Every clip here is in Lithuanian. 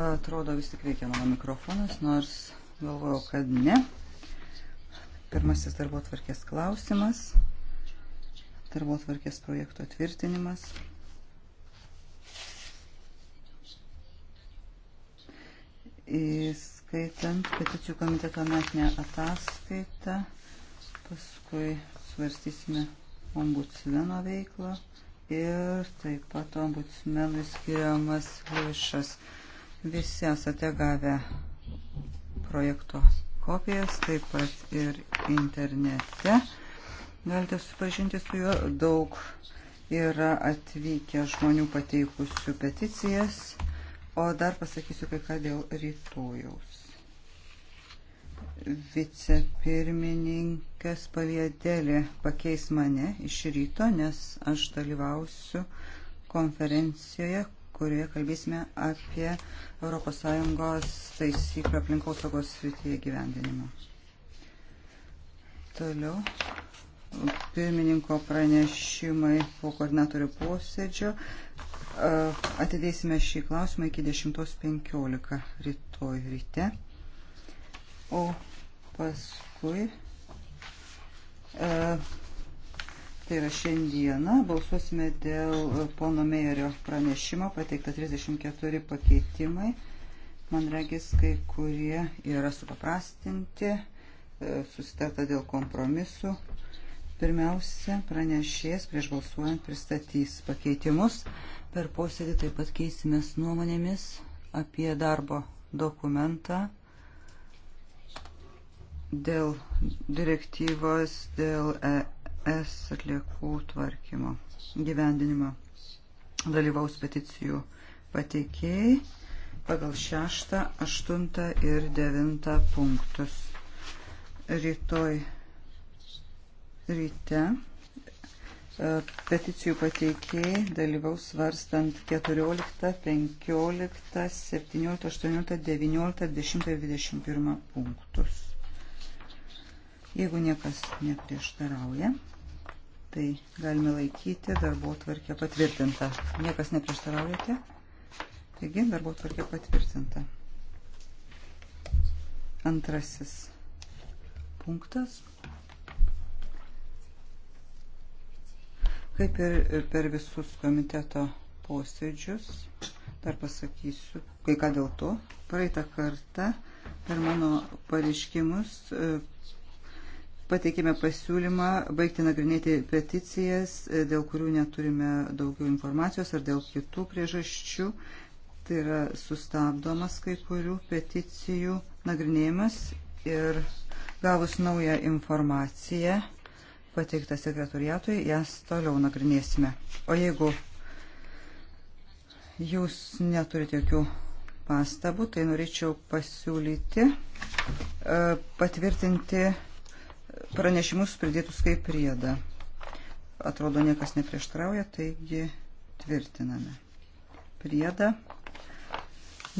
Atrodo, vis tik veikia mano mikrofonas, nors galvojau, kad ne. Pirmasis darbo tvarkės klausimas. Darbo tvarkės projekto tvirtinimas. Įskaitant peticijų komiteto metinę ataskaitą, paskui svarstysime ombudsmeno veiklą ir taip pat ombudsmenui skiriamas lėšas. Visi esate gavę projekto kopijas, taip pat ir internete. Galite supažinti su juo. Daug yra atvykę žmonių pateikusių peticijas. O dar pasakysiu kai ką dėl rytojaus. Vicepirmininkas Pavėdėlė pakeis mane iš ryto, nes aš dalyvausiu konferencijoje, kurioje kalbėsime apie ES taisyklių aplinkosaugos srityje gyvendinimą. Toliau pirmininko pranešimai po koordinatorių posėdžio. Atidėsime šį klausimą iki 10.15 rytoj ryte. O paskui. Uh, Tai yra šiandieną balsuosime dėl e, pono Meijerio pranešimo, pateikta 34 pakeitimai. Man regis, kai kurie yra supaprastinti, e, susitarta dėl kompromisų. Pirmiausia, pranešėjas prieš balsuojant pristatys pakeitimus. Per posėdį taip pat keisimės nuomonėmis apie darbo dokumentą dėl direktyvos, dėl e- ES atliekų tvarkymo gyvendinimo dalyvaus peticijų pateikėjai pagal 6, 8 ir 9 punktus. Rytoj ryte e, peticijų pateikėjai dalyvaus svarstant 14, 15, 17, 18, 19, 10 ir 21 punktus. Jeigu niekas neprieštarauja. Tai galime laikyti darbo tvarkę patvirtintą. Niekas neprieštaraujate. Taigi, darbo tvarkė patvirtinta. Antrasis punktas. Kaip ir per visus komiteto posėdžius, dar pasakysiu, kai ką dėl to, praeitą kartą per mano pareiškimus e, pateikėme pasiūlymą baigti nagrinėti peticijas, e, dėl kurių neturime daugiau informacijos ar dėl kitų priežasčių. Tai yra sustabdomas kai kurių peticijų nagrinėjimas ir gavus naują informaciją pateiktą sekretoriatui, jas toliau nagrinėsime. O jeigu jūs neturite jokių pastabų, tai norėčiau pasiūlyti e, patvirtinti pranešimus pridėtus kaip priedą. Atrodo, niekas neprieštrauja, taigi tvirtiname. Priedą.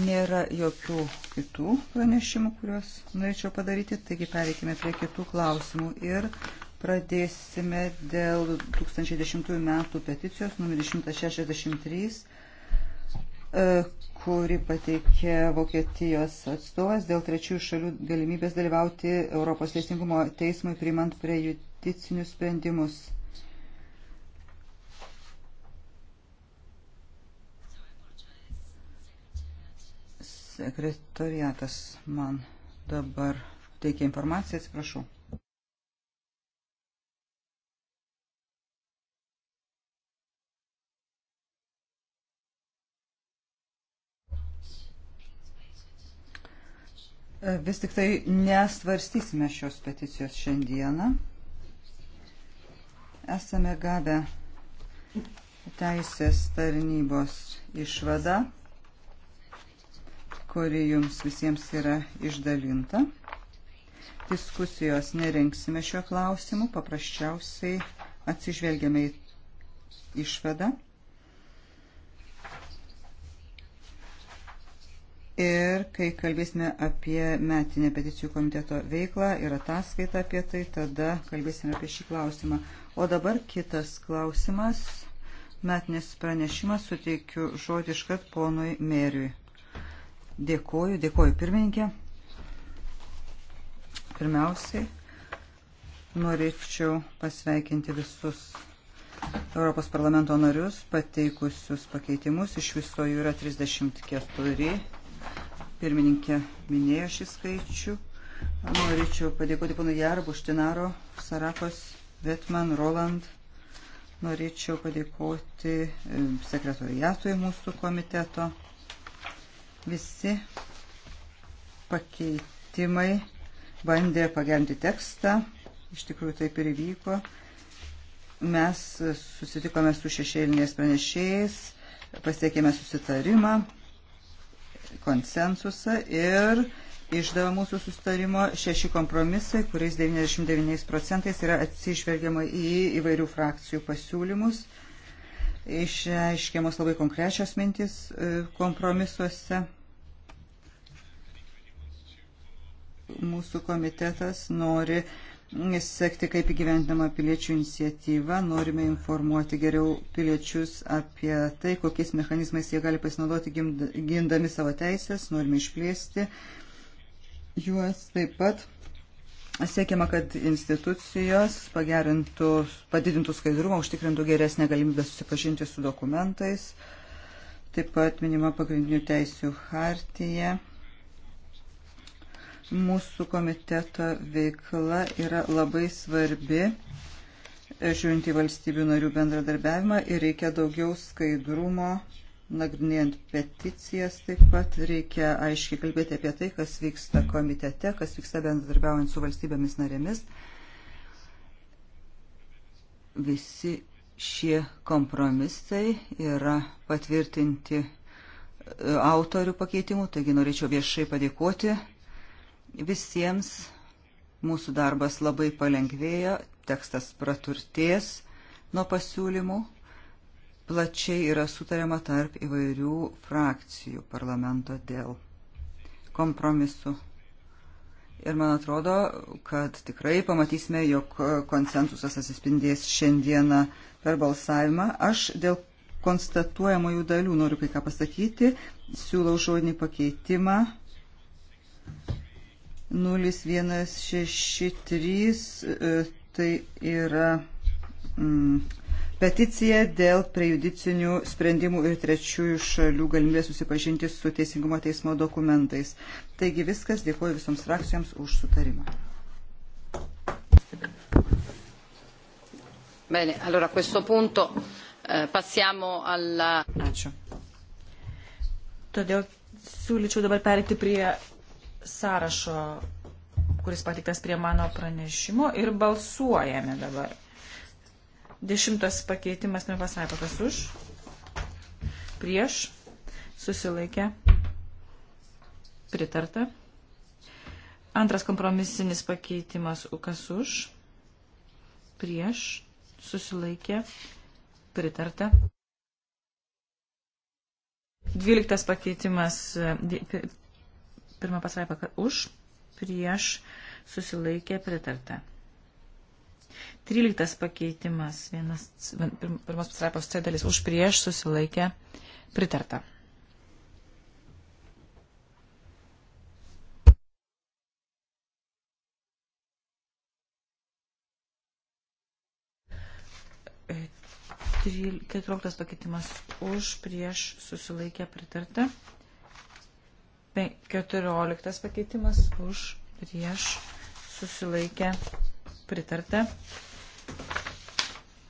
Nėra jokių kitų pranešimų, kuriuos norėčiau padaryti, taigi pereikime prie kitų klausimų ir pradėsime dėl 2010 metų peticijos numeris 163 kurį pateikė Vokietijos atstovas dėl trečiųjų šalių galimybės dalyvauti Europos teisingumo teismui priimant prejudicinius sprendimus. Sekretoriatas man dabar teikia informaciją, atsiprašau. E, vis tik tai nesvarstysime šios peticijos šiandieną. Esame gavę teisės tarnybos išvadą, kuri jums visiems yra išdalinta. Diskusijos nerenksime šiuo klausimu, paprasčiausiai atsižvelgiame į išvadą. Ir kai kalbėsime apie metinę peticijų komiteto veiklą ir ataskaitą apie tai, tada kalbėsime apie šį klausimą. O dabar kitas klausimas. Metinis pranešimas suteikiu žodį iškart ponui Mėriui. Dėkoju, dėkoju pirmininkė. Pirmiausiai norėčiau pasveikinti visus Europos parlamento narius pateikusius pakeitimus. Iš viso jų yra 34 pirmininkė minėjo šį skaičių. Norėčiau padėkoti ponui Jarbu, Štinaro, Sarakos, Vetman, Roland. Norėčiau padėkoti e, sekretoriatui mūsų komiteto. Visi pakeitimai bandė pagerinti tekstą. Iš tikrųjų taip ir įvyko. Mes susitikome su šešėlinės pranešėjais, pasiekėme susitarimą konsensusą ir išdava mūsų sustarimo šeši kompromisai, kuriais 99 procentais yra atsižvelgiama į įvairių frakcijų pasiūlymus. Išreiškiamos labai konkrečios mintis e, kompromisuose. Mūsų komitetas nori uh, sekti, kaip įgyvendama piliečių iniciatyva. Norime informuoti geriau piliečius apie tai, kokiais mechanizmais jie gali pasinaudoti gindami savo teisės. Norime išplėsti juos taip pat. Siekiama, kad institucijos pagerintų, padidintų skaidrumą, užtikrintų geresnę galimybę susipažinti su dokumentais. Taip pat minima pagrindinių teisių hartyje Mūsų komiteto veikla yra labai svarbi, žiūrint į valstybių narių bendradarbiavimą ir reikia daugiau skaidrumo, nagrinėjant peticijas taip pat reikia aiškiai kalbėti apie tai, kas vyksta komitete, kas vyksta bendradarbiaujant su valstybėmis narėmis. Visi šie kompromisai yra patvirtinti e, autorių pakeitimų, taigi norėčiau viešai padėkoti visiems mūsų darbas labai palengvėjo, tekstas praturtės nuo pasiūlymų, plačiai yra sutariama tarp įvairių frakcijų parlamento dėl kompromisu. Ir man atrodo, kad tikrai pamatysime, jog konsensusas atsispindės šiandieną per balsavimą. Aš dėl konstatuojamojų dalių noriu kai ką pasakyti. Siūlau žodinį pakeitimą 0163 e, tai yra mm, peticija dėl prejudicinių sprendimų ir trečiųjų šalių galimybės susipažinti su Teisingumo teismo dokumentais. Taigi viskas, dėkuoju visoms frakcijoms už sutarimą. Bene, allora a questo punto eh, passiamo alla... Ačiū. Todėl siūlyčiau dabar perėti prie sąrašo, kuris patiktas prie mano pranešimo ir balsuojame dabar. Dešimtas pakeitimas nepasako, kas už, prieš, susilaikė, pritarta. Antras kompromisinis pakeitimas, kas už, prieš, susilaikė, pritarta. Dvyliktas pakeitimas, Pirmą pasraipą už, prieš, susilaikė pritarta. Tryliktas pakeitimas, vienas, pirmas pasraipos C dalis, už prieš susilaikė pritarta. E, keturioliktas pakeitimas už prieš susilaikė pritarta. 14 pakeitimas už prieš susilaikę pritarta.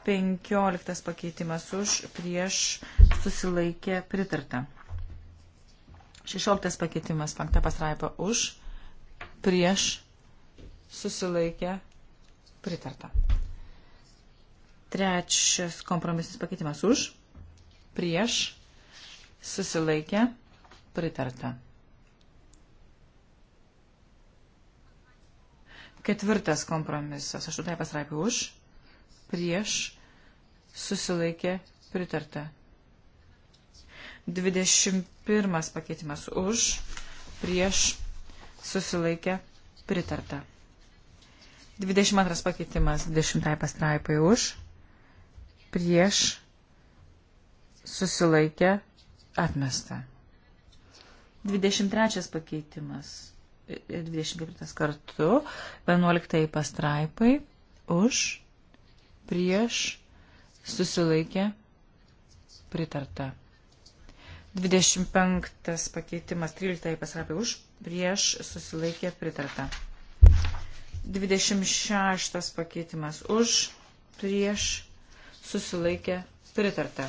15 pakeitimas už prieš susilaikę pritarta. 16 pakeitimas 5 pasraipa už prieš susilaikę pritarta. Trečias kompromisinis pakeitimas už prieš susilaikę pritarta. Ketvirtas kompromisas. Aštuntai pasraipė už, prieš, susilaikė, pritarta. 21 pakeitimas už, prieš, susilaikė, pritarta. 22 pakeitimas 10 pastraipai už, prieš, susilaikė, atmesta. 23 pakeitimas 24 kartu, 11 pastraipai, už, prieš, susilaikė, pritarta. 25 pakeitimas, 13 pastraipai, už, prieš, susilaikė, pritarta. 26 pakeitimas, už, prieš, susilaikė, pritarta.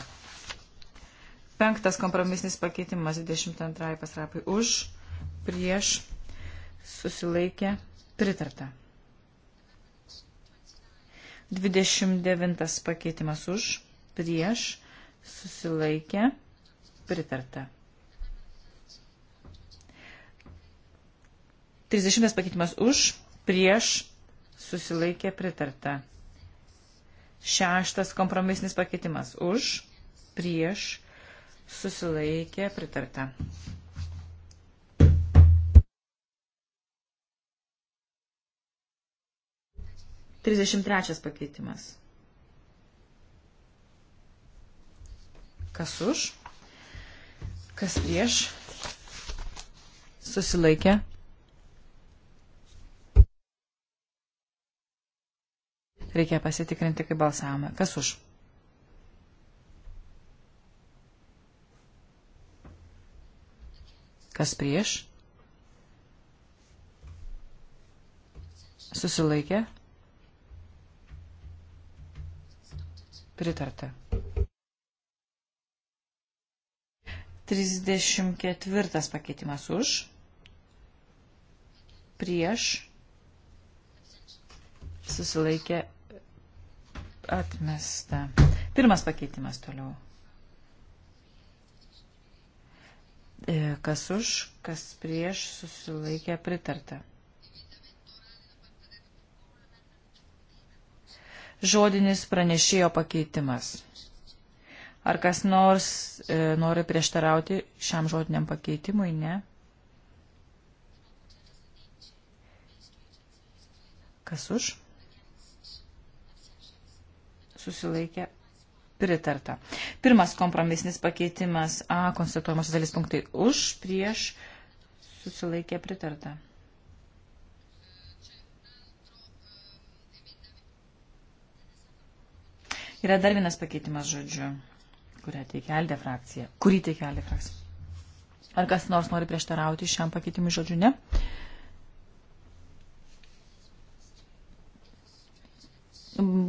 Penktas kompromisinis pakeitimas 22 pasrapai už, prieš susilaikė, pritarta. 29 pakeitimas už, prieš, susilaikė, pritarta. 30 pakeitimas už, prieš, susilaikė, pritarta. Šeštas kompromisinis pakeitimas už, prieš, susilaikė, pritarta. 33 pakeitimas. Kas už? Kas prieš? Susilaikė. Reikia pasitikrinti, kaip balsavome. Kas už? Kas prieš? Susilaikė. Pritarta. 34 pakeitimas už, prieš, susilaikė atmesta. Pirmas pakeitimas toliau. E, kas už, kas prieš, susilaikė pritarta. žodinis pranešėjo pakeitimas. Ar kas nors e, nori prieštarauti šiam žodiniam pakeitimui? Ne. Kas už? Susilaikė. Pritarta. Pirmas kompromisinis pakeitimas A konstatuojamosios dalis punktai už, prieš, susilaikė pritarta. Yra dar vienas pakeitimas žodžiu, kurią teikia Aldė frakcija. Kurį teikia Aldė frakcija? Ar kas nors nori prieštarauti šiam pakeitimui žodžiu? Ne.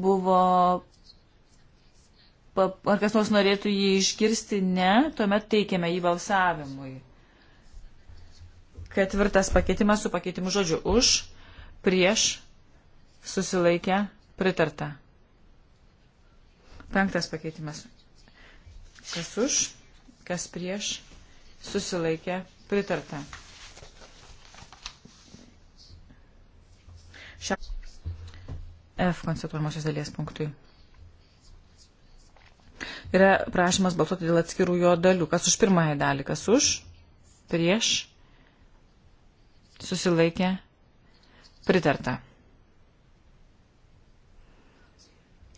Buvo. Ar kas nors norėtų jį iškirsti? Ne. Tuomet teikiame jį balsavimui. Ketvirtas pakeitimas su pakeitimu žodžiu už, prieš, susilaikę, pritarta. Penktas pakeitimas. Kas už, kas prieš, susilaikė, pritarta. Šia... F konstatuojamosios dalies punktui. Yra prašymas balsuoti dėl atskirų jo dalių. Kas už pirmąją dalį, kas už, prieš, susilaikė, pritarta.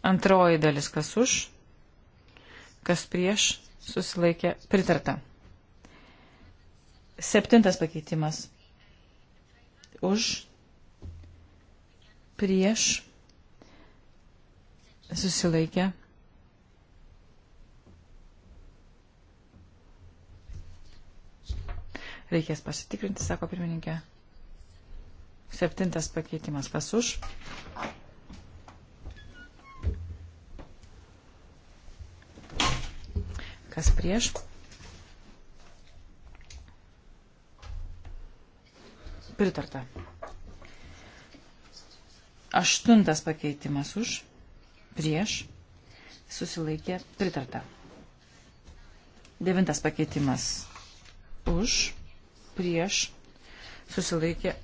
Antroji dalis, kas už, kas prieš, susilaikė pritarta. Septintas pakeitimas. Už, prieš, susilaikė. Reikės pasitikrinti, sako pirmininkė. Septintas pakeitimas. Kas už? kas prieš. Pritarta. Aštuntas pakeitimas už, prieš, susilaikė, pritarta. Devintas pakeitimas už, prieš, susilaikė,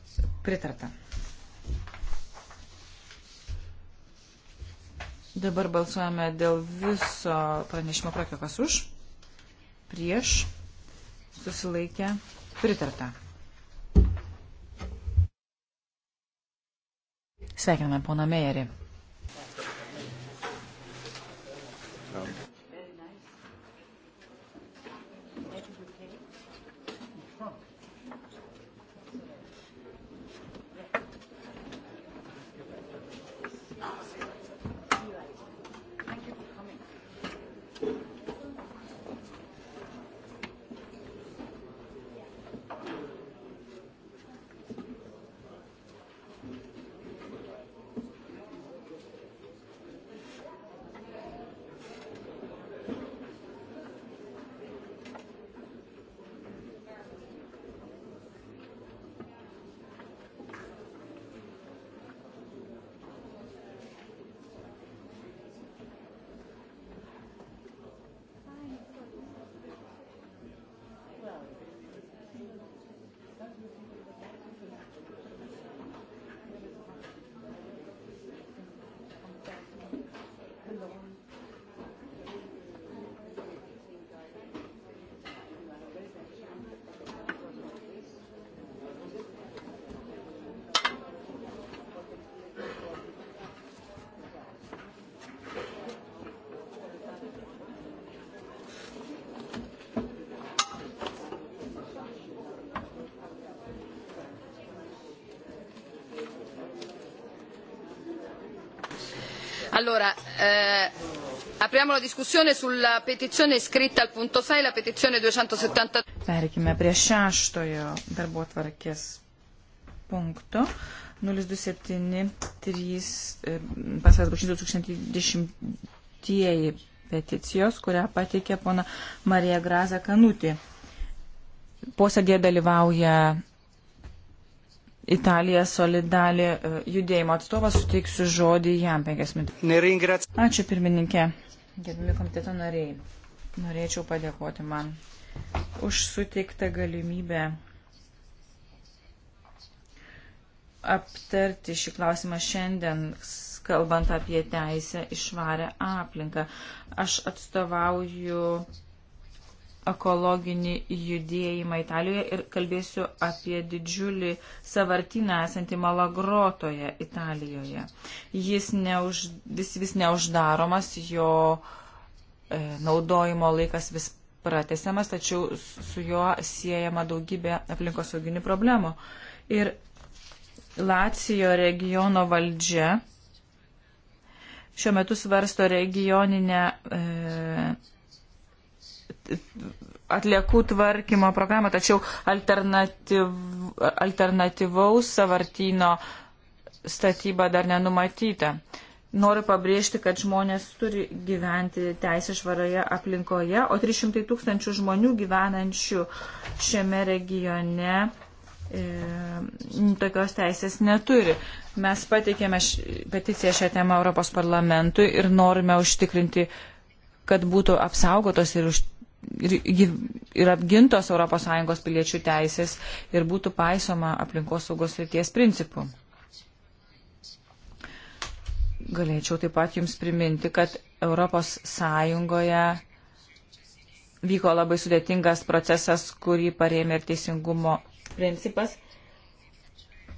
pritarta. Dabar balsuojame dėl viso pranešimo projekto, kas už, prieš, susilaikė, pritarta. Sveikiname poną Mejerį. Allora, eh, apriamo la discussione sulla petizione scritta al punto 6, la petizione 273. Perkime prie šeštojo darbo tvarkės punkto. 0273 pasirašytų 2010 peticijos, kurią pateikė pona Marija Graza Kanutė. Posėdėje dalyvauja Italija solidalį e, judėjimo atstovas, suteiksiu žodį jam penkias minutės. Ačiū pirmininkė, gerbimi komiteto nariai. Norėčiau padėkoti man už suteiktą galimybę aptarti šį klausimą šiandien, kalbant apie teisę išvarę aplinką. Aš atstovauju ekologinį judėjimą Italijoje ir kalbėsiu apie didžiulį savartyną esantį Malagrotoje Italijoje. Jis neuž, vis, vis neuždaromas, jo e, naudojimo laikas vis pratesiamas, tačiau su juo siejama daugybė aplinkosauginių problemų. Ir Lacijo regiono valdžia šiuo metu svarsto regioninę e, atliekų tvarkymo programą, tačiau alternatyv, alternatyvaus savartino statyba dar nenumatyta. Noriu pabrėžti, kad žmonės turi gyventi teisė švaroje aplinkoje, o 300 tūkstančių žmonių gyvenančių šiame regione e, tokios teisės neturi. Mes pateikėme š, peticiją šią temą Europos parlamentui ir norime užtikrinti, kad būtų apsaugotos ir už, ir, ir apgintos ES piliečių teisės ir būtų paisoma aplinkos saugos ryties principų. Galėčiau taip pat Jums priminti, kad ES vyko labai sudėtingas procesas, kurį parėmė ir teisingumo principas.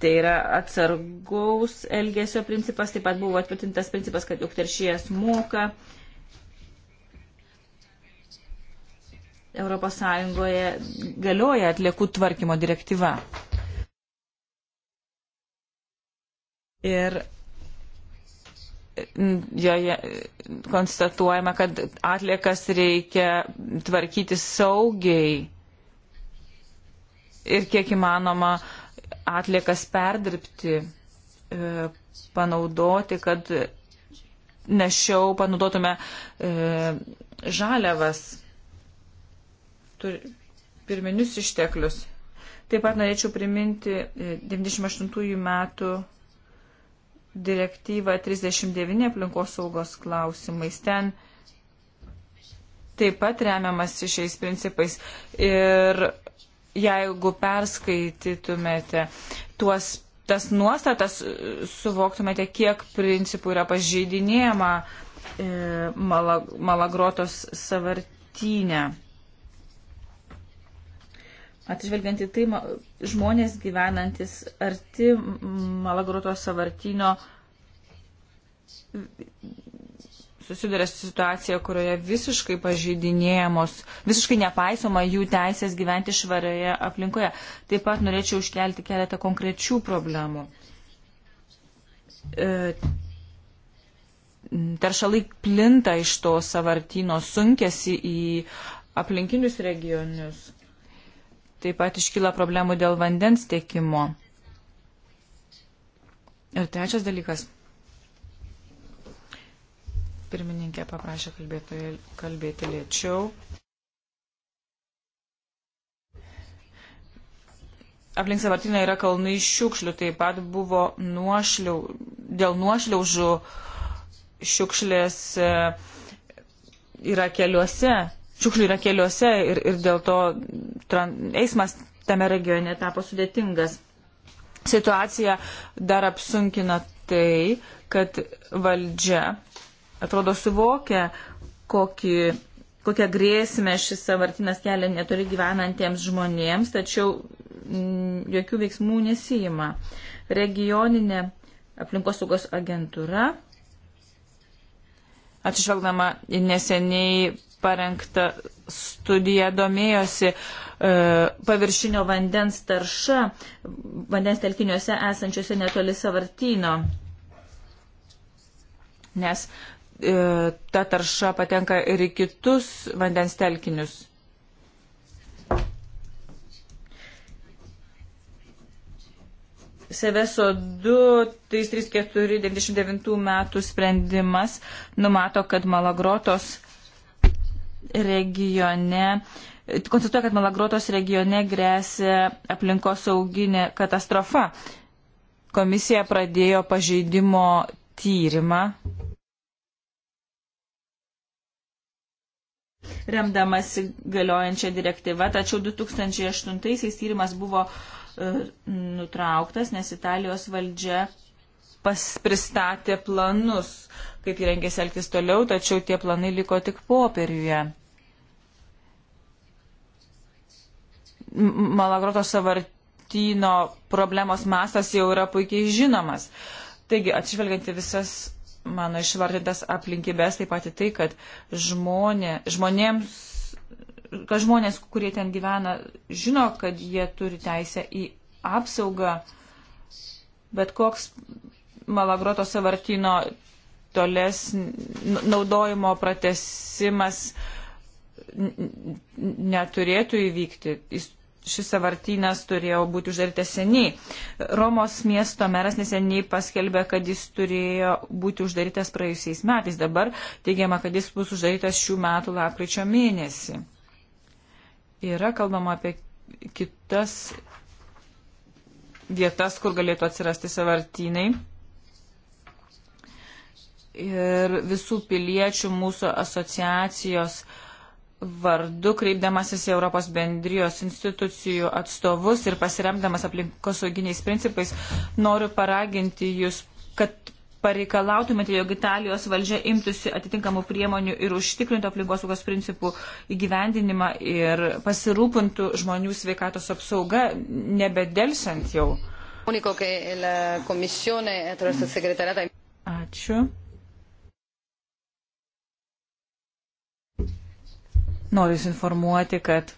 Tai yra atsargaus elgesio principas, taip pat buvo atvirtintas principas, kad juk teršėjas moka, uh, ES galioja atliekų tvarkymo direktyva. Ir joje konstatuojama, kad atliekas reikia tvarkyti saugiai ir kiek įmanoma atliekas perdirbti, e, panaudoti, kad nešiau panaudotume e, žaliavas pirminius išteklius. Taip pat norėčiau priminti 98 e, metų direktyvą 39 aplinkos saugos klausimais. Ten taip pat remiamas šiais principais. Ir jeigu perskaitytumėte tuos, tas nuostatas, e, suvoktumėte, kiek principų yra pažeidinėjama e, Malagrotos savartinė. Atsižvelgiant į tai, žmonės gyvenantis arti Malagruto savartino susiduria su situacija, kurioje visiškai pažeidinėjamos, visiškai nepaisoma jų teisės gyventi švarioje aplinkoje. Taip pat norėčiau iškelti keletą konkrečių problemų. E, Teršalai plinta iš to savartino, sunkėsi į aplinkinius regionius. Taip pat iškyla problemų dėl vandens tiekimo. Ir trečias dalykas. Pirmininkė paprašė kalbėti, kalbėti lėčiau. Aplink savartinę yra kalnai šiukšlių, taip pat buvo nuošliau, dėl nuošliaužų šiukšlės e, yra keliuose šiukšlių yra keliuose ir, ir dėl to eismas tame regione tapo sudėtingas. Situacija dar apsunkina tai, kad valdžia atrodo suvokia, kokį, kokią grėsmę šis savartinas kelia netoli gyvenantiems žmonėms, tačiau m, mm, jokių veiksmų nesijima. Regioninė aplinkosaugos agentūra, atsižvelgdama neseniai parengtą studiją domėjosi e, paviršinio vandens tarša vandens telkiniuose esančiuose netoli savartyno, nes e, ta tarša patenka ir į kitus vandens telkinius. Seveso 2334-99 metų sprendimas numato, kad malagrotos regione, konstatuoja, kad Malagrotos regione grėsia aplinkosauginė katastrofa. Komisija pradėjo pažeidimo tyrimą. Remdamasi galiojančią direktyvą, tačiau 2008-aisiais tyrimas buvo e, nutrauktas, nes Italijos valdžia pas pristatė planus, kaip jį rengėsi elgtis toliau, tačiau tie planai liko tik popieriuje. Malagroto savartino problemos mastas jau yra puikiai žinomas. Taigi, atsižvelgianti visas mano išvardintas aplinkybės, taip pat į tai, kad žmonė, žmonėms, kad žmonės, kurie ten gyvena, žino, kad jie turi teisę į apsaugą, bet koks malagroto savartino toles naudojimo pratesimas neturėtų įvykti. Šis savartynas turėjo būti uždarytas seniai. Romos miesto meras neseniai paskelbė, kad jis turėjo būti uždarytas praėjusiais metais. Dabar teigiama, kad jis bus uždarytas šių metų lapkričio mėnesį. Yra kalbama apie kitas vietas, kur galėtų atsirasti savartynai ir visų piliečių mūsų asociacijos vardu, kreipdamasis į Europos bendrijos institucijų atstovus ir pasiremdamas aplinkosauginiais principais, noriu paraginti jūs, kad pareikalautumėte, jog Italijos valdžia imtųsi atitinkamų priemonių ir užtikrintų aplinkosaugos principų įgyvendinimą ir pasirūpintų žmonių sveikatos apsauga, nebedelsiant jau. Eh, Ačiū. Noriu Jūs informuoti, kad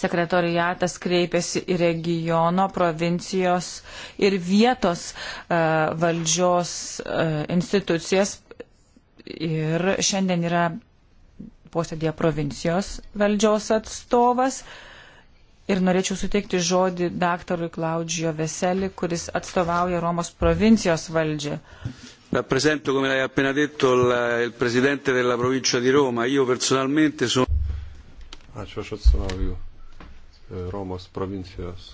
sekretoriatas kreipėsi į regiono, provincijos ir vietos uh, valdžios uh, institucijas ir šiandien yra posėdėje provincijos valdžios atstovas. Ir norėčiau suteikti žodį daktarui Klaudžijo Veseli, kuris atstovauja Romos provincijos valdžią. Rappresento, come lei ha appena detto, la, il presidente della provincia di Roma. Io personalmente sono. Ačiū, aš atstovauju e, Romos provincijos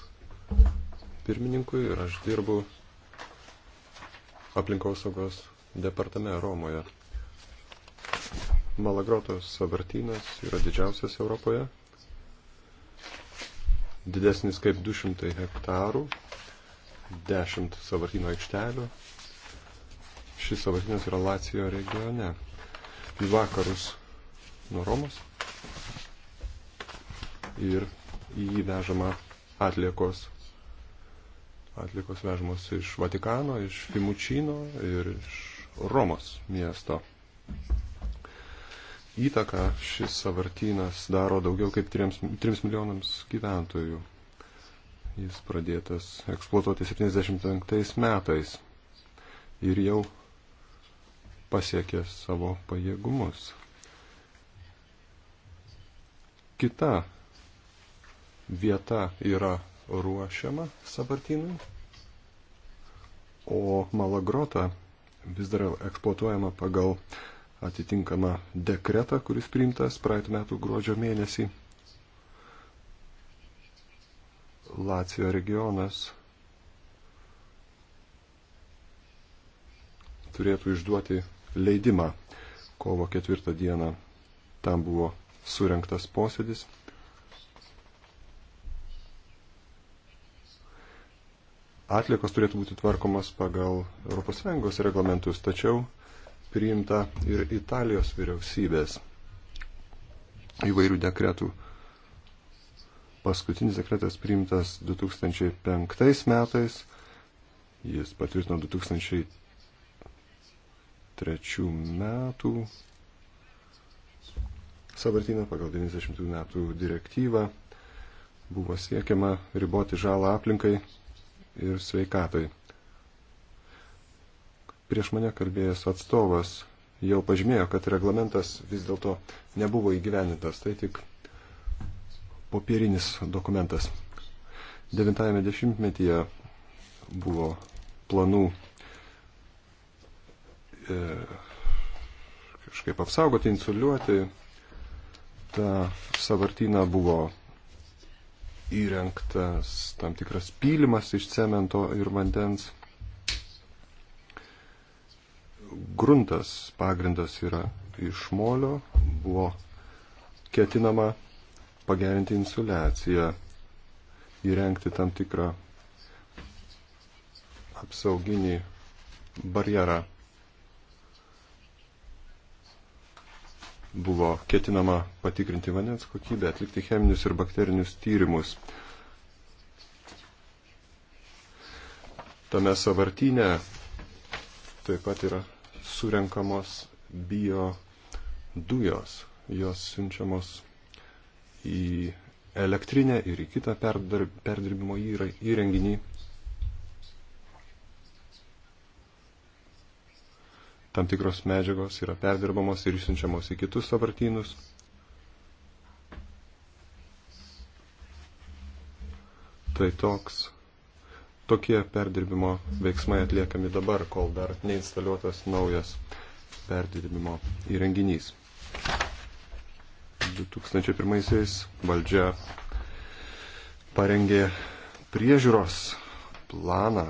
pirmininkui ir aš dirbu aplinkosaugos departame Romoje. Malagrotos savartynas yra didžiausias Europoje, didesnis kaip 200 hektarų, 10 savartyno aikštelių, Šis savaitės yra Lacijo regione. Į vakarus nuo Romos ir įvežama atliekos. Atliekos vežamos iš Vatikano, iš Fimučino ir iš Romos miesto. Įtaka šis savartynas daro daugiau kaip 3, 3 milijonams gyventojų. Jis pradėtas eksploatuoti 75 metais ir jau pasiekė savo pajėgumus. Kita vieta yra ruošiama sabartinui, o malagrota vis dar eksploatuojama pagal atitinkamą dekretą, kuris priimtas praeitų metų gruodžio mėnesį. Lacijo regionas turėtų išduoti leidimą. Kovo ketvirtą dieną tam buvo surinktas posėdis. Atlikos turėtų būti tvarkomas pagal ES reglamentus, tačiau priimta ir Italijos vyriausybės įvairių dekretų. Paskutinis dekretas priimtas 2005 metais, jis patvirtino 2000 93 metų savartyną pagal 90 metų direktyvą buvo siekiama riboti žalą aplinkai ir sveikatai. Prieš mane kalbėjęs atstovas jau pažymėjo, kad reglamentas vis dėlto nebuvo įgyvenintas, tai tik popierinis dokumentas. 90-metyje buvo planų E, kažkaip apsaugoti, insuliuoti. Ta savartina buvo įrengtas tam tikras pylimas iš cemento ir vandens. Gruntas pagrindas yra iš molio, buvo ketinama pagerinti insuliaciją, įrengti tam tikrą apsauginį barjerą buvo ketinama patikrinti vandens kokybę, atlikti cheminius ir bakterinius tyrimus. Tame savartinė taip pat yra surenkamos bio dujos. Jos siunčiamos į elektrinę ir į kitą perdirbimo įrenginį tam tikros medžiagos yra perdirbamos ir išsiunčiamos į kitus savartynus. Tai toks, tokie perdirbimo veiksmai atliekami dabar, kol dar neinstaliuotas naujas perdirbimo įrenginys. 2001 valdžia parengė priežiūros planą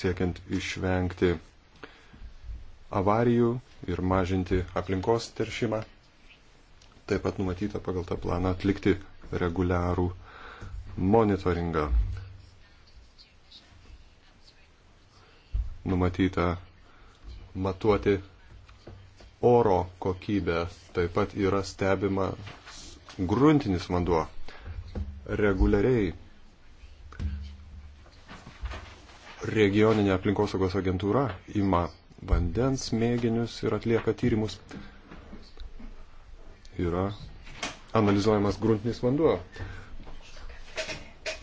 siekiant išvengti avarijų ir mažinti aplinkos teršimą. Taip pat numatyta pagal tą planą atlikti reguliarų monitoringą. Numatyta matuoti oro kokybę, taip pat yra stebima gruntinis vanduo. Reguliariai regioninė aplinkosaugos agentūra ima vandens mėginius ir atlieka tyrimus. Yra analizuojamas gruntinis vanduo.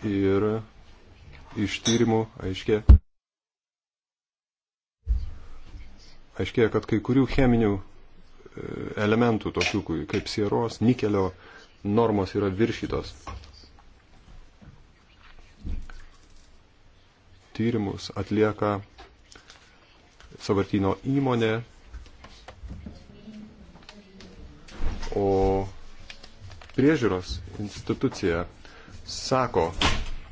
Ir iš tyrimų aiškė, aiškėja, kad kai kurių cheminių e, elementų, tokių kaip sieros, nikelio normos yra viršytos. Tyrimus atlieka savartino įmonė, o priežiūros institucija sako,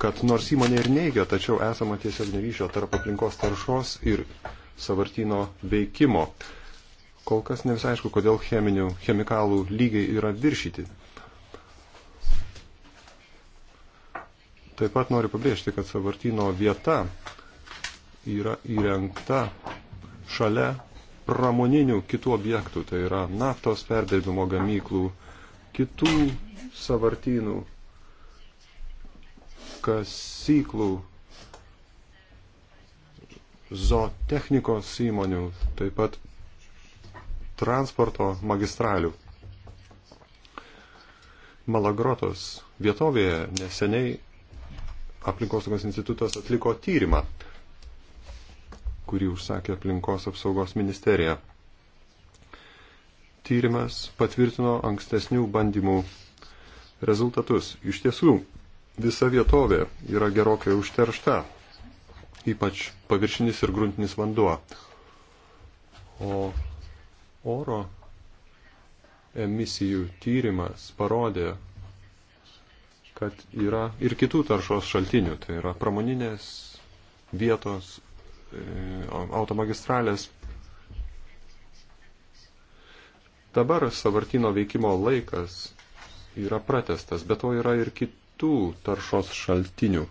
kad nors įmonė ir neigia, tačiau esama tiesiog nevyšio tarp aplinkos taršos ir savartino veikimo. Kol kas ne visai aišku, kodėl cheminių, chemikalų lygiai yra viršyti. Taip pat noriu pabrėžti, kad savartino vieta yra įrengta šalia pramoninių kitų objektų, tai yra naftos perdirbimo gamyklų, kitų savartynų, kasyklų, zootechnikos įmonių, taip pat transporto magistralių. Malagrotos vietovėje neseniai aplinkosaugos institutas atliko tyrimą kurį užsakė aplinkos apsaugos ministerija. Tyrimas patvirtino ankstesnių bandymų rezultatus. Iš tiesų, visa vietovė yra gerokai užteršta, ypač paviršinis ir gruntinis vanduo. O oro emisijų tyrimas parodė, kad yra ir kitų taršos šaltinių, tai yra pramoninės vietos E, automagistralės. Dabar savartino veikimo laikas yra pratestas, bet to yra ir kitų taršos šaltinių.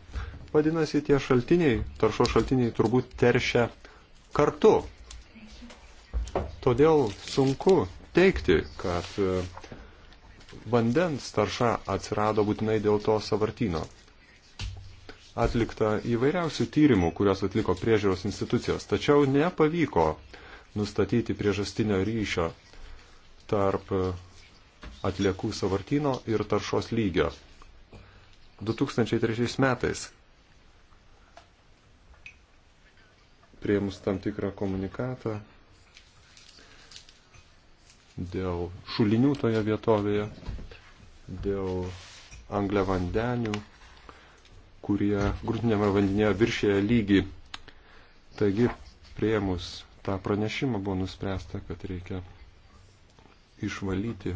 Vadinasi, tie šaltiniai, taršos šaltiniai turbūt teršia kartu. Todėl sunku teikti, kad e, vandens tarša atsirado būtinai dėl to savartino atlikta įvairiausių tyrimų, kuriuos atliko priežiūros institucijos, tačiau nepavyko nustatyti priežastinio ryšio tarp atliekų savartino ir taršos lygio. 2003 metais prieimus tam tikrą komunikatą dėl šulinių toje vietovėje, dėl angliavandenių kurie grūtinėme vandenyje viršėja lygį. Taigi, prieimus tą pranešimą buvo nuspręsta, kad reikia išvalyti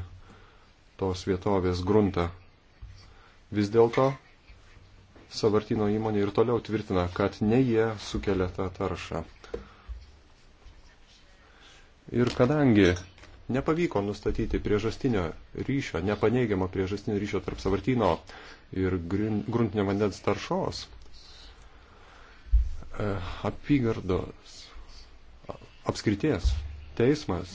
tos vietovės gruntą. Vis dėlto savartino įmonė ir toliau tvirtina, kad ne jie sukelia tą taršą. Ir kadangi nepavyko nustatyti priežastinio ryšio, nepaneigiamo priežastinio ryšio tarp savartino ir gruntinio vandens taršos, e, apygardos apskrities teismas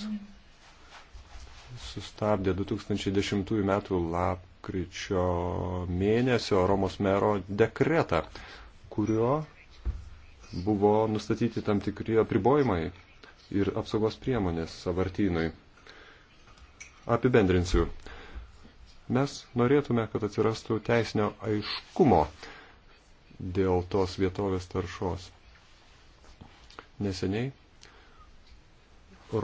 sustabdė 2010 m. lapkričio mėnesio Romos mero dekretą, kurio buvo nustatyti tam tikri apribojimai ir apsaugos priemonės savartynui. Apibendrinsiu. Mes norėtume, kad atsirastų teisinio aiškumo dėl tos vietovės taršos. Neseniai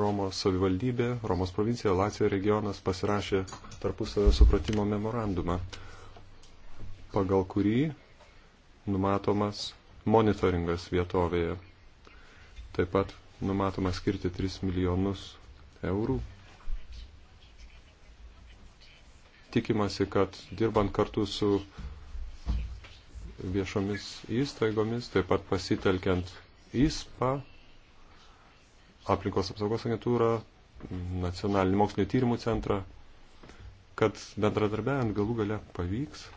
Romos savivaldybė, Romos provincija, Lacijo regionas pasirašė tarpusavio supratimo memorandumą, pagal kurį numatomas monitoringas vietovėje. Taip pat numatoma skirti 3 milijonus eurų tikimasi, kad dirbant kartu su viešomis įstaigomis, taip pat pasitelkiant ISPA, aplinkos apsaugos agentūrą, nacionalinį mokslinį tyrimų centrą, kad bendradarbiavant galų gale pavyks.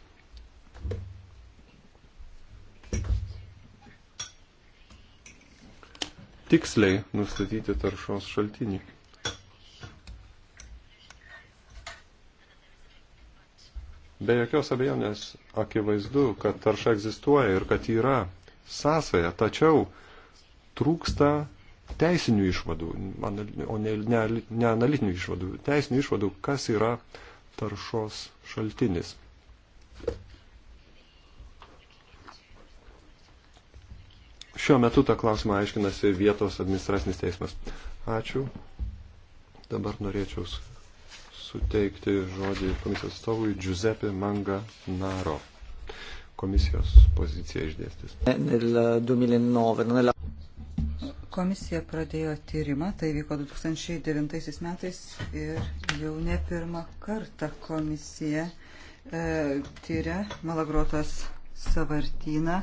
Tiksliai nustatyti taršos šaltinį. Be jokios abejonės akivaizdu, kad tarša egzistuoja ir kad yra sąsaja, tačiau trūksta teisinių išvadų, o ne, ne, ne analitinių išvadų, teisinių išvadų, kas yra taršos šaltinis. Šiuo metu tą klausimą aiškinasi vietos administracinis teismas. Ačiū. Dabar norėčiau suteikti žodį komisijos atstovui Giuseppe Manga Naro. Komisijos poziciją išdėstys. Komisija pradėjo tyrimą, tai vyko 2009 metais ir jau ne pirmą kartą komisija e, tyria Malagrotos savartyną.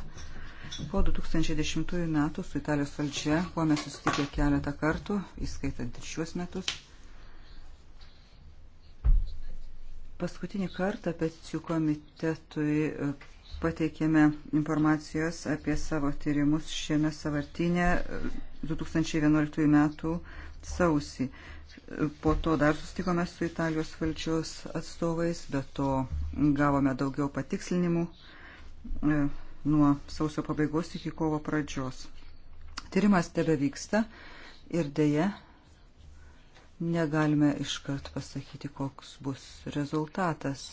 Po 2010 metų su Italijos valdžia buvome susitikę keletą kartų, įskaitant ir šiuos metus. Paskutinį kartą peticijų komitetui e, pateikėme informacijos apie savo tyrimus šiame savartinė e, 2011 metų sausį. E, po to dar sustikome su Italijos valdžios atstovais, bet to gavome daugiau patikslinimų nuo sausio pabaigos iki kovo pradžios. Tyrimas tebe vyksta ir dėja Negalime iškart pasakyti, koks bus rezultatas.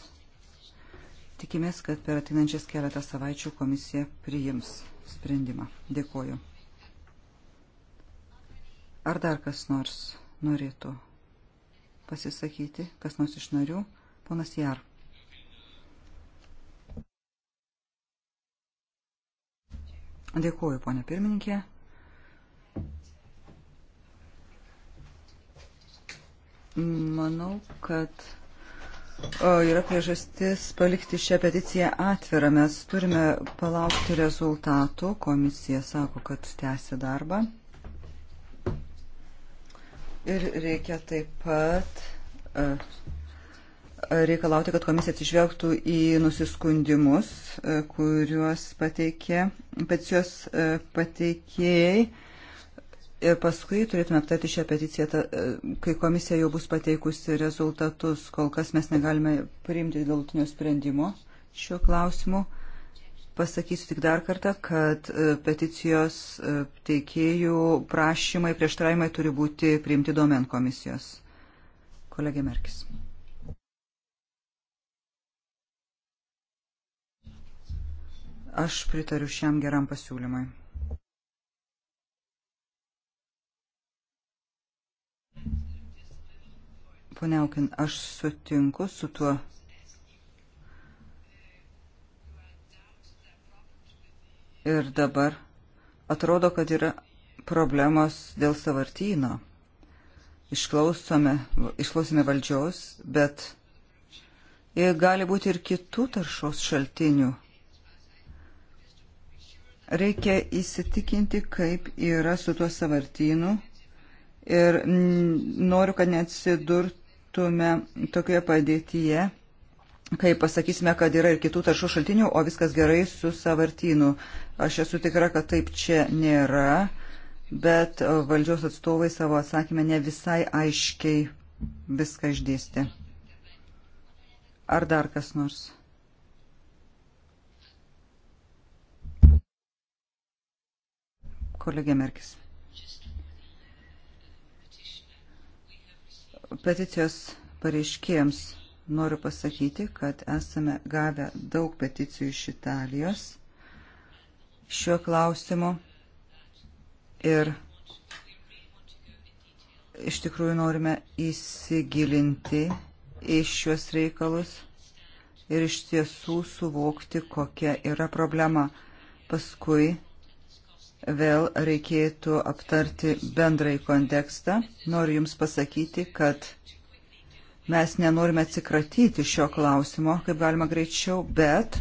Tikimės, kad per atinančias keletą savaičių komisija priims sprendimą. Dėkoju. Ar dar kas nors norėtų pasisakyti, kas nors iš narių? Ponas Jar. Dėkuoju, ponė pirmininkė. Manau, kad o, yra priežastis palikti šią peticiją atvirą. Mes turime palaukti rezultatų. Komisija sako, kad tęsi darbą. Ir reikia taip pat e, reikalauti, kad komisija atsižvelgtų į nusiskundimus, e, kuriuos pateikė peticijos e, pateikėjai Ir paskui turėtume aptarti šią peticiją, ta, e, kai komisija jau bus pateikusi rezultatus. Kol kas mes negalime priimti galutinio sprendimo šiuo klausimu. Pasakysiu tik dar kartą, kad e, peticijos e, teikėjų prašymai, prieštaravimai turi būti priimti domen komisijos. Kolegė Merkis. Aš pritariu šiam geram pasiūlymui. Poneaukin, aš sutinku su tuo. Ir dabar atrodo, kad yra problemos dėl savartyno. Išklausome, išklausome valdžios, bet gali būti ir kitų taršos šaltinių. Reikia įsitikinti, kaip yra su tuo savartynu ir noriu, kad neatsidurtų būtume tokioje padėtyje, kai pasakysime, kad yra ir kitų taršų šaltinių, o viskas gerai su savartynu. Aš esu tikra, kad taip čia nėra, bet valdžios atstovai savo atsakymę ne visai aiškiai viską išdėstė. Ar dar kas nors? Kolegė Merkis. peticijos pareiškėjams noriu pasakyti, kad esame gavę daug peticijų iš Italijos šiuo klausimu ir iš tikrųjų norime įsigilinti į šiuos reikalus ir iš tiesų suvokti, kokia yra problema. Paskui vėl reikėtų aptarti bendrai kontekstą. Noriu Jums pasakyti, kad mes nenorime atsikratyti šio klausimo, kaip galima greičiau, bet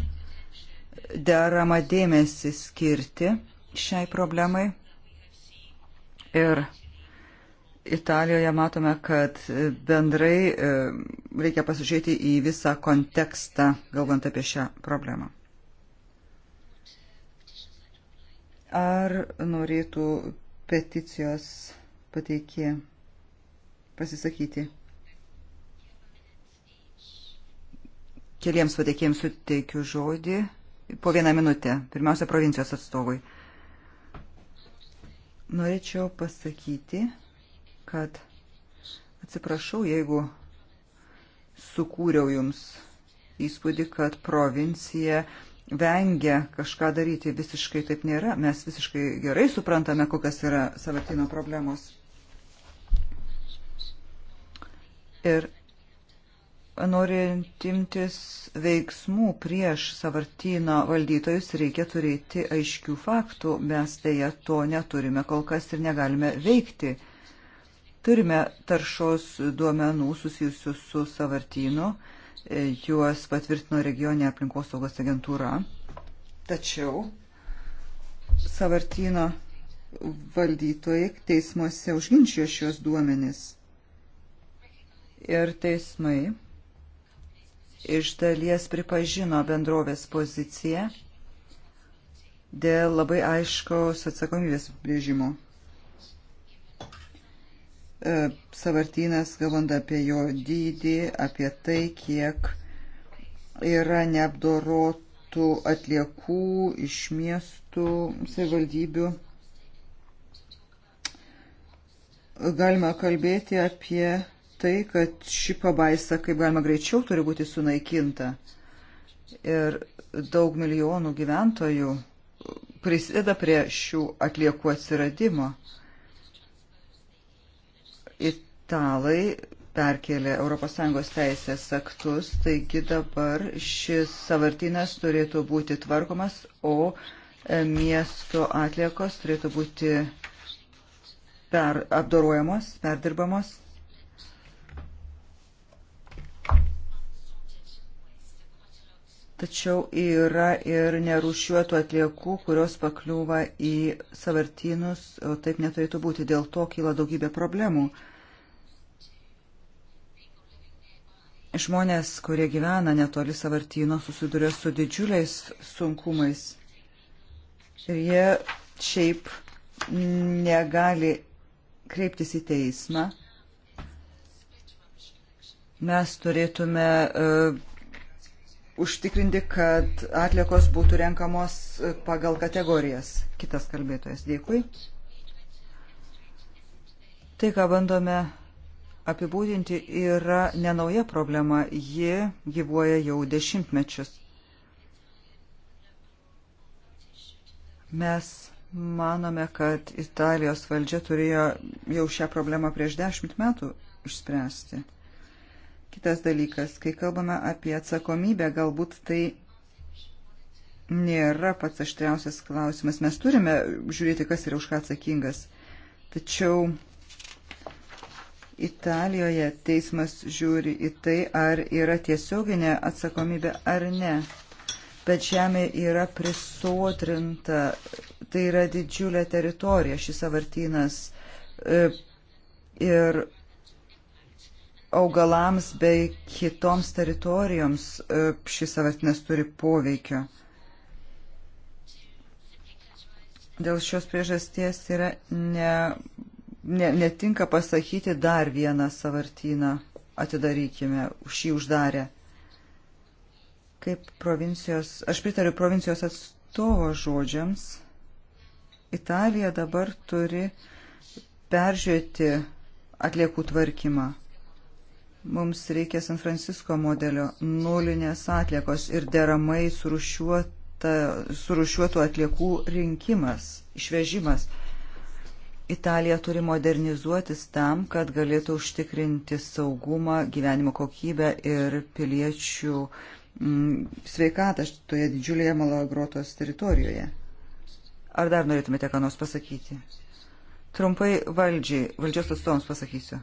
deramą dėmesį skirti šiai problemai. Ir Italijoje matome, kad bendrai e, reikia pasižiūrėti į visą kontekstą, galvant apie šią problemą. Ar norėtų peticijos pateikė pasisakyti? Keliems pateikėjams suteikiu žodį po vieną minutę. Pirmiausia, provincijos atstovui. Norėčiau pasakyti, kad atsiprašau, jeigu sukūriau jums įspūdį, kad provincija vengia kažką daryti. Visiškai taip nėra. Mes visiškai gerai suprantame, kokias yra savartino problemos. Ir norint imtis veiksmų prieš savartino valdytojus, reikia turėti aiškių faktų. Mes dėja to neturime kol kas ir negalime veikti. Turime taršos duomenų susijusių su savartinu juos patvirtino regioninė aplinkos saugos agentūra. Tačiau Savartino valdytojai teismuose užginčijo šios duomenis. Ir teismai iš dalies pripažino bendrovės poziciją dėl labai aiškaus atsakomybės brėžimo. E, savartynas, galvant apie jo dydį, apie tai, kiek yra neapdorotų atliekų iš miestų savivaldybių. Galima kalbėti apie tai, kad ši pabaisa kaip galima greičiau turi būti sunaikinta. Ir daug milijonų gyventojų prisideda prie šių atliekų atsiradimo italai perkelė ES teisės aktus, taigi dabar šis savartinas turėtų būti tvarkomas, o e, miesto atliekos turėtų būti per, apdorojamos, perdirbamos tačiau yra ir nerušiuotų atliekų, kurios pakliūva į savartynus, o taip neturėtų būti, dėl to kyla daugybė problemų. Žmonės, kurie gyvena netoli savartyno, susiduria su didžiuliais sunkumais. Ir jie šiaip negali kreiptis į teismą. Mes turėtume uh, užtikrinti, kad atliekos būtų renkamos pagal kategorijas. Kitas kalbėtojas, dėkui. Tai, ką bandome apibūdinti, yra nenauja problema. Ji gyvuoja jau dešimtmečius. Mes manome, kad Italijos valdžia turėjo jau šią problemą prieš dešimt metų išspręsti. Kitas dalykas, kai kalbame apie atsakomybę, galbūt tai nėra pats aštriausias klausimas. Mes turime žiūrėti, kas yra už ką atsakingas. Tačiau Italijoje teismas žiūri į tai, ar yra tiesioginė atsakomybė ar ne. Bet žemė yra prisotrinta, tai yra didžiulė teritorija, šis savartynas. E, ir augalams bei kitoms teritorijoms e, šis savartinas turi poveikio. Dėl šios priežasties yra ne, ne, netinka pasakyti dar vieną savartyną atidarykime, šį uždarę. Kaip provincijos, aš pritariu provincijos atstovo žodžiams, Italija dabar turi peržiūrėti atliekų tvarkymą. Mums reikia San Francisko modelio nulinės atliekos ir deramai surušiuotų atliekų rinkimas, išvežimas. Italija turi modernizuotis tam, kad galėtų užtikrinti saugumą, gyvenimo kokybę ir piliečių mm, sveikatą toje didžiulėje Malagrotos teritorijoje. Ar dar norėtumėte ką nors pasakyti? Trumpai valdžiai, valdžios atstovams pasakysiu.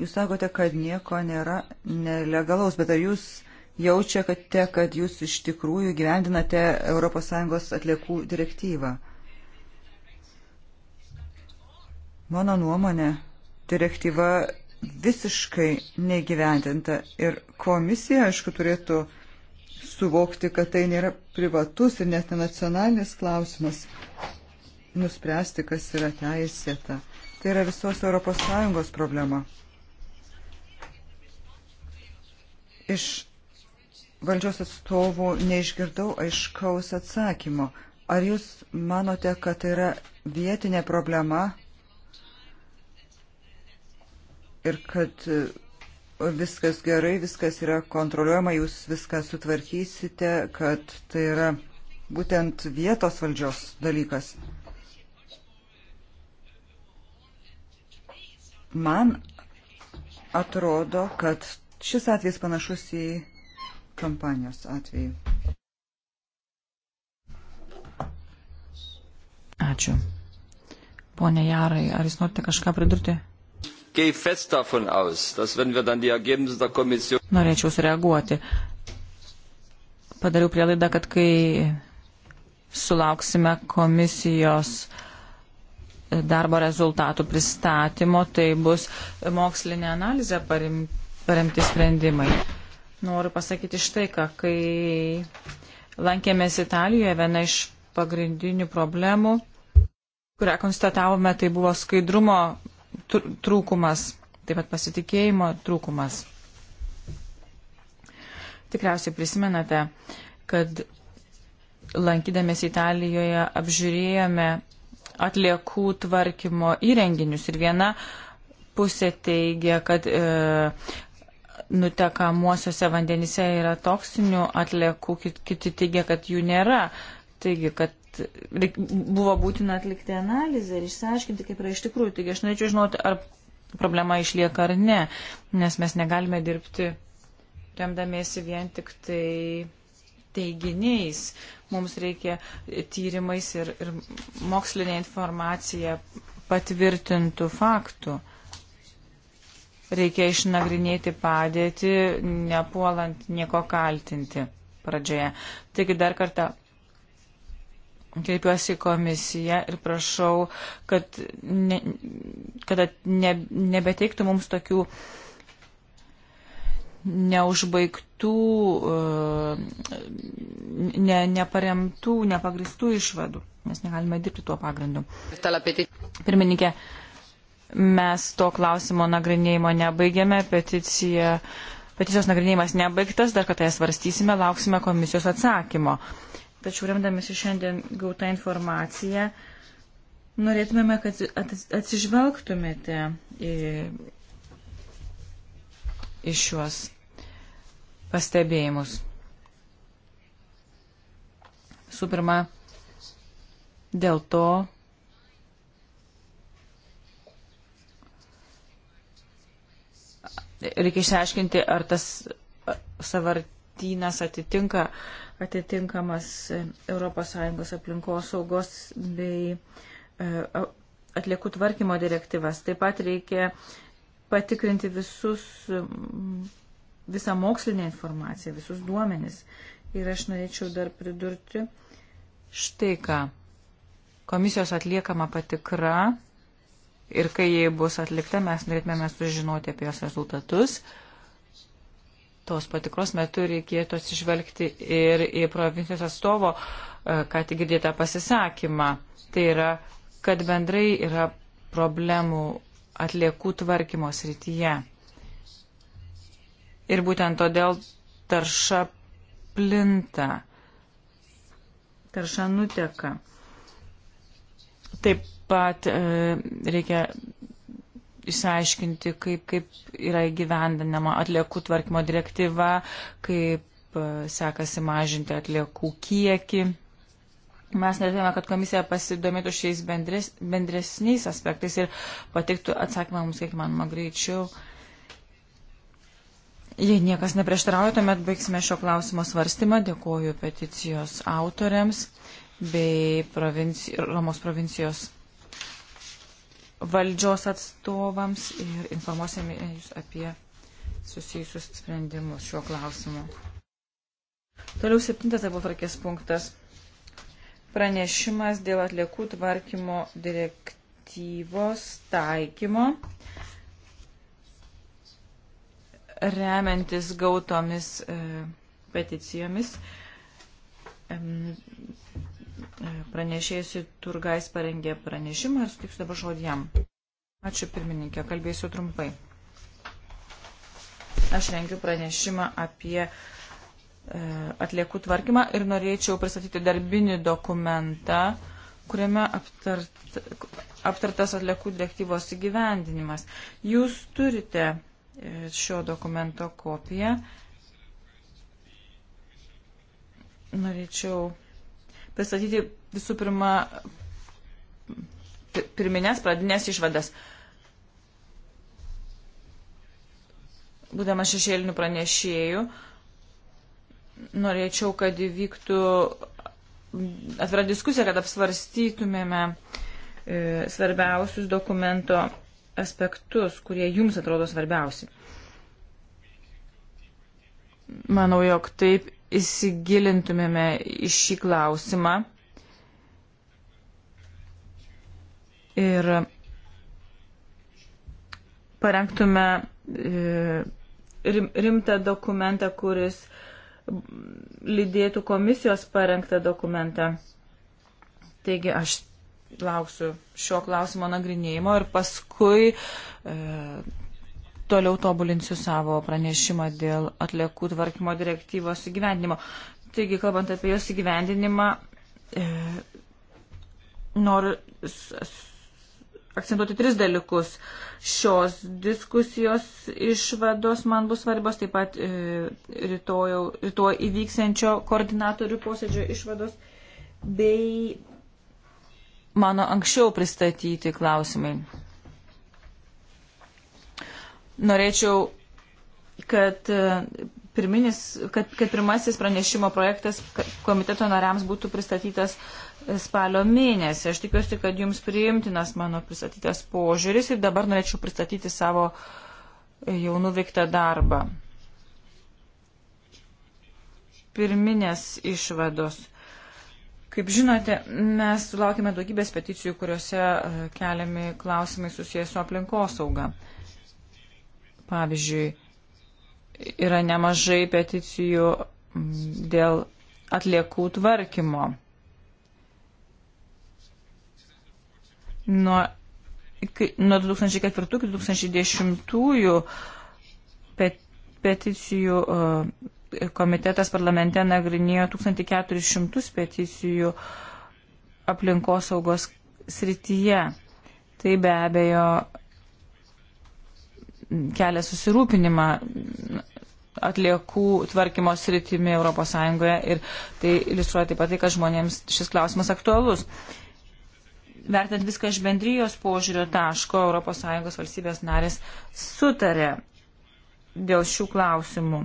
Jūs sakote, kad nieko nėra nelegalaus, bet ar jūs jaučiate, kad jūs iš tikrųjų gyvendinate ES atliekų direktyvą? Mano nuomonė, direktyva visiškai negyvendinta ir komisija, aišku, turėtų suvokti, kad tai nėra privatus ir net nacionalinis klausimas, nuspręsti, kas yra teisėta. Tai yra visos ES problema. Iš valdžios atstovų neišgirdau aiškaus atsakymo. Ar jūs manote, kad tai yra vietinė problema ir kad e, viskas gerai, viskas yra kontroliuojama, jūs viską sutvarkysite, kad tai yra būtent vietos valdžios dalykas? Man atrodo, kad Šis atvejs panašus į kampanijos atvejį. Ačiū. Pone Jarai, ar jūs norite kažką pridurti? Norėčiau sureaguoti. Padariau prielaidą, kad kai sulauksime komisijos darbo rezultatų pristatymo, tai bus mokslinė analizė parimta paremti sprendimai. Noriu pasakyti štai ką, kai lankėmės Italijoje, viena iš pagrindinių problemų, kurią konstatavome, tai buvo skaidrumo trūkumas, taip pat pasitikėjimo trūkumas. Tikriausiai prisimenate, kad lankydamės Italijoje apžiūrėjome atliekų tvarkymo įrenginius ir viena pusė teigia, kad e, nutekamuosiuose vandenyse yra toksinių atliekų, kiti teigia, kad jų nėra. Taigi, kad buvo būtina atlikti analizę ir išsiaiškinti, kaip yra iš tikrųjų. Taigi, aš norėčiau žinoti, ar problema išlieka ar ne, nes mes negalime dirbti remdamiesi vien tik tai teiginiais. Mums reikia tyrimais ir, ir mokslinė informacija patvirtintų faktų reikia išnagrinėti padėtį, nepuolant nieko kaltinti pradžioje. Taigi dar kartą kreipiuosi į komisiją ir prašau, kad, ne, kad ne, nebeteiktų mums tokių neužbaigtų, e, ne, neparemtų, nepagristų išvadų, nes negalime dirbti tuo pagrindu. Pirmininkė, Mes to klausimo nagrinėjimo nebaigėme, peticija, peticijos nagrinėjimas nebaigtas, dar kartą jas varstysime, lauksime komisijos atsakymo. Tačiau remdamėsi šiandien gautą informaciją, norėtumėme, kad atsižvelgtumėte į, į šiuos pastebėjimus. Visų pirma, dėl to, reikia išsiaiškinti, ar tas savartynas atitinka atitinkamas ES aplinkos saugos bei e, atliekų tvarkymo direktyvas. Taip pat reikia patikrinti visus, visą mokslinę informaciją, visus duomenis. Ir aš norėčiau dar pridurti štai ką. Komisijos atliekama patikra ir kai jie bus atlikta, mes norėtume sužinoti apie jos rezultatus. Tos patikros metu reikėtų atsižvelgti ir į provincijos atstovo, e, ką tik girdėtą pasisakymą. Tai yra, kad bendrai yra problemų atliekų tvarkymo srityje. Ir būtent todėl tarša plinta, tarša nuteka. Taip pat e, reikia išsiaiškinti, kaip, kaip yra įgyvendinama atliekų tvarkymo direktyva, kaip e, sekasi mažinti atliekų kiekį. Mes norėtume, kad komisija pasidomėtų šiais bendres, bendresniais aspektais ir patiktų atsakymą mums kiek manoma greičiau. Jei niekas neprieštarauja, tuomet baigsime šio klausimo svarstymą. Dėkuoju peticijos autoriams bei provinci, Romos provincijos valdžios atstovams ir informuosime jūs apie susijusius sprendimus šiuo klausimu. Toliau septintas darbotvarkės punktas. Pranešimas dėl atliekų tvarkymo direktyvos taikymo remiantis gautomis e, peticijomis. E, Pranešėjas Turgais parengė pranešimą ir sutiksiu dabar žodį jam. Ačiū pirmininkė, kalbėsiu trumpai. Aš rengiu pranešimą apie e, atliekų tvarkymą ir norėčiau pristatyti darbinį dokumentą, kuriame aptart, aptartas atliekų direktyvos įgyvendinimas. Jūs turite e, šio dokumento kopiją. Norėčiau pristatyti visų pirma pirminės pradinės išvadas. Būdama šešėlinių pranešėjų, norėčiau, kad įvyktų atvira diskusija, kad apsvarstytumėme e, svarbiausius dokumento aspektus, kurie jums atrodo svarbiausi. Manau, jog taip įsigilintumėme į šį klausimą ir parengtume e, rimtą dokumentą, kuris lydėtų komisijos parengtą dokumentą. Taigi aš lauksiu šio klausimo nagrinėjimo ir paskui e, toliau tobulinsiu savo pranešimą dėl atliekų tvarkymo direktyvos įgyvendinimo. Taigi, kalbant apie jos įgyvendinimą, e, noriu akcentuoti tris dalykus. Šios diskusijos išvados man bus svarbios, taip pat e, rytoj, rytoj įvyksiančio koordinatorių posėdžio išvados bei mano anksčiau pristatyti klausimai. Norėčiau, kad e, pirminis, kad, kad pirmasis pranešimo projektas komiteto nariams būtų pristatytas e, spalio mėnesį. Aš tikiuosi, kad jums priimtinas mano pristatytas požiūris ir dabar norėčiau pristatyti savo e, jau nuveiktą darbą. Pirminės išvados. Kaip žinote, mes sulaukime daugybės peticijų, kuriuose keliami klausimai susijęs su aplinkosauga. sauga. Pavyzdžiui, yra nemažai peticijų dėl atliekų tvarkymo. Nuo, nuo 2004-2010 pet, peticijų e, komitetas parlamente nagrinėjo 1400 peticijų aplinkosaugos srityje. Tai be abejo kelia susirūpinimą atliekų tvarkymo sritimi ES ir tai iliustruoja taip pat tai, kad žmonėms šis klausimas aktualus. Vertinant viską iš bendrijos požiūrio taško, ES valstybės narės sutarė dėl šių klausimų.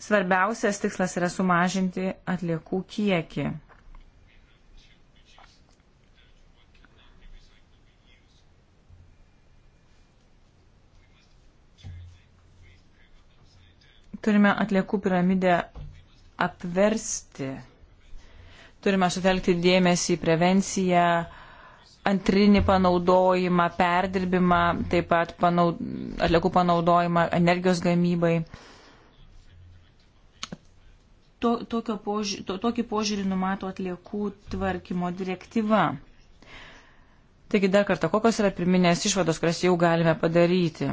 Svarbiausias tikslas yra sumažinti atliekų kiekį. turime atliekų piramidę apversti. Turime sutelkti dėmesį į prevenciją, antrinį panaudojimą, perdirbimą, taip pat panaud... atliekų panaudojimą energijos gamybai. To, poži... to, tokį požiūrį numato atliekų tvarkymo direktyva. Taigi dar kartą, kokios yra pirminės išvados, kurias jau galime padaryti?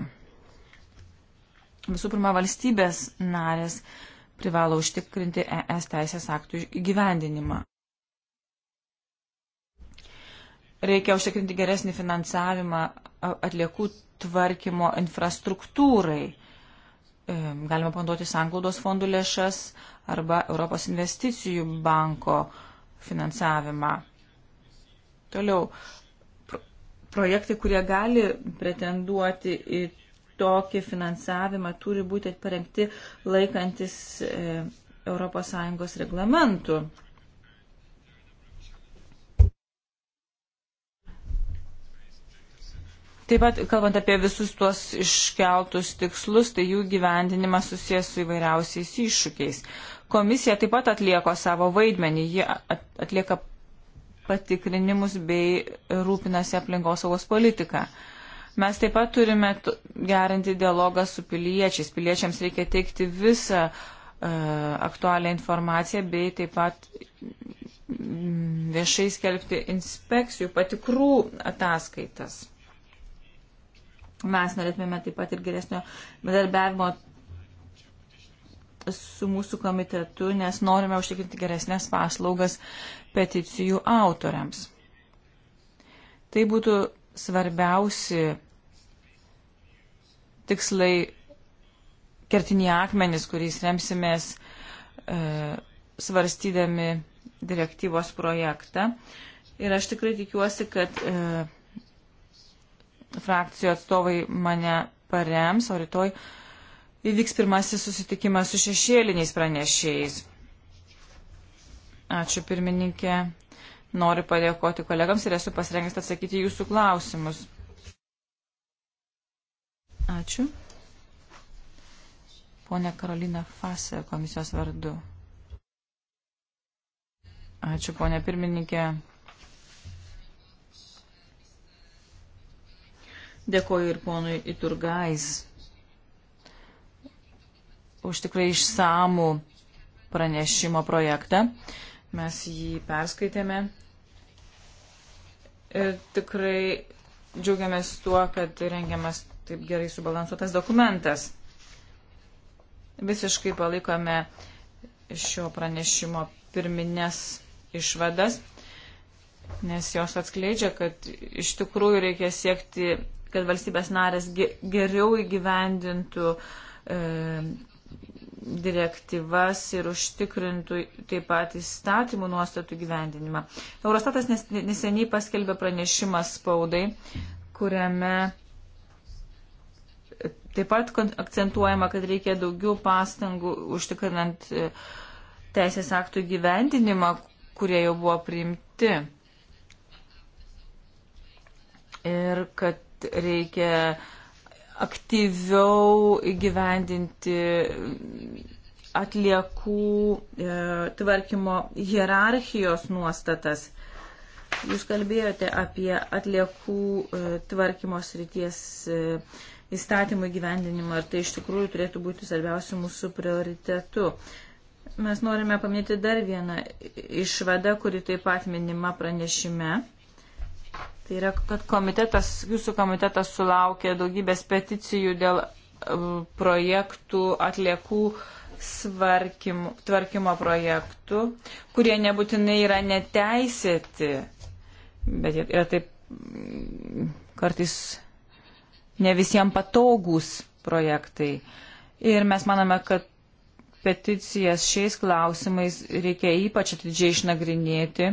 Visų pirma, valstybės narės privalo užtikrinti ES teisės aktų įgyvendinimą. Reikia užtikrinti geresnį finansavimą atliekų tvarkymo infrastruktūrai. Galima panduoti sanglaudos fondų lėšas arba Europos investicijų banko finansavimą. Toliau, projektai, kurie gali pretenduoti į tokį finansavimą turi būti parengti laikantis ES reglamentų. Taip pat, kalbant apie visus tuos iškeltus tikslus, tai jų gyvendinimas susijęs su įvairiausiais iššūkiais. Komisija taip pat atlieko savo vaidmenį, ji atlieka patikrinimus bei rūpinasi aplinkosaugos politiką. Mes taip pat turime gerinti dialogą su piliečiais. Piliečiams reikia teikti visą uh, aktualią informaciją bei taip pat mm, viešai skelbti inspekcijų patikrų ataskaitas. Mes norėtume taip pat ir geresnio bendarbiavimo su mūsų komitetu, nes norime užtikrinti geresnės paslaugas peticijų autoriams. Tai būtų svarbiausi tikslai kertiniai akmenys, kuriais remsimės e, svarstydami direktyvos projektą. Ir aš tikrai tikiuosi, kad e, frakcijų atstovai mane parems, o rytoj įvyks pirmasis susitikimas su šešėliniais pranešėjais. Ačiū pirmininkė. Noriu padėkoti kolegams ir esu pasirengęs atsakyti jūsų klausimus. Ačiū. Pone Karolina Fase komisijos vardu. Ačiū, ponė pirmininkė. Dėkoju ir ponui Iturgais už tikrai išsamų pranešimo projektą. Mes jį perskaitėme. Ir tikrai džiaugiamės tuo, kad rengiamas taip gerai subalansuotas dokumentas. Visiškai palikome šio pranešimo pirminės išvadas, nes jos atskleidžia, kad iš tikrųjų reikia siekti, kad valstybės narės geriau įgyvendintų e, direktyvas ir užtikrintų taip pat įstatymų nuostatų gyvendinimą. Eurostatas neseniai paskelbė pranešimą spaudai, kuriame Taip pat akcentuojama, kad reikia daugiau pastangų užtikrinant e, teisės aktų gyvendinimą, kurie jau buvo priimti. Ir kad reikia aktyviau įgyvendinti atliekų e, tvarkymo hierarchijos nuostatas. Jūs kalbėjote apie atliekų e, tvarkymo srities e, įstatymų įgyvendinimą ir tai iš tikrųjų turėtų būti svarbiausių mūsų prioritetų. Mes norime paminėti dar vieną išvadą, kuri taip pat minima pranešime. Tai yra, kad komitetas, jūsų komitetas sulaukė daugybės peticijų dėl e, projektų, atliekų svarkimo, tvarkymo projektų, kurie nebūtinai yra neteisėti, bet yra taip kartais ne visiems patogūs projektai. Ir mes manome, kad peticijas šiais klausimais reikia ypač atidžiai išnagrinėti.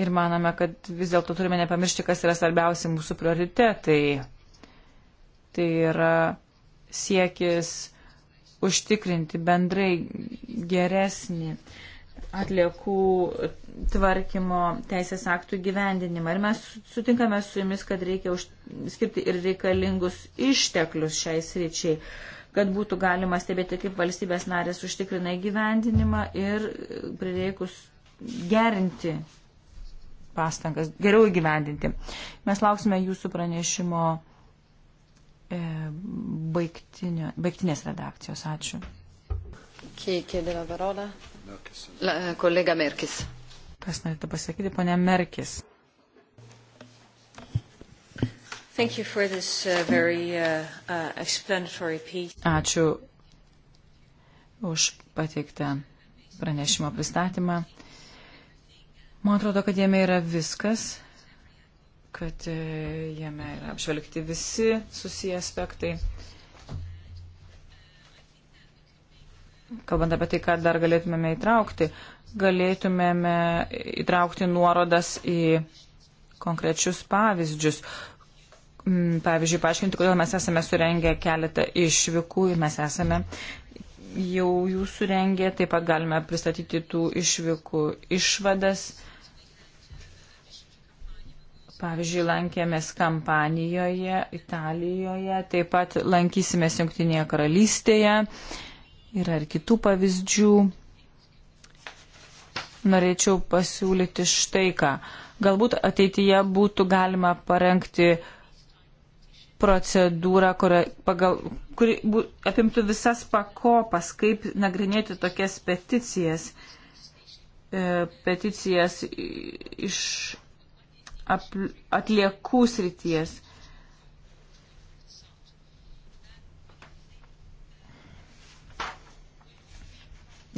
Ir manome, kad vis dėlto turime nepamiršti, kas yra svarbiausi mūsų prioritetai. Tai yra siekis užtikrinti bendrai geresnį atliekų tvarkymo teisės aktų gyvendinimą. Ir mes sutinkame su jumis, kad reikia skirti ir reikalingus išteklius šiai sričiai, kad būtų galima stebėti, kaip valstybės narės užtikrina įgyvendinimą ir prireikus gerinti pastangas, geriau įgyvendinti. Mes lauksime jūsų pranešimo e, baigtinės redakcijos. Ačiū. Kiek dėl varola? La, kolega eh, Merkis. Kas norite pasakyti, ponia Merkis? Thank you for this uh, very uh, uh, explanatory piece. Ačiū už pateiktą pranešimo pristatymą. Man atrodo, kad jame yra viskas, kad e, jame yra apžvelgti visi susiję aspektai. Uh, kalbant apie tai, ką dar galėtumėme įtraukti, galėtumėme įtraukti nuorodas į konkrečius pavyzdžius. Mm, pavyzdžiui, paaiškinti, kodėl mes esame surengę keletą išvykų ir mes esame jau jų surengę, taip pat galime pristatyti tų išvykų išvadas. Pavyzdžiui, lankėmės kampanijoje, Italijoje, taip pat lankysimės Junktinėje karalystėje. Uh, Yra ir kitų pavyzdžių. Norėčiau pasiūlyti štai ką. Galbūt ateityje būtų galima parengti procedūrą, kuri, pagal, kuri bu, apimtų visas pakopas, kaip nagrinėti tokias peticijas, e, peticijas iš ap, atliekų srities.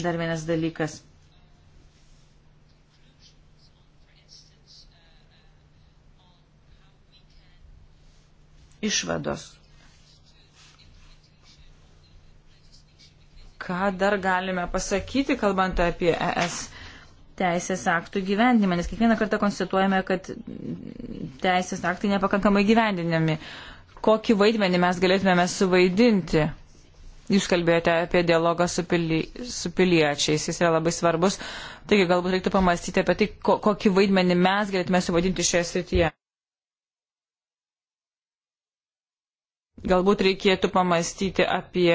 Dar vienas dalykas. Išvados. Ką dar galime pasakyti, kalbant apie ES teisės aktų gyvendinimą, nes kiekvieną kartą konstatuojame, kad teisės aktai nepakankamai gyvendinami. Kokį vaidmenį mes galėtumėme suvaidinti? Jūs kalbėjote apie dialogą su, pili, su piliečiais, jis yra labai svarbus. Taigi galbūt reiktų pamastyti apie tai, ko, kokį vaidmenį mes galėtume suvadinti šioje srityje. Galbūt reikėtų pamastyti apie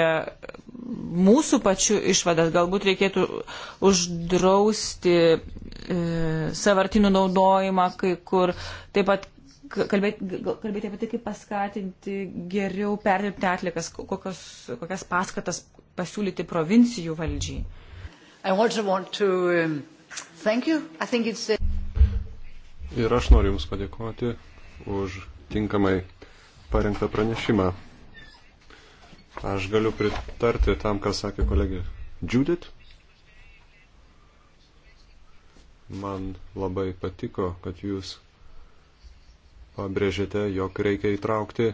mūsų pačių išvadas, galbūt reikėtų uždrausti e, savartinų naudojimą kai kur, taip pat kalbėti, kalbėti apie tai, kaip paskatinti geriau perdirbti atlikas, kokios, kokias paskatas pasiūlyti provincijų valdžiai. To, um, Ir aš noriu Jums padėkoti už tinkamai parengtą pranešimą. Aš galiu pritarti tam, ką sakė kolegė Judith. Man labai patiko, kad jūs pabrėžėte, jog reikia įtraukti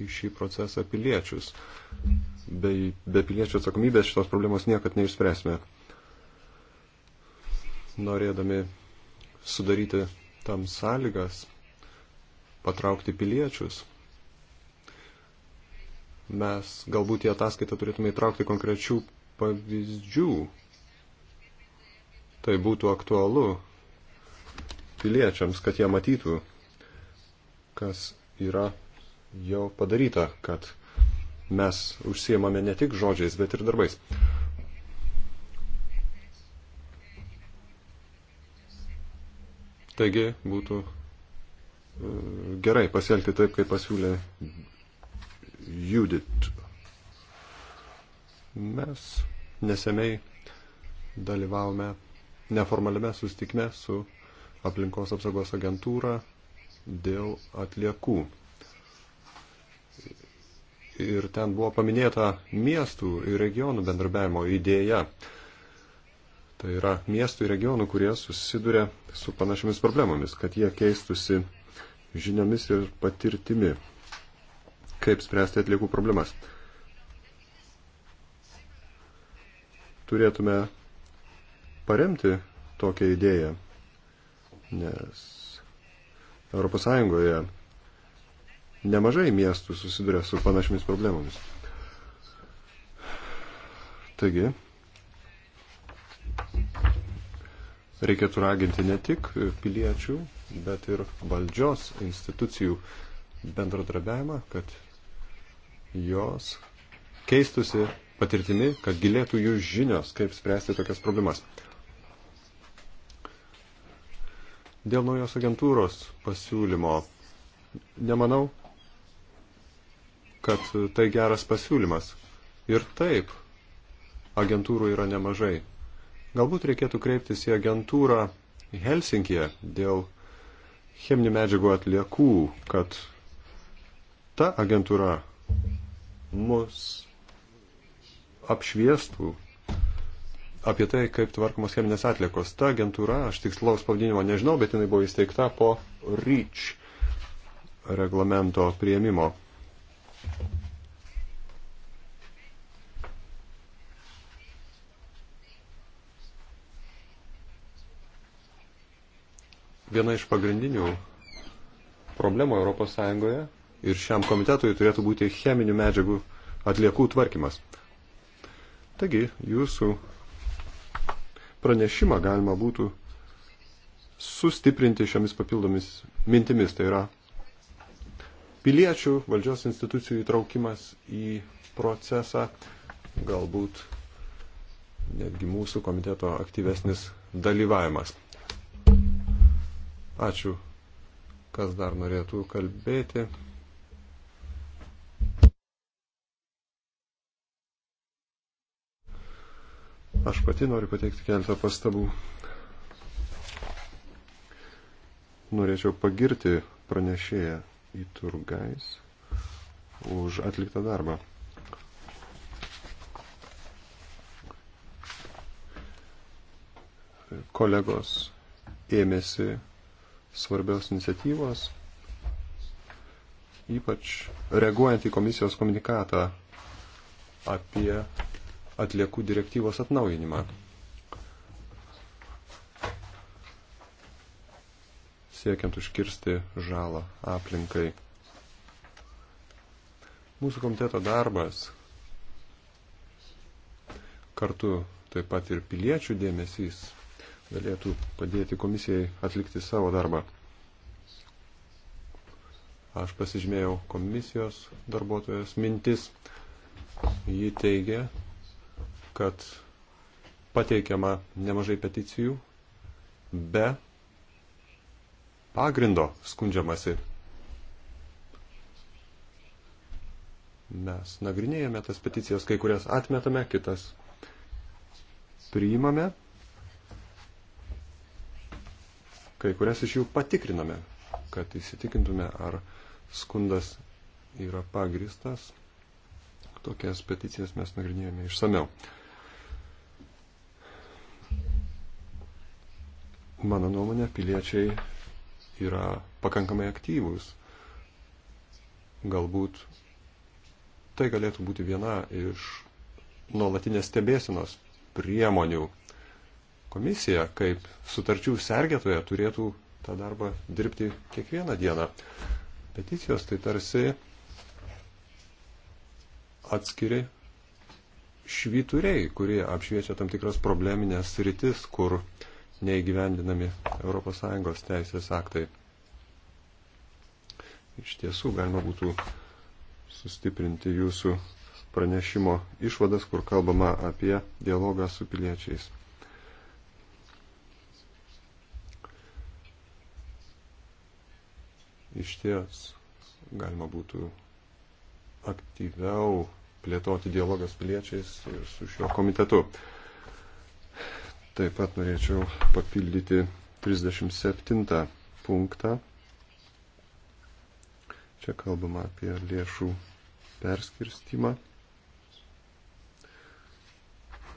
į šį procesą piliečius. Be, be piliečių atsakomybės šitos problemos niekad neišspręsime. Norėdami sudaryti tam sąlygas, patraukti piliečius, mes galbūt į ataskaitą turėtume įtraukti konkrečių pavyzdžių. Tai būtų aktualu piliečiams, kad jie matytų, kas yra jau padaryta, kad mes užsiemame ne tik žodžiais, bet ir darbais. Taigi būtų e, gerai pasielgti taip, kaip pasiūlė Judit. Mes neseniai dalyvavome neformaliame sustikme su aplinkos apsaugos agentūra dėl atliekų. Ir ten buvo paminėta miestų ir regionų bendrabiavimo idėja. Tai yra miestų ir regionų, kurie susiduria su panašiamis problemomis, kad jie keistusi žiniomis ir patirtimi, kaip spręsti atliekų problemas. Turėtume paremti tokią idėją, nes Europos Sąjungoje nemažai miestų susiduria su panašiamis problemomis. Taigi, reikėtų raginti ne tik piliečių, bet ir valdžios institucijų bendradarbiavimą, kad jos keistusi patirtimi, kad gilėtų jų žinios, kaip spręsti tokias problemas. Dėl naujos agentūros pasiūlymo nemanau, kad tai geras pasiūlymas. Ir taip, agentūrų yra nemažai. Galbūt reikėtų kreiptis į agentūrą Helsinkije dėl cheminių medžiagų atliekų, kad ta agentūra mus apšviestų apie tai, kaip tvarkomos cheminės atliekos. Ta agentūra, aš tikslaus pavadinimo nežinau, bet jinai buvo įsteigta po REACH reglamento prieimimo. Viena iš pagrindinių problemų ES ir šiam komitetui turėtų būti cheminių medžiagų atliekų tvarkymas. Taigi, jūsų pranešimą galima būtų sustiprinti šiomis papildomis mintimis. Tai yra piliečių valdžios institucijų įtraukimas į procesą, galbūt netgi mūsų komiteto aktyvesnis dalyvavimas. Ačiū, kas dar norėtų kalbėti. Aš pati noriu pateikti keletą pastabų. Norėčiau pagirti pranešėją į Turgais už atliktą darbą. Kolegos ėmėsi svarbios iniciatyvos, ypač reaguojant į komisijos komunikatą apie atliekų direktyvos atnaujinimą. Siekiant užkirsti žalą aplinkai. Mūsų komiteto darbas kartu taip pat ir piliečių dėmesys galėtų padėti komisijai atlikti savo darbą. Aš pasižymėjau komisijos darbuotojas mintis. Ji teigia, kad pateikiama nemažai peticijų be pagrindo skundžiamasi. Mes nagrinėjame tas peticijas, kai kurias atmetame, kitas priimame, kai kurias iš jų patikriname, kad įsitikintume, ar skundas yra pagristas. Tokias peticijas mes nagrinėjame išsameu. Mano nuomonė, piliečiai yra pakankamai aktyvūs. Galbūt tai galėtų būti viena iš nuolatinės stebėsinos priemonių. Komisija, kaip sutarčių sergėtoja, turėtų tą darbą dirbti kiekvieną dieną. Peticijos tai tarsi atskiri švyturiai, kurie apšviečia tam tikras probleminės rytis, kur uh, neįgyvendinami ES teisės aktai. Iš tiesų galima būtų sustiprinti jūsų pranešimo išvadas, kur kalbama apie dialogą su piliečiais. Iš ties galima būtų aktyviau plėtoti dialogą su piliečiais ir su šiuo komitetu. Taip pat norėčiau papildyti 37 punktą. Čia kalbama apie lėšų perskirstimą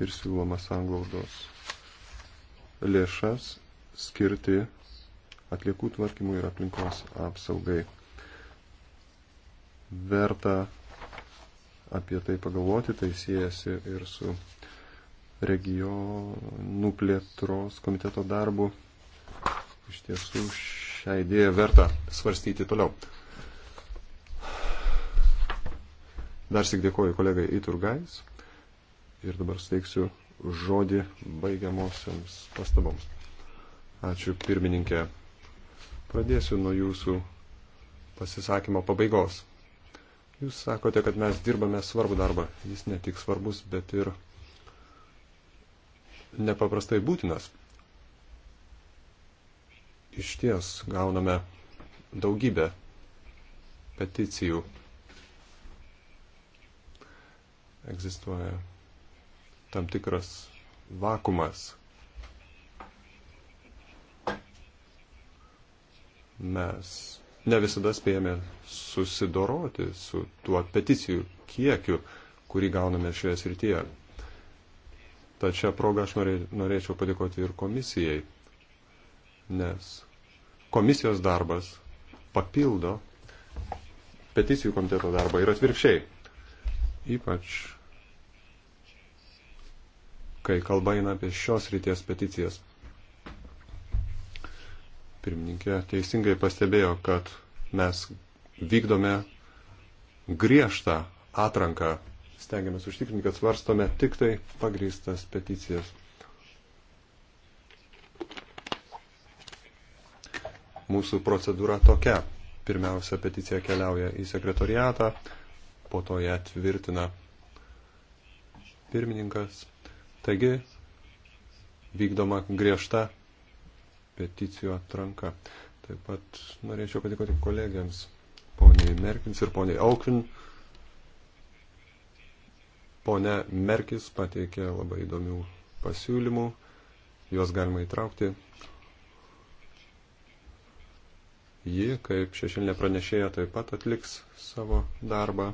ir siūloma sanglaudos lėšas skirti atliekų tvarkymui ir aplinkos apsaugai. Verta apie tai pagalvoti, tai siejasi ir su regionų plėtros komiteto darbu. Iš tiesų šią idėją verta svarstyti toliau. Dar sik dėkoju kolegai Iturgais ir dabar steiksiu žodį baigiamosiams pastaboms. Ačiū pirmininkė. Pradėsiu nuo jūsų pasisakymo pabaigos. Jūs sakote, kad mes dirbame svarbų darbą. Jis ne tik svarbus, bet ir nepaprastai būtinas. Iš ties gauname daugybę peticijų. Egzistuoja tam tikras vakumas. Mes ne visada spėjame susidoroti su tuo peticijų kiekiu, kurį gauname šioje srityje. Tačiau progą aš norė, norėčiau padėkoti ir komisijai, nes komisijos darbas papildo peticijų komiteto darbą ir atvirkščiai. Ypač kai kalba eina apie šios ryties peticijas. Pirmininkė teisingai pastebėjo, kad mes vykdome griežtą atranką stengiamės užtikrinti, kad svarstome tik tai pagrįstas peticijas. Mūsų procedūra tokia. Pirmiausia, peticija keliauja į sekretoriatą, po to ją tvirtina pirmininkas. Taigi, vykdoma griežta peticijų atranka. Taip pat norėčiau padėkoti kolegiams, poniai Merkins ir poniai Aukin. Pone Merkis pateikė labai įdomių pasiūlymų, juos galima įtraukti. Ji, kaip šešilinė pranešėja, taip pat atliks savo darbą.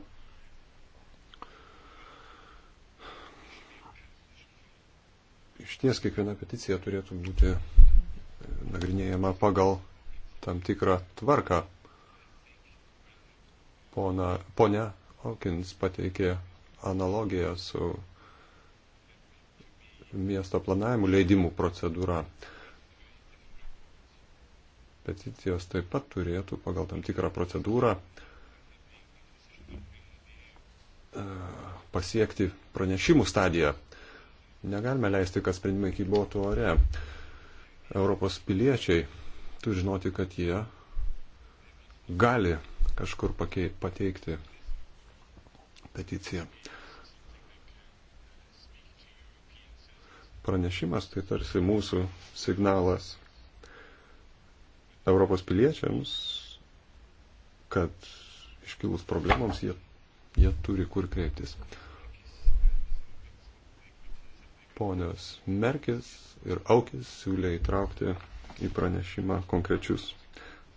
Iš ties kiekviena peticija turėtų būti e, nagrinėjama pagal tam tikrą tvarką. Pona, ponia Hawkins pateikė analogiją su miesto planavimų leidimų procedūra. Peticijos taip pat turėtų pagal tam tikrą procedūrą e, pasiekti pranešimų stadiją. Negalime leisti, kad sprendimai kybotų ore. Europos piliečiai turi žinoti, kad jie gali kažkur pateikti peticiją. pranešimas tai tarsi mūsų signalas Europos piliečiams, kad iškilus problemams jie, jie turi kur kreiptis. Ponios Merkis ir Aukis siūlė įtraukti į pranešimą konkrečius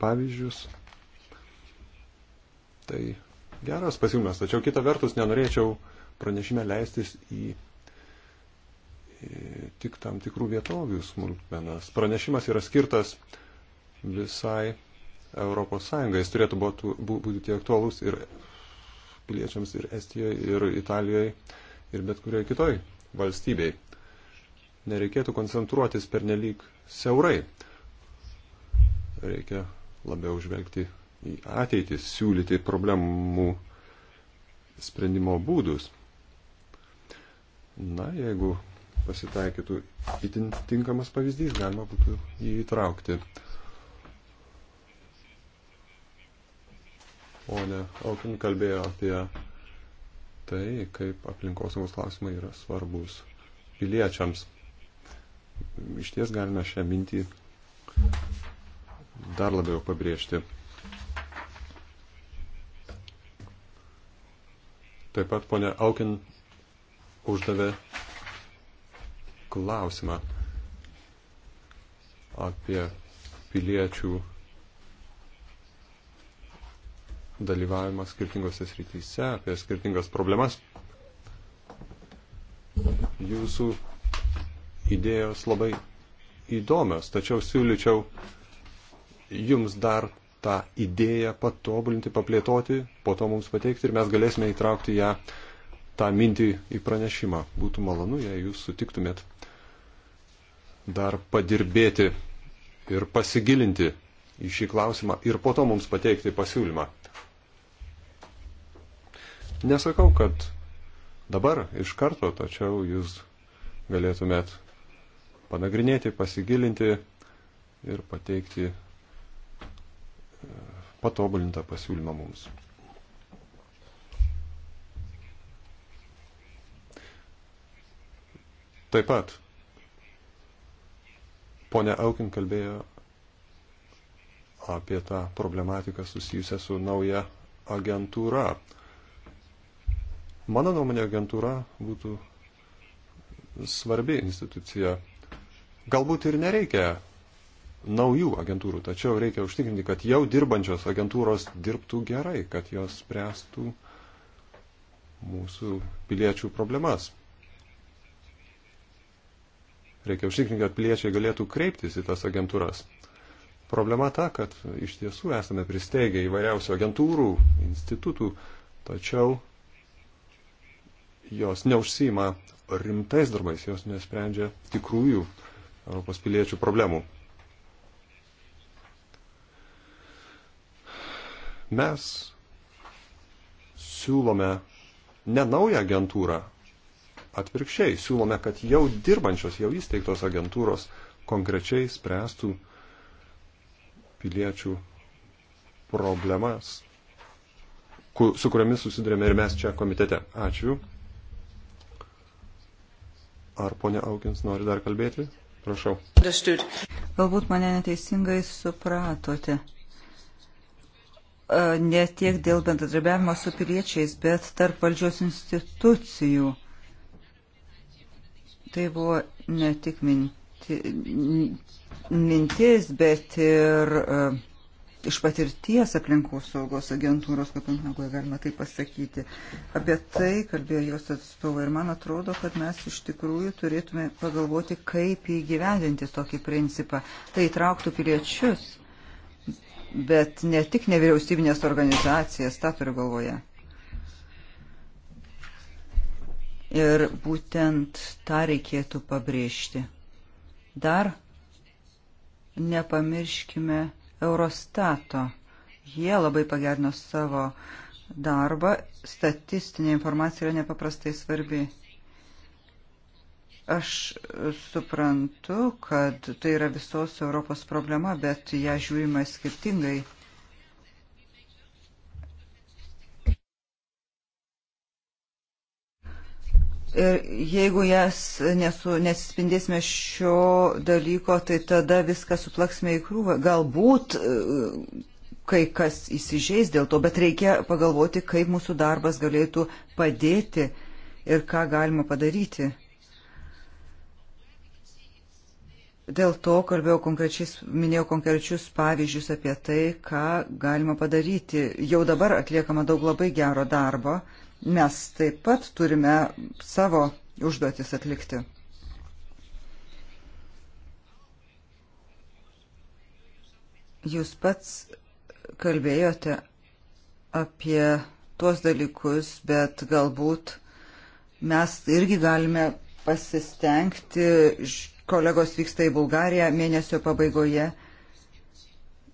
pavyzdžius. Tai geras pasiūlymas, tačiau kita vertus nenorėčiau pranešime leistis į tik tam tikrų vietovių smulkmenas. Pranešimas yra skirtas visai Europos Sąjungai. Jis turėtų būti aktualus ir piliečiams ir Estijoje, ir Italijoje, ir bet kurioje kitoj valstybei. Nereikėtų koncentruotis per nelik siaurai. Reikia labiau žvelgti į ateitį, siūlyti problemų sprendimo būdus. Na, jeigu pasitaikytų itin tinkamas pavyzdys, galima būtų jį įtraukti. O ne, Aukin kalbėjo apie tai, kaip aplinkosaugos klausimai yra svarbus piliečiams. Iš ties galime šią mintį dar labiau pabrėžti. Taip pat ponia Aukin uždavė klausimą apie piliečių dalyvavimą skirtingose srityse, apie skirtingas problemas. Jūsų idėjos labai įdomios, tačiau siūlyčiau jums dar tą idėją patobulinti, paplėtoti, po to mums pateikti ir mes galėsime įtraukti ją tą mintį į pranešimą. Būtų malonu, jei jūs sutiktumėt dar padirbėti ir pasigilinti į šį klausimą ir po to mums pateikti pasiūlymą. Nesakau, kad dabar iš karto, tačiau jūs galėtumėt panagrinėti, pasigilinti ir pateikti e, patobulintą pasiūlymą mums. Taip pat Pone Aukin kalbėjo apie tą problematiką susijusią su nauja agentūra. Mano nuomonė agentūra būtų svarbi institucija. Galbūt ir nereikia naujų agentūrų, tačiau reikia užtikrinti, kad jau dirbančios agentūros dirbtų gerai, kad jos spręstų mūsų piliečių problemas. Reikia užtikrinti, kad piliečiai galėtų kreiptis į tas agentūras. Problema ta, kad iš tiesų esame pristeigę įvairiausių agentūrų, institutų, tačiau jos neužsima rimtais darbais, jos nesprendžia tikrųjų Europos piliečių problemų. Mes siūlome ne naują agentūrą, atvirkščiai siūlome, kad jau dirbančios, jau įsteigtos agentūros konkrečiai spręstų piliečių problemas, su kuriamis susidurėme ir mes čia komitete. Ačiū. Ar ponia Aukins nori dar kalbėti? Prašau. Galbūt mane neteisingai supratote. E, ne tiek dėl bendradarbiavimo su piliečiais, bet tarp valdžios institucijų. Tai buvo ne tik minti, mintis, bet ir uh, iš patirties aplinkos saugos agentūros Kopenhagoje, galima tai pasakyti. Apie tai kalbėjo jos atstovai ir man atrodo, kad mes iš tikrųjų turėtume pagalvoti, kaip įgyvendinti tokį principą. Tai įtrauktų piliečius, bet ne tik nevyriausybinės organizacijas, tą turiu galvoje. Ir būtent tą reikėtų pabrėžti. Dar nepamirškime Eurostato. Jie labai pagerino savo darbą. Statistinė informacija yra nepaprastai svarbi. Aš suprantu, kad tai yra visos Europos problema, bet ją žiūrima skirtingai. Ir jeigu jas nesu, nesispindėsime šio dalyko, tai tada viską suplaksime į krūvą. Galbūt e, kai kas įsižeis dėl to, bet reikia pagalvoti, kaip mūsų darbas galėtų padėti ir ką galima padaryti. Dėl to kalbėjau konkrečiais, minėjau konkrečius pavyzdžius apie tai, ką galima padaryti. Jau dabar atliekama daug labai gero darbo. Uh, mes taip pat turime savo užduotis atlikti. Jūs pats kalbėjote apie tuos dalykus, bet galbūt mes irgi galime pasistengti. Kolegos vyksta į Bulgariją mėnesio pabaigoje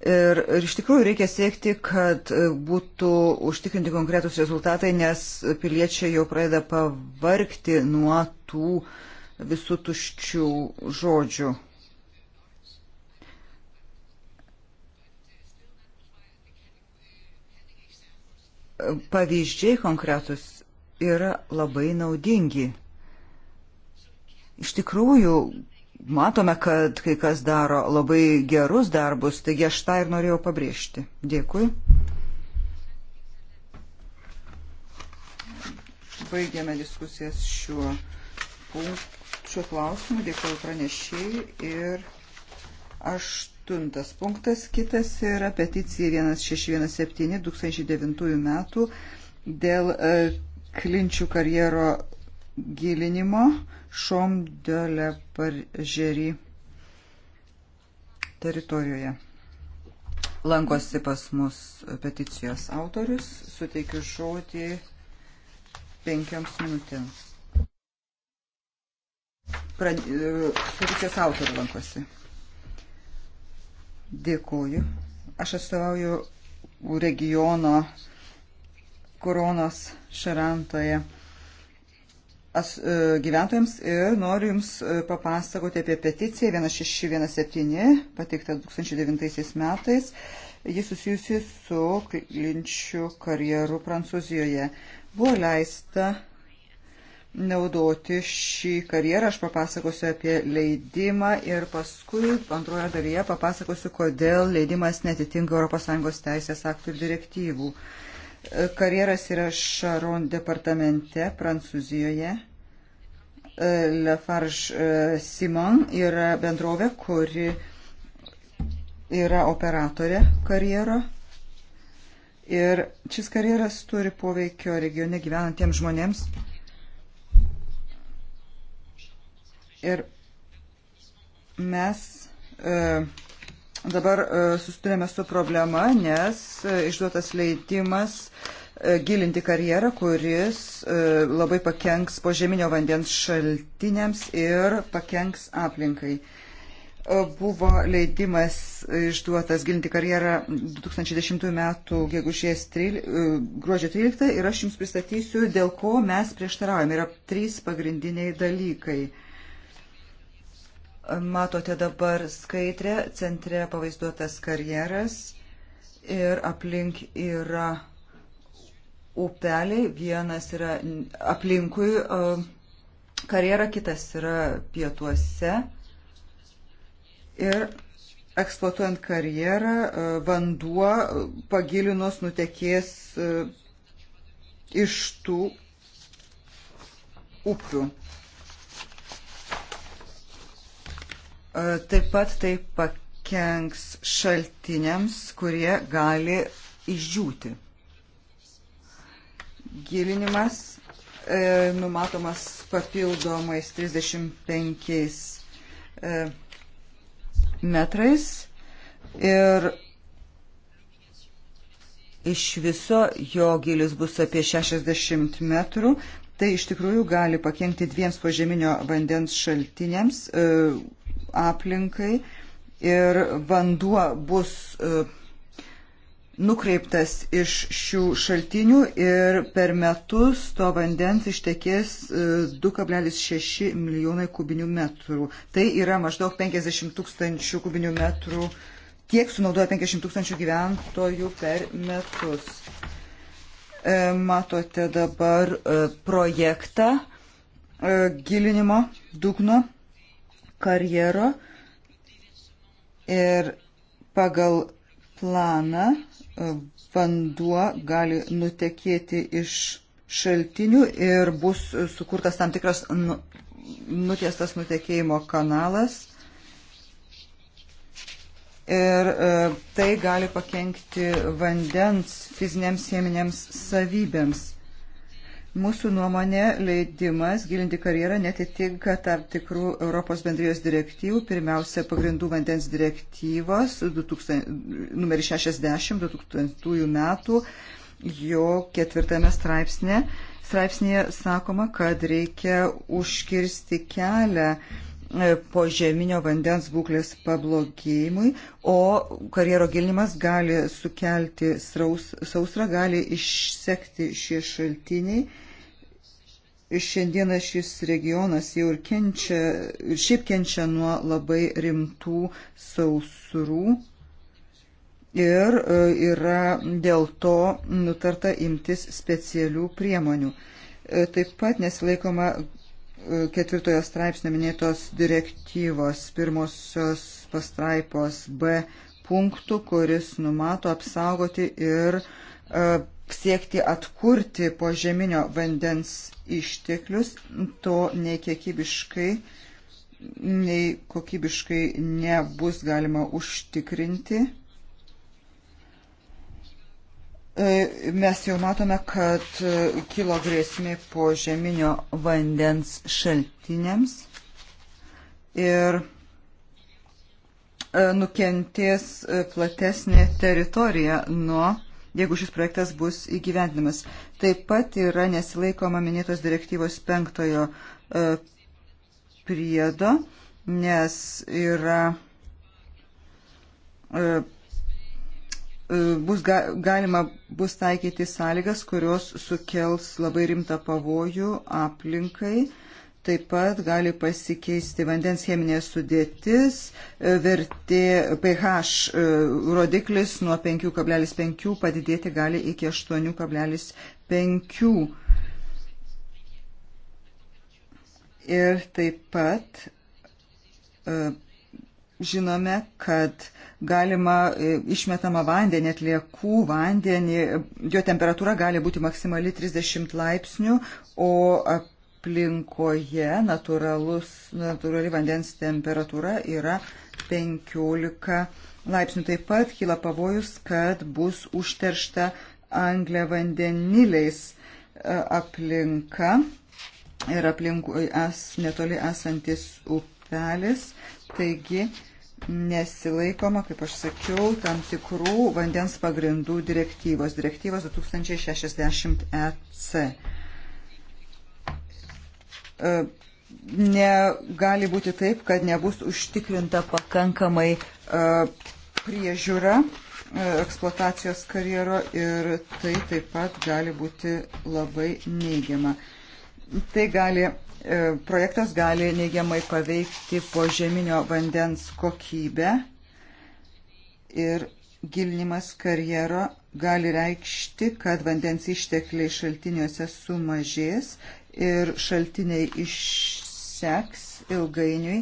Ir, ir iš tikrųjų reikia siekti, kad būtų užtikrinti konkretus rezultatai, nes piliečiai jau pradeda pavarkti nuo tų visų tuščių žodžių. Pavyzdžiai konkretus yra labai naudingi. Iš tikrųjų, matome, kad kai kas daro labai gerus darbus, taigi aš tą ir norėjau pabrėžti. Dėkui. Baigėme diskusijas šiuo, šiuo klausimu. Dėkuoju pranešėjai ir aštuntas punktas. Kitas yra peticija 1617 2009 metų dėl e, klinčių karjero gilinimo. Šomdėlė Paržieri teritorijoje. Lankosi pas mus peticijos autorius, suteikiu žodį penkiams minutėms. Prad... Peticijos autorių lankosi. Dėkuoju. Aš atstovauju regiono Kuronos Šarantoje as, e, gyventojams ir noriu Jums e, papasakoti apie peticiją 1617 pateiktą 2009 metais. Jis susijusi su linčių karjeru Prancūzijoje. Buvo leista naudoti šį karjerą. Aš papasakosiu apie leidimą ir paskui antroje dalyje papasakosiu, kodėl leidimas netitinka ES teisės aktų ir direktyvų. Uh, Karjeras yra Šaron departamente Prancūzijoje. Eh, Lafarge eh, Simon yra bendrovė, kuri yra operatorė karjero. Ir šis karjeras turi poveikio regione gyvenantiems žmonėms. Ir mes uh, e, dabar e, susidurėme su problema, nes e, išduotas leidimas e, gilinti karjerą, kuris labai pakenks požeminio vandens šaltiniams ir pakenks aplinkai buvo leidimas išduotas gilinti karjerą 2010 m. gegužės gruodžio 13 ir aš jums pristatysiu, dėl ko mes prieštaraujame. Yra trys pagrindiniai dalykai. Matote dabar skaitrę, centre pavaizduotas karjeras ir aplink yra upeliai, vienas yra aplinkui e, karjera, kitas yra pietuose. Ir eksploatuojant karjerą, e, vanduo pagilinus nutekės e, iš tų upių. E, taip pat tai pakenks šaltiniams, kurie gali išdžiūti. Gilinimas e, numatomas papildomais 35 e, metrais ir Iš viso jo gilis bus apie 60 metrų, Tai iš tikrųjų gali pakengti dviems požeminio vandens šaltiniams, e, aplinkai ir vanduo bus e, nukreiptas iš šių šaltinių ir per metus to vandens ištekės 2,6 e, milijonai kubinių metrų. Tai yra maždaug 50 tūkstančių kubinių metrų, tiek sunaudoja 50 tūkstančių gyventojų per metus. E, matote dabar e, projektą e, gilinimo dugno karjero ir pagal planą vanduo gali nutekėti iš šaltinių ir bus sukurtas tam tikras nu, nutiestas nutekėjimo kanalas ir e, tai gali pakengti vandens fizinėms cheminėms savybėms. Mūsų nuomonė leidimas gilinti karjerą netitinka tam tikrų Europos bendrijos direktyvų, pirmiausia pagrindų vandens direktyvos 2000, numeris 60 2000 metų, jo ketvirtame straipsnė. straipsnėje sakoma, kad reikia užkirsti kelią E, požeminio vandens būklės pablogėjimui, o karjero gilinimas gali sukelti saus, sausrą, gali išsekti šie šaltiniai. Šiandieną šis regionas jau ir kenčia, ir šiaip kenčia nuo labai rimtų sausrų ir e, yra dėl to nutarta imtis specialių priemonių. E, taip pat nesilaikoma ketvirtojo straipsnio minėtos direktyvos pirmosios pastraipos B punktų, kuris numato apsaugoti ir e, siekti atkurti požeminio vandens išteklius, to nei kiekybiškai, nei kokybiškai nebus galima užtikrinti E, mes jau matome, kad e, kilo grėsmė po žeminio vandens šaltiniams ir e, nukentės platesnė teritorija nuo, jeigu šis projektas bus įgyvendinamas. Taip pat yra nesilaikoma minėtos direktyvos penktojo priedo, nes yra E, bus ga, galima bus taikyti sąlygas, kurios sukels labai rimtą pavojų aplinkai. Taip pat gali pasikeisti vandens cheminė sudėtis, e, vertė pH e, rodiklis nuo 5,5 padidėti gali iki 8,5. Ir taip pat žinome, kad galima e, išmetama vandenį, atliekų vandenį, jo temperatūra gali būti maksimali 30 laipsnių, o aplinkoje natūrali vandens temperatūra yra 15 laipsnių. Taip pat kyla pavojus, kad bus užteršta anglė vandeniliais e, aplinka ir aplinkui es, netoli esantis upelis. Taigi nesilaikoma, kaip aš sakiau, tam tikrų vandens pagrindų direktyvos, direktyvos 2060 EC. E, negali būti taip, kad nebus užtikrinta pakankamai e, priežiūra e, eksploatacijos karjero ir tai taip pat gali būti labai neigiama. Tai gali E, projektas gali neigiamai paveikti požeminio vandens kokybę ir gilinimas karjero gali reikšti, kad vandens ištekliai šaltiniuose sumažės ir šaltiniai išseks ilgainiui.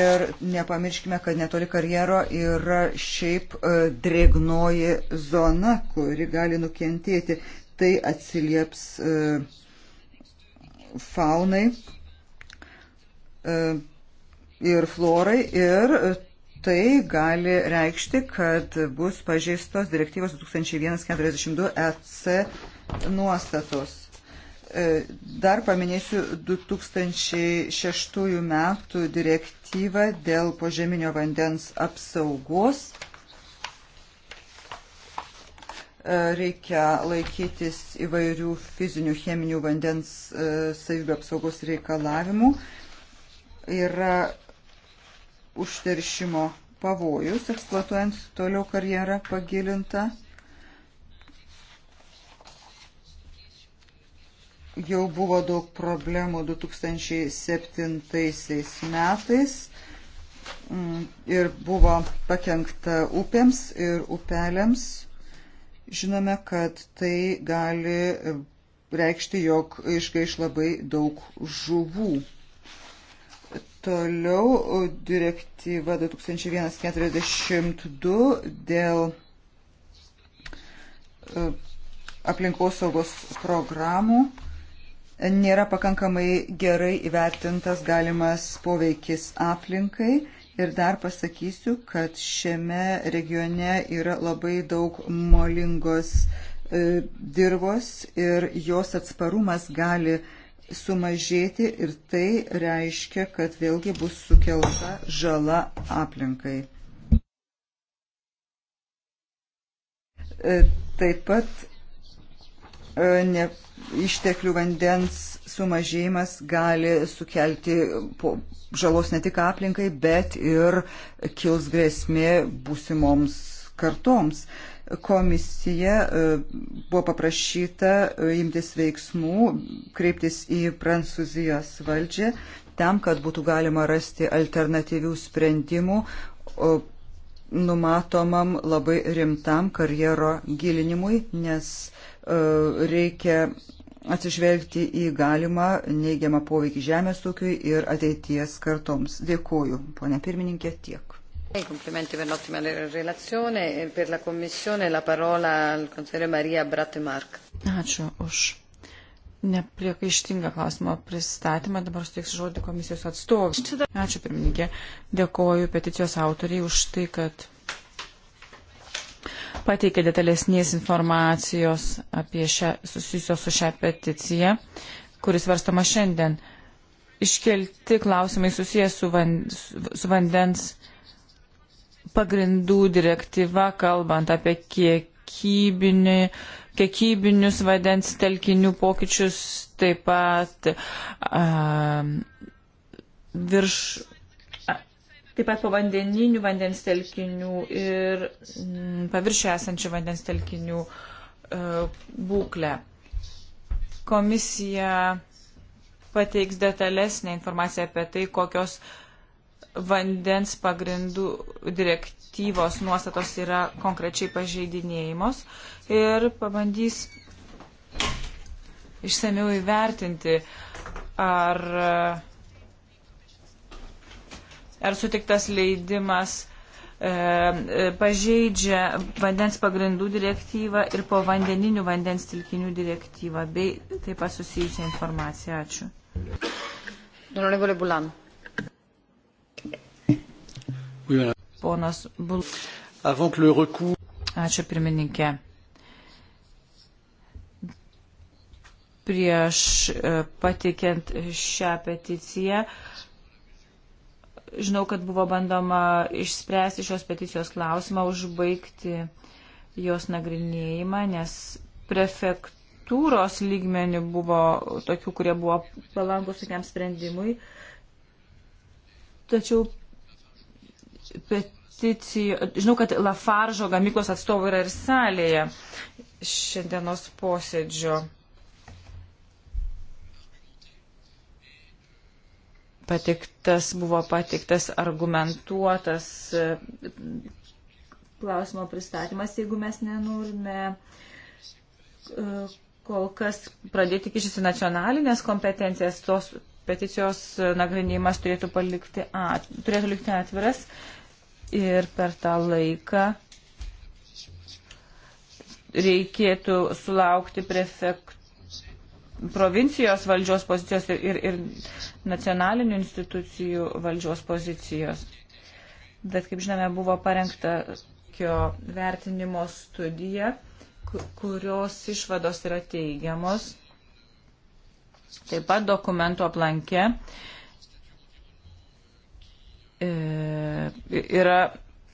Ir nepamirškime, kad netoli karjero yra šiaip e, drėgnoji zona, kuri gali nukentėti. Tai atsilieps uh, faunai e, ir florai ir tai gali reikšti, kad bus pažeistos direktyvos 2142 EC nuostatos. E, dar paminėsiu 2006 metų direktyvą dėl požeminio vandens apsaugos E, reikia laikytis įvairių fizinių cheminių vandens e, savybių apsaugos reikalavimų. Yra užteršimo pavojus, eksploatuojant toliau karjerą pagilintą. Jau buvo daug problemų 2007 metais mm, ir buvo pakengta upėms ir upelėms Žinome, kad tai gali reikšti, jog išgaiš labai daug žuvų. Toliau direktyva 2142 dėl e, aplinkosaugos programų nėra pakankamai gerai įvertintas galimas poveikis aplinkai Ir dar pasakysiu, kad šiame regione yra labai daug molingos e, dirbos ir jos atsparumas gali sumažėti ir tai reiškia, kad vėlgi bus sukelta žala aplinkai. E, taip pat E, ne, išteklių vandens sumažėjimas gali sukelti po, žalos ne tik aplinkai, bet ir kils grėsmė būsimoms kartoms. Komisija e, buvo paprašyta e, imtis veiksmų, kreiptis į Prancūzijos valdžią tam, kad būtų galima rasti alternatyvių sprendimų numatomam labai rimtam karjero gilinimui, nes uh, E, reikia atsižvelgti į galimą neigiamą poveikį žemės ūkiui ir ateities kartoms. Dėkuoju, ponė pirmininkė, tiek. Complimenti per l'ottima relazione e per la Commissione. La parola al consigliere Maria Brattemark. Ačiū už nepriekaištingą klausimo pristatymą. Dabar suteiksiu žodį komisijos atstovui. Ačiū pirmininkė. Dėkoju peticijos autoriai už tai, kad pateikė detalesnės informacijos apie šią, susijusios su šią peticiją, kuris varstama šiandien. Iškelti klausimai susijęs su, van, su vandens pagrindų direktyva, kalbant apie kiekybinį, kiekybinius vandens telkinių pokyčius, taip pat a, virš taip pat povandeninių vandens telkinių ir mm, paviršio esančių vandens telkinių e, būklę. Komisija pateiks detalesnę informaciją apie tai, kokios vandens pagrindų direktyvos nuostatos yra konkrečiai pažeidinėjimos ir pabandys išsamiau įvertinti, ar ar sutiktas leidimas e, e, pažeidžia vandens pagrindų direktyvą ir po vandeninių vandens tilkinių direktyvą, bei taip pat susijusią informaciją. Ačiū. Honorable Bulan. Ponas Bul. Ačiū pirmininkė. Prieš e, patikiant šią peticiją Žinau, kad buvo bandoma išspręsti šios peticijos klausimą, užbaigti jos nagrinėjimą, nes prefektūros lygmenių buvo tokių, kurie buvo palankus tokiam sprendimui. Tačiau peticijų, žinau, kad Lafaržo gamyklos atstovai yra ir salėje šiandienos posėdžio. patiktas, buvo patiktas argumentuotas e, klausimo pristatymas, jeigu mes nenorime e, kol kas pradėti kištis į nacionalinės kompetencijas, tos peticijos e, nagrinėjimas turėtų, palikti at, turėtų likti atviras ir per tą laiką reikėtų sulaukti prefektų provincijos valdžios pozicijos ir, ir, ir nacionalinių institucijų valdžios pozicijos. Bet, kaip žinome, buvo parengta tokio vertinimo studija, kurios išvados yra teigiamos. Taip pat dokumentų aplankė e, yra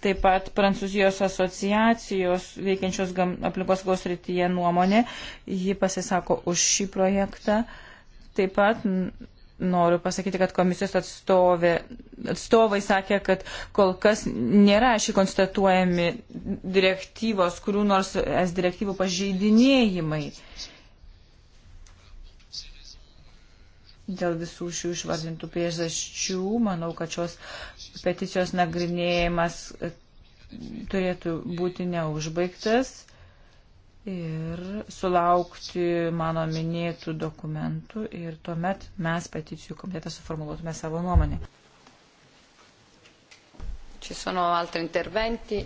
taip pat Prancūzijos asociacijos veikiančios aplinkosaugos rytyje nuomonė. Ji pasisako už šį projektą. Taip pat noriu pasakyti, kad komisijos atstovė, atstovai sakė, kad kol kas nėra šį konstatuojami direktyvos, kurių nors es direktyvų pažeidinėjimai. Uh, Dėl visų šių išvardintų priežasčių, manau, kad šios peticijos nagrinėjimas e, turėtų būti neužbaigtas ir sulaukti mano minėtų dokumentų ir tuomet mes peticijų komitetą suformuluotume savo nuomonę. Ci sono altri interventi?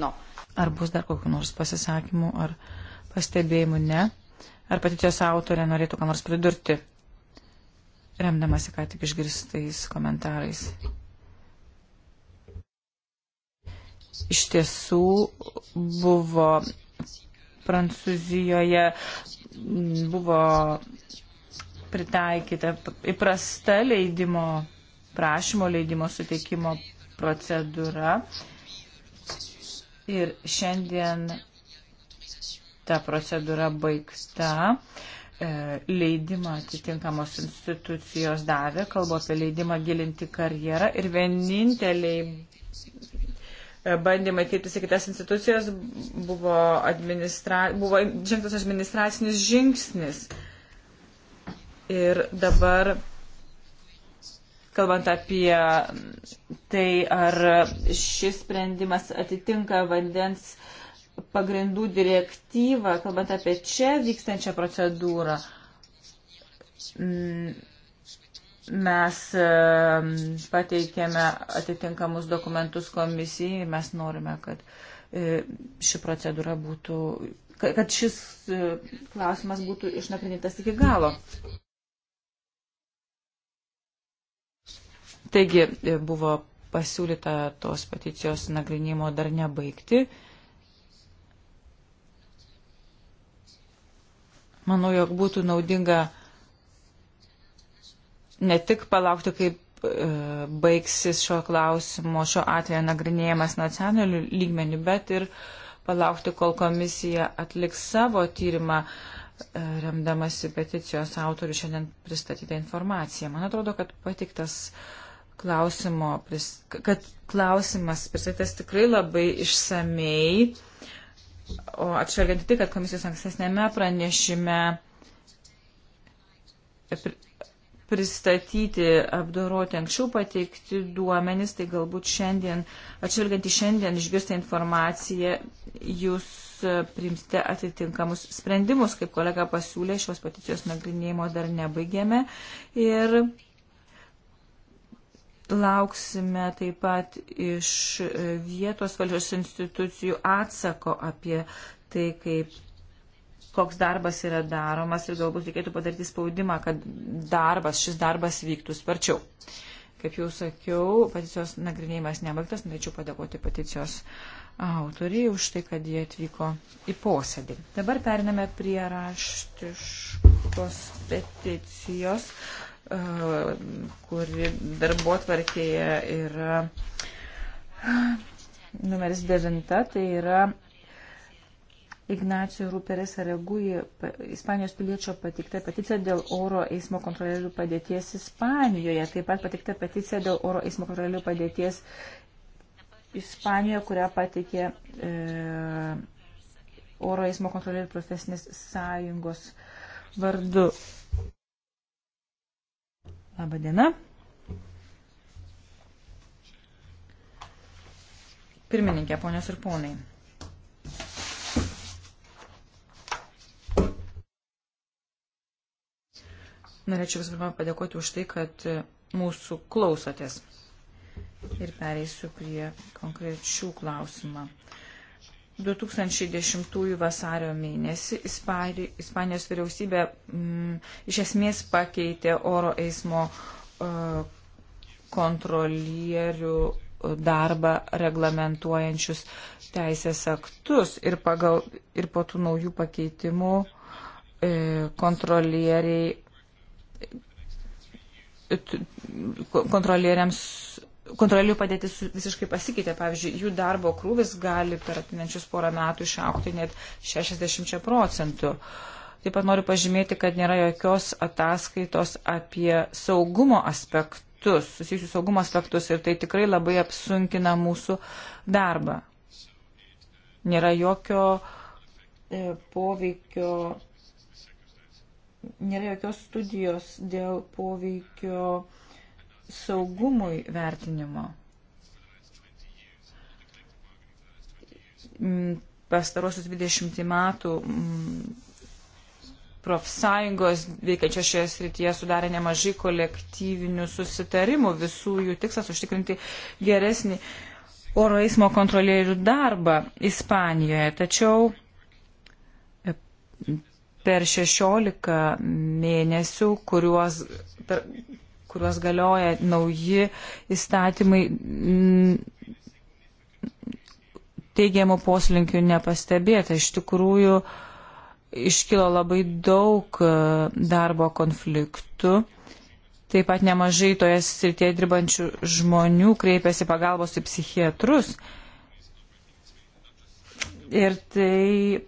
No. Ar bus dar kokiu nors pasisakymu ar pastebėjimu? Ne. Ar peticijos autorė norėtų ką nors pridurti? remdamasi ką tik išgirstais komentarais. Iš tiesų buvo Prancūzijoje buvo pritaikyta įprasta leidimo prašymo, leidimo suteikimo procedūra. Ir šiandien ta procedūra baigta. Uh, E, leidimą atitinkamos institucijos davė, kalbu apie leidimą gilinti karjerą ir vieninteliai e, bandymai kreiptis į kitas institucijas buvo, administra... buvo žengtas administracinis žingsnis. Ir dabar, kalbant apie tai, ar šis sprendimas atitinka vandens uh, pagrindų direktyvą, kalbant apie čia vykstančią procedūrą, mes pateikėme atitinkamus dokumentus komisijai, mes norime, kad e, ši procedūra būtų, kad šis e, klausimas būtų išnagrinėtas iki galo. Taigi e, buvo pasiūlyta tos peticijos nagrinimo dar nebaigti. Manau, jog būtų naudinga ne tik palaukti, kaip e, baigsis šio klausimo, šio atveju nagrinėjimas nacionaliniu lygmeniu, bet ir palaukti, kol komisija atliks savo tyrimą, e, remdamasi peticijos autorių šiandien pristatytą informaciją. Man atrodo, kad patiktas klausimo, kad klausimas pristatytas tikrai labai išsamei O atšvelgiant tai, kad komisijos ankstesnėme pranešime pristatyti, apdoroti anksčiau pateikti duomenys, tai galbūt šiandien, atšvelgiant į šiandien išgirstą informaciją, jūs priimsite atitinkamus sprendimus, kaip kolega pasiūlė, šios peticijos nagrinėjimo dar nebaigėme. Ir Lauksime taip pat iš e, vietos valdžios institucijų atsako apie tai, kaip koks darbas yra daromas ir galbūt reikėtų padaryti spaudimą, kad darbas, šis darbas vyktų sparčiau. Kaip jau sakiau, peticijos nagrinėjimas nebaigtas, norėčiau padėkoti peticijos autoriai už tai, kad jie atvyko į posėdį. Dabar periname prie raštiškos peticijos. E, kuri darbo tvarkėje yra e, numeris 9, tai yra Ignacio Ruperes Aregui, Ispanijos piliečio patikta peticija dėl oro eismo kontrolierių padėties Ispanijoje. Taip pat patikta peticija dėl oro eismo kontrolierių padėties Ispanijoje, kurią patikė e, oro eismo kontrolierių profesinės sąjungos vardu. Labą dieną. Pirmininkė, ponios ir ponai. Norėčiau visų pirma padėkoti už tai, kad mūsų klausotės. Ir pereisiu prie konkrečių klausimą. 2010 vasario mėnesį Ispanijos vyriausybė mm, iš esmės pakeitė oro eismo uh, kontrolierių e, darbą reglamentuojančius teisės aktus ir, pagal, ir po tų naujų pakeitimų e, kontrolieriai kontrolieriams kontrolierių padėtis visiškai pasikeitė. Pavyzdžiui, jų darbo krūvis gali per atinančius porą metų išaukti net 60 procentų. Taip pat noriu pažymėti, kad nėra jokios ataskaitos apie saugumo aspektus, susijusius saugumo aspektus ir tai tikrai labai apsunkina mūsų darbą. Nėra jokio e, poveikio, nėra jokios studijos dėl poveikio saugumui vertinimo. Mm, pastarosius 20 metų mm, profsąjungos veikiančios šioje srityje sudarė nemažai kolektyvinių susitarimų. Visų jų tikslas užtikrinti geresnį oro eismo kontrolierių darbą Ispanijoje. Tačiau e, per 16 mėnesių, kuriuos, per, kuriuos galioja nauji įstatymai, teigiamų poslinkių nepastebėta. Iš tikrųjų, iškilo labai daug e, darbo konfliktų. Taip pat nemažai toje srityje dirbančių žmonių kreipiasi pagalbos į psichiatrus. Ir tai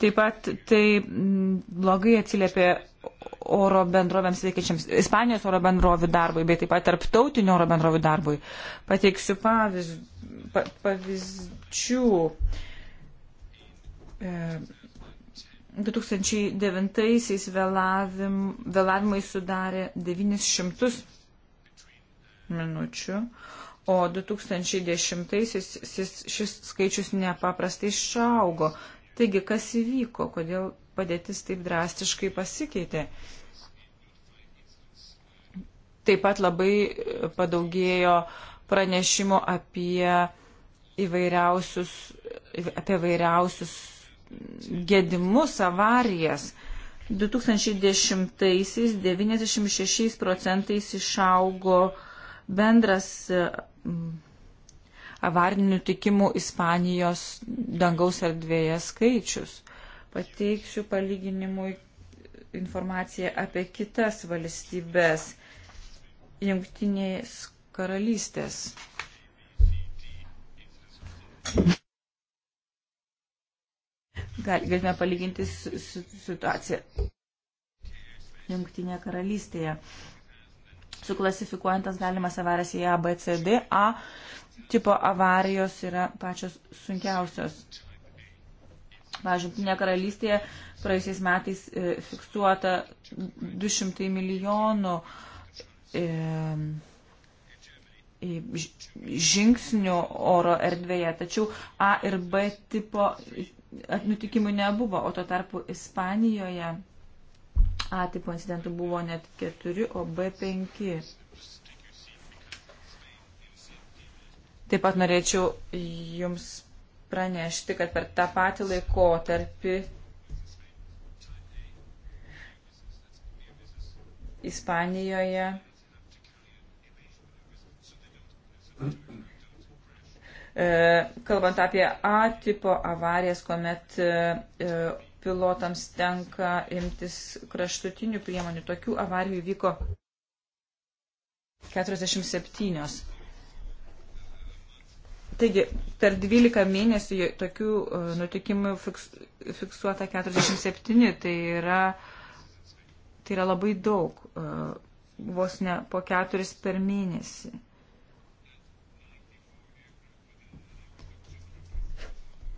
taip pat tai blogai atsiliepia oro bendrovėms veikiančiams, Ispanijos oro bendrovių darbui, bet taip pat tarptautinio oro bendrovių darbui. Pateiksiu pavyz, pa, pavyzdžių. E, 2009-aisiais vėlavim, vėlavimai sudarė 900 minučių, o 2010-aisiais šis skaičius nepaprastai išaugo. Taigi, kas įvyko, kodėl padėtis taip drastiškai pasikeitė. Taip pat labai e, padaugėjo pranešimų apie įvairiausius, e, apie įvairiausius gedimus, avarijas. 2010-aisiais 96 procentais išaugo bendras e, avarinių tikimų Ispanijos dangaus erdvėje skaičius. Pateiksiu palyginimui informaciją apie kitas valstybės jungtinės karalystės. Gal, galime palyginti su, su, situaciją jungtinėje karalystėje. Suklasifikuojantas galimas avarijas į A, B, C, D. A tipo avarijos yra pačios sunkiausios Pavyzdžiui, Junktinėje karalystėje praėjusiais metais e, fiksuota 200 milijonų e, e, žingsnių oro erdvėje, tačiau A ir B tipo nutikimų nebuvo, o tuo tarpu Ispanijoje A tipo incidentų buvo net 4, o B 5. Taip pat norėčiau Jums pranešti, kad per tą patį laikotarpį Ispanijoje e, kalbant apie A tipo avarijas, kuomet e, e, pilotams tenka imtis kraštutinių priemonių, tokių avarijų vyko 47. Taigi, per 12 mėnesių tokių e, nutikimų fiks, fiksuota 47, tai yra, tai yra labai daug, e, vos ne po 4 per mėnesį.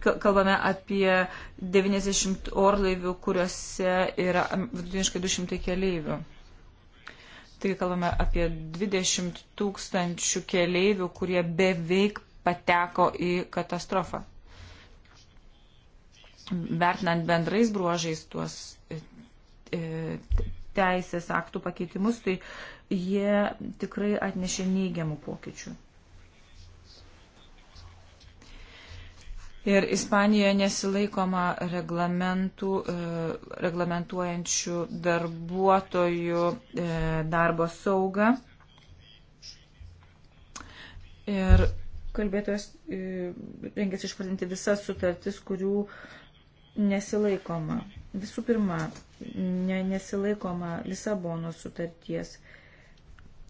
Kalbame apie 90 orlaivių, kuriuose yra vidutiniškai 200 keleivių. Taigi kalbame apie 20 tūkstančių keleivių, kurie beveik pateko į katastrofą. Vertinant bendrais bruožais tuos e, e, teisės aktų pakeitimus, tai jie tikrai atnešė neigiamų pokyčių. Ir Ispanijoje nesilaikoma reglamentų, e, reglamentuojančių darbuotojų darbo saugą. Ir Kalbėtojas e, rengėsi išvardinti visas sutartis, kurių nesilaikoma. Visų pirma, ne, nesilaikoma Lisabono sutarties.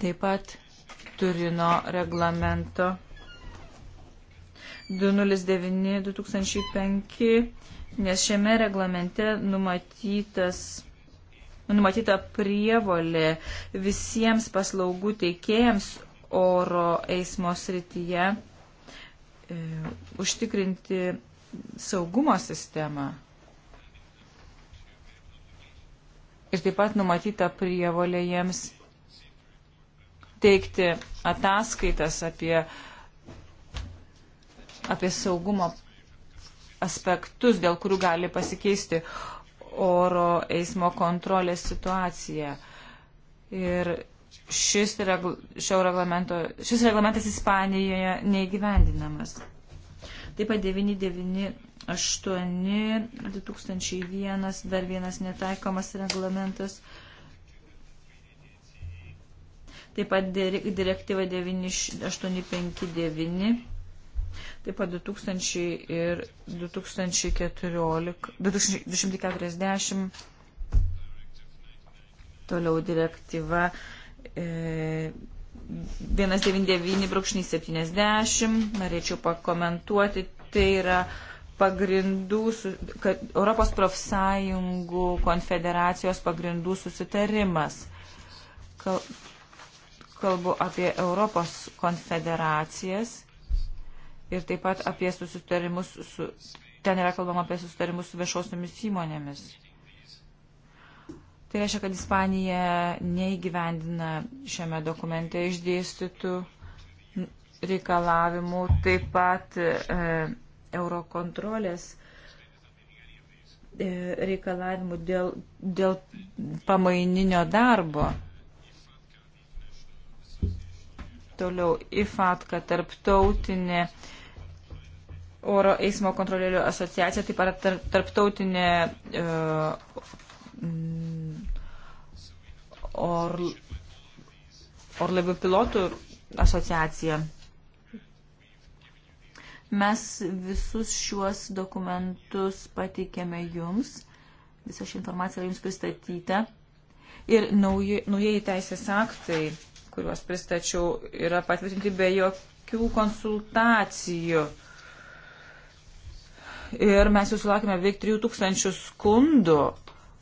Taip pat Turino reglamento 209-2005, nes šiame reglamente numatytas numatyta prievolė visiems paslaugų teikėjams oro eismo srityje e, užtikrinti saugumo sistemą. Ir taip pat numatyta prievolė jiems teikti ataskaitas apie, apie saugumo aspektus, dėl kurių gali pasikeisti oro eismo kontrolės situacija. Ir šis, regl šis reglamentas Ispanijoje neįgyvendinamas. Taip pat 998 2001 dar vienas netaikomas reglamentas. Taip pat direktyva 9859. Taip pat 2000 ir 2014, 2240. Toliau direktyva 199-70. E, Norėčiau pakomentuoti. Tai yra pagrindų, kad Europos profsąjungų konfederacijos pagrindų susitarimas. Kalbu apie Europos konfederacijas ir taip pat apie susitarimus su, ten yra kalbama apie susitarimus su viešosiomis įmonėmis. Tai reiškia, kad Ispanija neįgyvendina šiame dokumente išdėstytų reikalavimų, taip pat e, eurokontrolės e, reikalavimų dėl, dėl pamaininio darbo. Toliau IFATKA tarptautinė oro eismo kontrolierių asociacija, taip pat tarptautinė e, Mm, or, orlaivių pilotų asociacija. Mes visus šiuos dokumentus pateikėme jums, visa ši informacija yra jums pristatyta. Ir nauji, naujieji teisės aktai, kuriuos pristačiau, yra patvirtinti be jokių konsultacijų. Ir mes jau sulaukime beveik 3000 skundų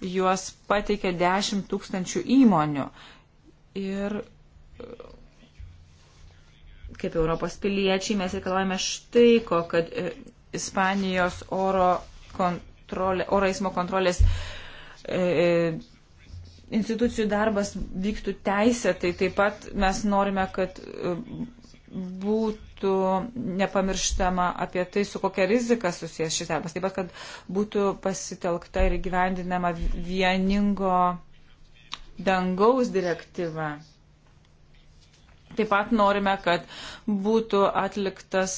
juos pateikė 10 tūkstančių įmonių. Ir e, kaip Europos piliečiai mes reikalavome štai ko, kad e, Ispanijos oro, kontrolė, oro eismo kontrolės e, e, institucijų darbas vyktų teisėtai. Taip pat mes norime, kad būtų nepamirštama apie tai, su kokia rizika susijęs šis darbas. Taip pat, kad būtų pasitelkta ir gyvendinama vieningo dangaus direktyva. Taip pat norime, kad būtų atliktas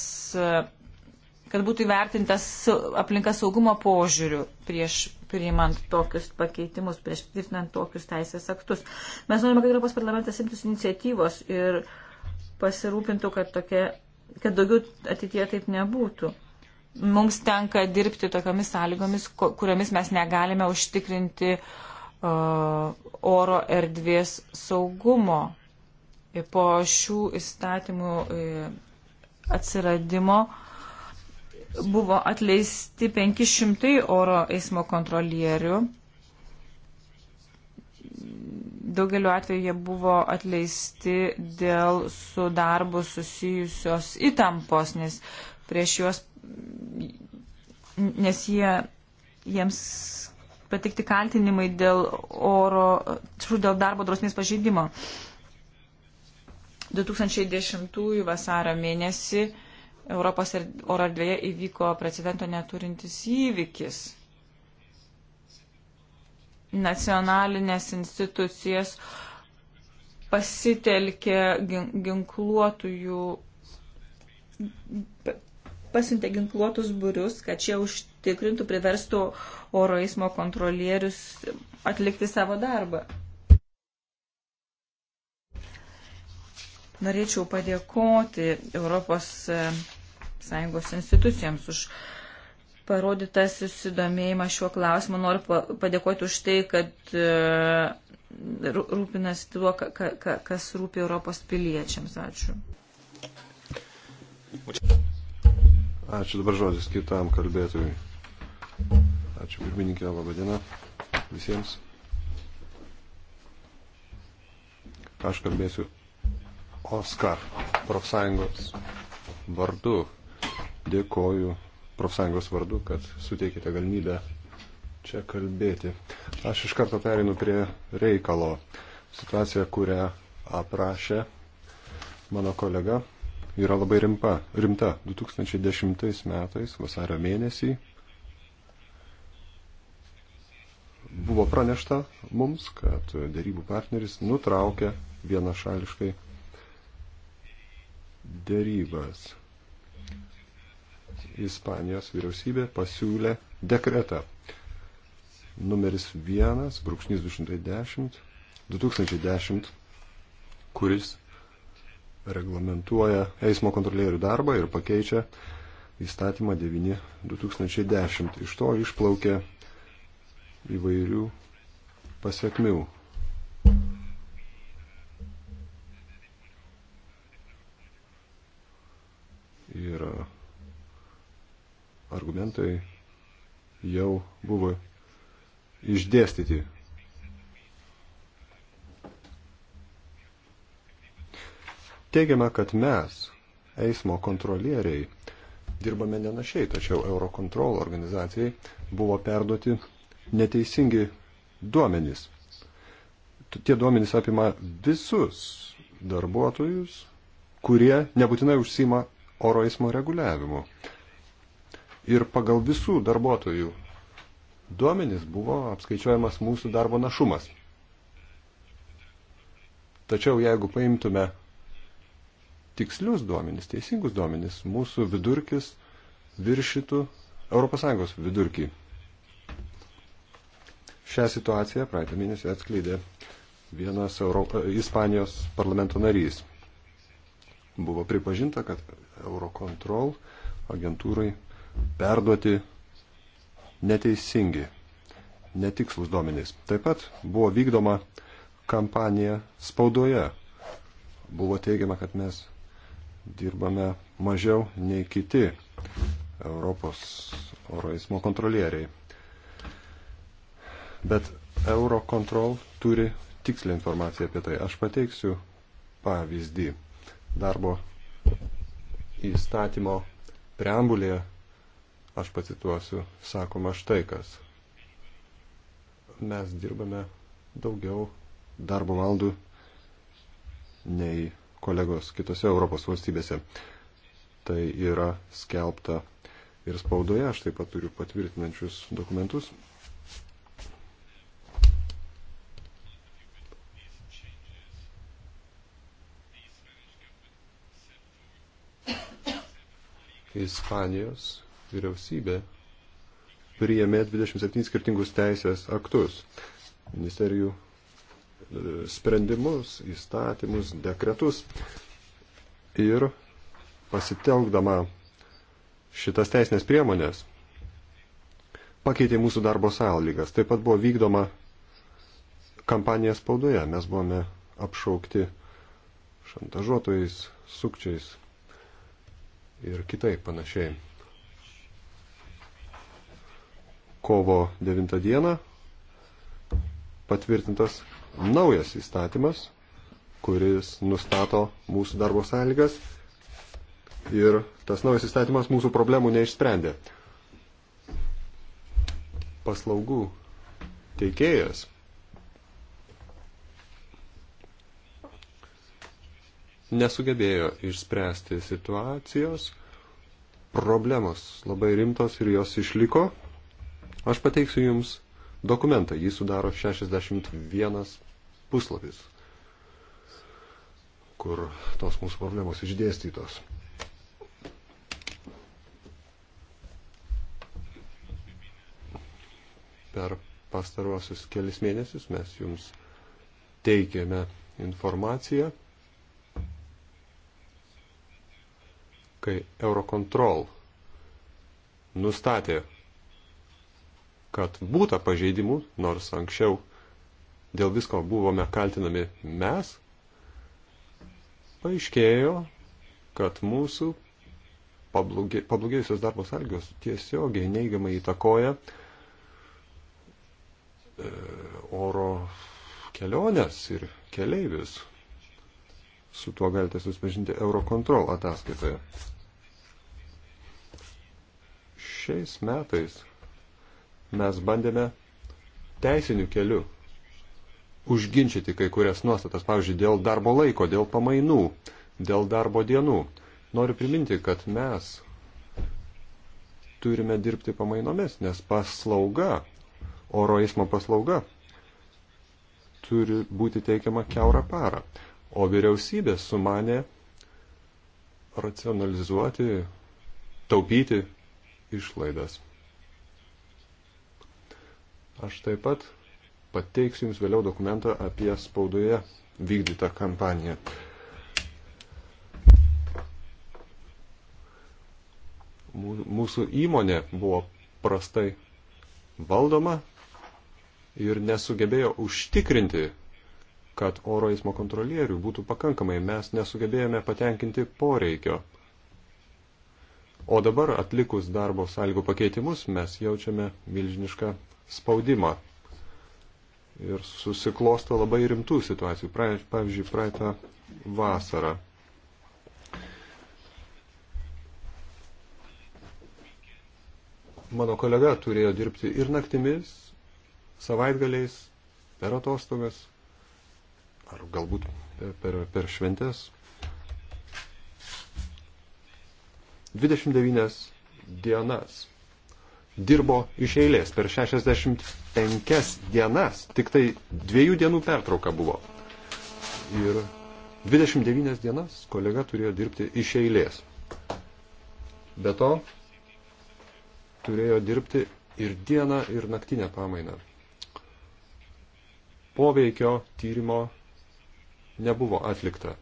kad būtų įvertintas aplinka saugumo požiūrių prieš priimant tokius pakeitimus, prieš tvirtinant tokius teisės aktus. Mes norime, kad Europos parlamentas imtųsi iniciatyvos ir uh, pasirūpintų, kad, tokia, kad daugiau ateitie taip nebūtų. Mums tenka dirbti tokiamis sąlygomis, kuriomis mes negalime užtikrinti uh, oro erdvės saugumo. Po šių įstatymų uh, atsiradimo buvo atleisti 500 oro eismo kontrolierių daugeliu atveju jie buvo atleisti dėl su darbu susijusios įtampos, nes prieš juos, nes jie, jiems patikti kaltinimai dėl oro, tiksliau dėl darbo drausmės pažeidimo. 2010 vasario mėnesį Europos er-, oro erdvėje įvyko precedento neturintis įvykis nacionalinės institucijas pasitelkė ginkluotųjų, pasiuntė ginkluotus būrius, kad šie užtikrintų, priverstų oro eismo kontrolierius atlikti savo darbą. Norėčiau padėkoti Europos e, Sąjungos institucijoms už parodytą susidomėjimą šiuo klausimu. Noriu padėkoti už tai, kad e, rūpinasi tuo, kas rūpi Europos piliečiams. Ačiū. Ačiū dabar žodis kitam kalbėtojui. Ačiū pirmininkė, laba diena visiems. Aš kalbėsiu Oskar profsąjungos vardu. Dėkoju profsąjungos vardu, kad suteikite galimybę čia kalbėti. Aš iš karto perinu prie reikalo. Situacija, kurią aprašė mano kolega, yra labai rimpa, rimta. 2010 metais, vasario mėnesį, buvo pranešta mums, kad dėrybų partneris nutraukė vienašališkai dėrybas. Ispanijos vyriausybė pasiūlė dekretą numeris 1, brūkšnys 210, 2010, kuris reglamentuoja eismo kontrolierių darbą ir pakeičia įstatymą 9 2010. Iš to išplaukė įvairių pasiekmių. Ir argumentai jau buvo išdėstyti. Teigiama, kad mes, eismo kontrolieriai, dirbame nenašiai, tačiau Eurocontrol organizacijai buvo perduoti neteisingi duomenys. Tie duomenys apima visus darbuotojus, kurie nebūtinai užsima oro eismo reguliavimu ir pagal visų darbuotojų duomenis buvo apskaičiuojamas mūsų darbo našumas. Tačiau jeigu paimtume tikslius duomenis, teisingus duomenis, mūsų vidurkis viršytų ES vidurkį. Šią situaciją praeitą mėnesį atskleidė vienas Euro... E, Ispanijos parlamento narys. Buvo pripažinta, kad Eurocontrol agentūrai perduoti neteisingi, netikslus duomenys. Taip pat buvo vykdoma kampanija spaudoje. Buvo teigiama, kad mes dirbame mažiau nei kiti Europos oro eismo kontrolieriai. Bet Eurocontrol turi tikslę informaciją apie tai. Aš pateiksiu pavyzdį. Darbo įstatymo preambulėje Aš pacituosiu, sakoma štai kas. Mes dirbame daugiau darbo valdų nei kolegos kitose Europos valstybėse. Tai yra skelbta ir spaudoje, aš taip pat turiu patvirtinančius dokumentus. Ispanijos vyriausybė priėmė 27 skirtingus teisės aktus, ministerijų e, sprendimus, įstatymus, dekretus ir pasitelkdama šitas teisinės priemonės pakeitė mūsų darbo sąlygas. Taip pat buvo vykdoma kampanija spaudoje. Mes buvome apšaukti šantažuotojais, sukčiais ir kitaip panašiai. kovo 9 dieną patvirtintas naujas įstatymas, kuris nustato mūsų darbo sąlygas ir tas naujas įstatymas mūsų problemų neišsprendė. Paslaugų teikėjas nesugebėjo išspręsti situacijos, problemos labai rimtos ir jos išliko Aš pateiksiu Jums dokumentą, jį sudaro 61 puslapis, kur tos mūsų problemos išdėstytos. Per pastaruosius kelis mėnesius mes Jums teikėme informaciją, kai Eurocontrol nustatė kad būta pažeidimų, nors anksčiau dėl visko buvome kaltinami mes, paaiškėjo, kad mūsų pablogė, pablogėjusios darbo sąlygos tiesiogiai neigiamai įtakoja e, oro keliones ir keleivius. Su tuo galite susipažinti Eurocontrol ataskaitoje. Šiais metais mes bandėme teisiniu keliu užginčyti kai kurias nuostatas, pavyzdžiui, dėl darbo laiko, dėl pamainų, dėl darbo dienų. Noriu priminti, kad mes turime dirbti pamainomis, nes paslauga, oro eismo paslauga turi būti teikiama keurą parą. O vyriausybė sumanė racionalizuoti, taupyti išlaidas. Aš taip pat pateiksiu Jums vėliau dokumentą apie spaudoje vykdytą kampaniją. Mūsų įmonė buvo prastai valdoma ir nesugebėjo užtikrinti, kad oro eismo kontrolierių būtų pakankamai. Mes nesugebėjome patenkinti poreikio. O dabar atlikus darbo sąlygų pakeitimus mes jaučiame milžinišką spaudimą. Ir susiklosto labai rimtų situacijų. Pavyzdžiui, praeitą vasarą. Mano kolega turėjo dirbti ir naktimis, savaitgaliais, per atostogas, ar galbūt per, per, per šventes. 29 dienas dirbo iš eilės per 65 dienas, tik tai dviejų dienų pertrauka buvo. Ir 29 dienas kolega turėjo dirbti iš eilės. Be to, turėjo dirbti ir dieną, ir naktinę pamainą. Poveikio tyrimo nebuvo atlikta.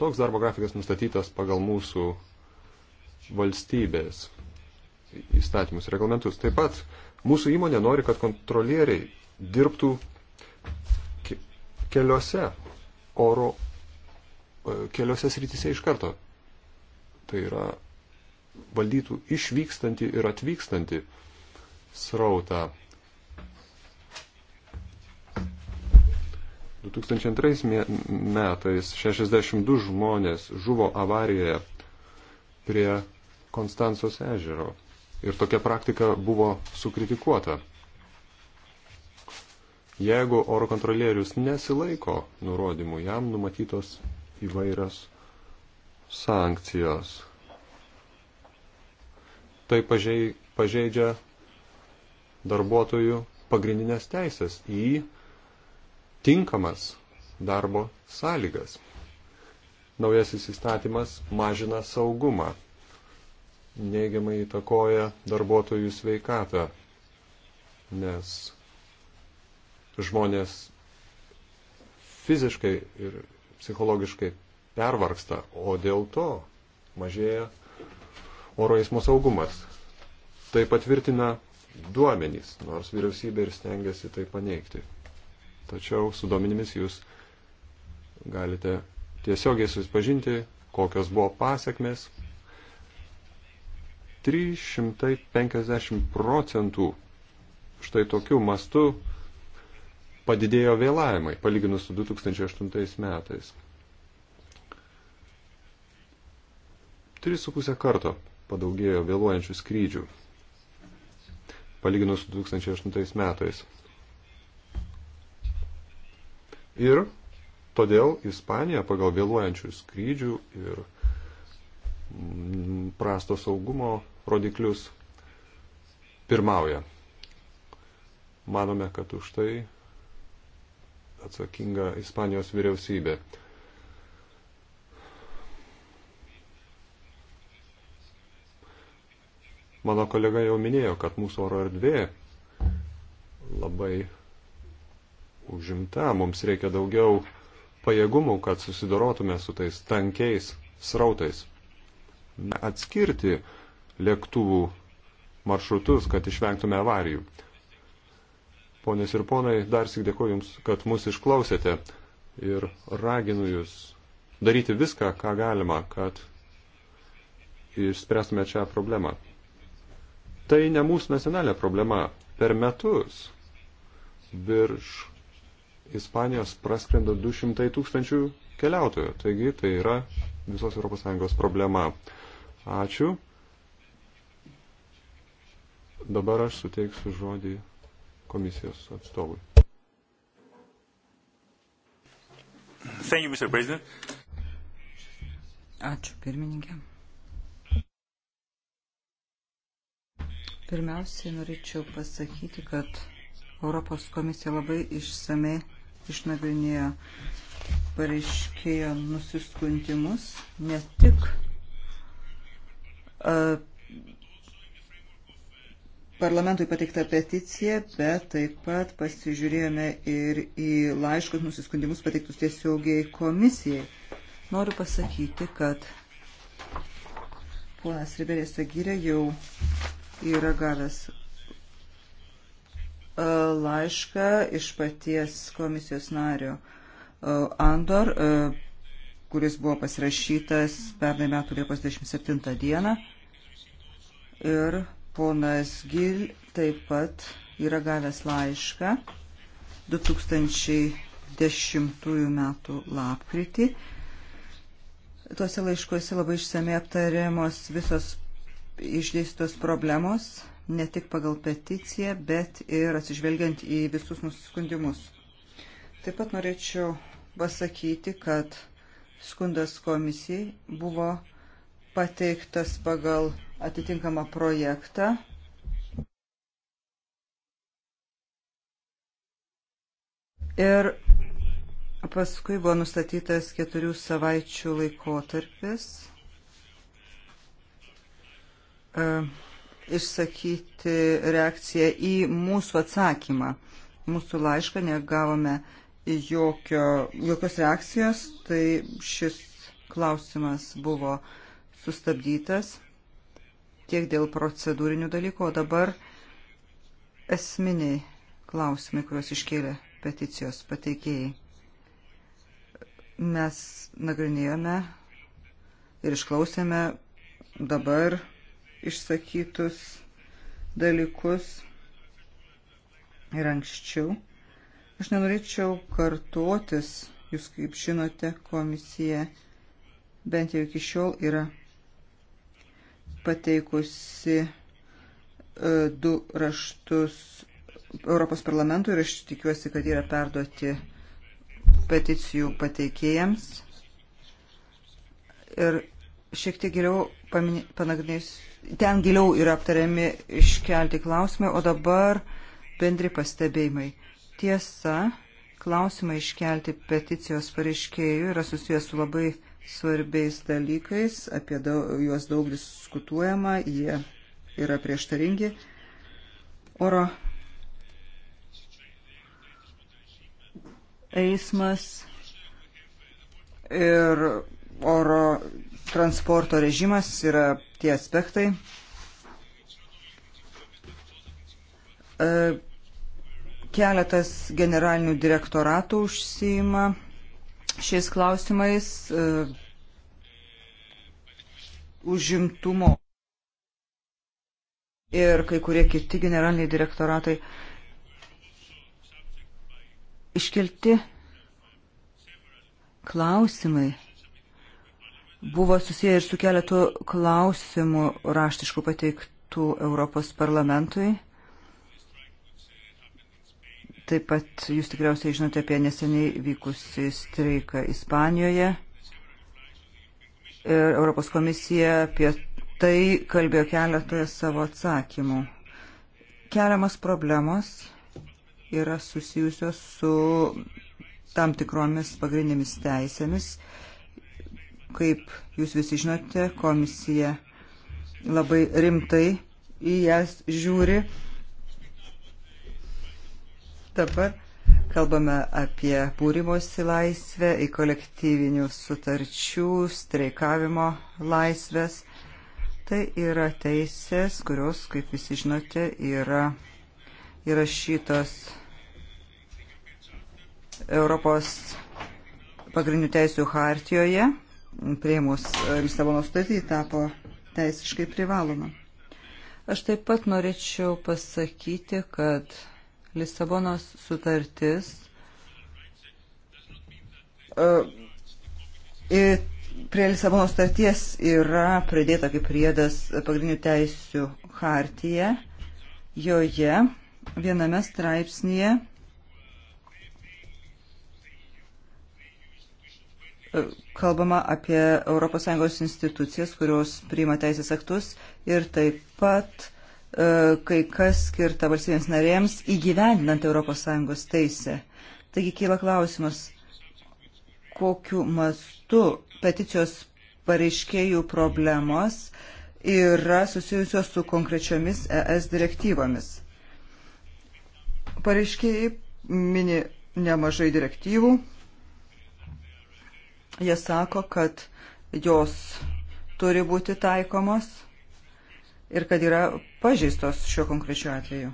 Toks darbo grafikas nustatytas pagal mūsų valstybės įstatymus, reglamentus. Taip pat mūsų įmonė nori, kad kontrolieriai dirbtų keliose oro, e, keliose srityse iš karto. Tai yra valdytų išvykstantį ir atvykstantį srautą. 2002 metais 62 žmonės žuvo avarijoje prie Konstancos ežero ir tokia praktika buvo sukritikuota. Jeigu oro kontrolierius nesilaiko nurodymų, jam numatytos įvairios sankcijos. Tai pažei, pažeidžia darbuotojų pagrindinės teisės į tinkamas darbo sąlygas. Naujasis įstatymas mažina saugumą neigiamai įtakoja darbuotojų sveikatą, nes žmonės fiziškai ir psichologiškai pervarksta, o dėl to mažėja oro eismo saugumas. Tai patvirtina duomenys, nors vyriausybė ir stengiasi tai paneigti. Tačiau su duomenimis jūs galite tiesiogiai susipažinti, kokios buvo pasiekmes 350 procentų štai tokiu mastu padidėjo vėlavimai, palyginus su 2008 metais. 3,5 karto padaugėjo vėluojančių skrydžių, palyginus su 2008 metais. Ir todėl Ispanija pagal vėluojančių skrydžių ir prasto saugumo rodiklius pirmauja. Manome, kad už tai atsakinga Ispanijos vyriausybė. Mano kolega jau minėjo, kad mūsų oro erdvė labai užimta, mums reikia daugiau pajėgumų, kad susidorotume su tais tankiais srautais. Atskirti lėktuvų maršrutus, kad išvengtume avarijų. Ponės ir ponai, dar sik dėkoju Jums, kad mus išklausėte ir raginu Jūs daryti viską, ką galima, kad išspręstume čia problemą. Tai ne mūsų nacionalinė problema. Per metus virš Ispanijos praskrenda 200 tūkstančių keliautojų. Taigi tai yra visos ES problema. Ačiū. Dabar aš suteiksiu žodį komisijos atstovui. Thank you, Mr. President. Ačiū, pirmininkė. Pirmiausiai norėčiau pasakyti, kad Europos komisija labai išsamei išnagrinėjo pareiškėjo nusiskundimus, ne tik e, parlamentui pateiktą peticiją, bet taip pat pasižiūrėjome ir į laiškus nusiskundimus pateiktus tiesiogiai komisijai. Noriu pasakyti, kad ponas Riberės Agirė jau yra gavęs e, laišką iš paties komisijos nario e, Andor, e, kuris buvo pasirašytas pernai metų Liepos 27 dieną. Ir Ponas Gil taip pat yra gavęs laišką 2010 metų lapkritį. Tuose laiškuose labai išsamei aptariamos visos išdėstos problemos, ne tik pagal peticiją, bet ir atsižvelgiant į visus nusiskundimus. Taip pat norėčiau pasakyti, kad skundas komisijai buvo pateiktas pagal atitinkamą projektą. Ir paskui buvo nustatytas keturių savaičių laikotarpis e, išsakyti reakciją į mūsų atsakymą. Mūsų laišką negavome jokio, jokios reakcijos, tai šis klausimas buvo sustabdytas tiek dėl procedūrinių dalykų, o dabar esminiai klausimai, kuriuos iškėlė peticijos pateikėjai. Mes nagrinėjome ir išklausėme dabar išsakytus dalykus ir anksčiau. Aš nenorėčiau kartotis, jūs kaip žinote, komisija bent jau iki šiol yra pateikusi e, du raštus Europos parlamentui ir aš tikiuosi, kad yra perduoti peticijų pateikėjams. Ir šiek tiek giliau panagrinės, ten giliau yra aptariami iškelti klausimai, o dabar bendri pastebėjimai. Tiesa, klausimai iškelti peticijos pareiškėjų yra susijęs su labai svarbiais dalykais, apie daug, juos daug diskutuojama, jie yra prieštaringi. Oro eismas ir oro transporto režimas yra tie aspektai. E, keletas generalinių direktoratų užsijima šiais klausimais uh, užimtumo ir kai kurie kiti generaliniai direktoratai iškelti klausimai buvo susiję ir su keletu klausimų raštiškų pateiktų Europos parlamentui. Taip pat jūs tikriausiai žinote apie neseniai vykusį streiką Ispanijoje. Ir Europos komisija apie tai kalbėjo keletoje savo atsakymų. Keliamas problemos yra susijusios su tam tikromis pagrindėmis teisėmis. Kaip jūs visi žinote, komisija labai rimtai į jas žiūri Dabar kalbame apie būrimosi laisvę, į kolektyvinių sutarčių, streikavimo laisvės. Tai yra teisės, kurios, kaip visi žinote, yra įrašytos Europos pagrindinių teisų hartijoje, prieimus Lisabono sutartį, tapo teisiškai privaloma. Aš taip pat norėčiau pasakyti, kad Lisabonos sutartis e, ir prie Lisabono sutarties yra pridėta kaip priedas pagrindinių teisių hartija. Joje viename straipsnėje e, kalbama apie ES institucijas, kurios priima teisės aktus ir taip pat E, kai kas skirta valstybėms narėms įgyvendinant ES teisę. Taigi kyla klausimas, kokiu mastu peticijos pareiškėjų problemos yra susijusios su konkrečiomis ES direktyvomis. Pareiškėjai mini nemažai direktyvų. Jie sako, kad jos turi būti taikomos ir kad yra pažeistos šiuo konkrečiu atveju.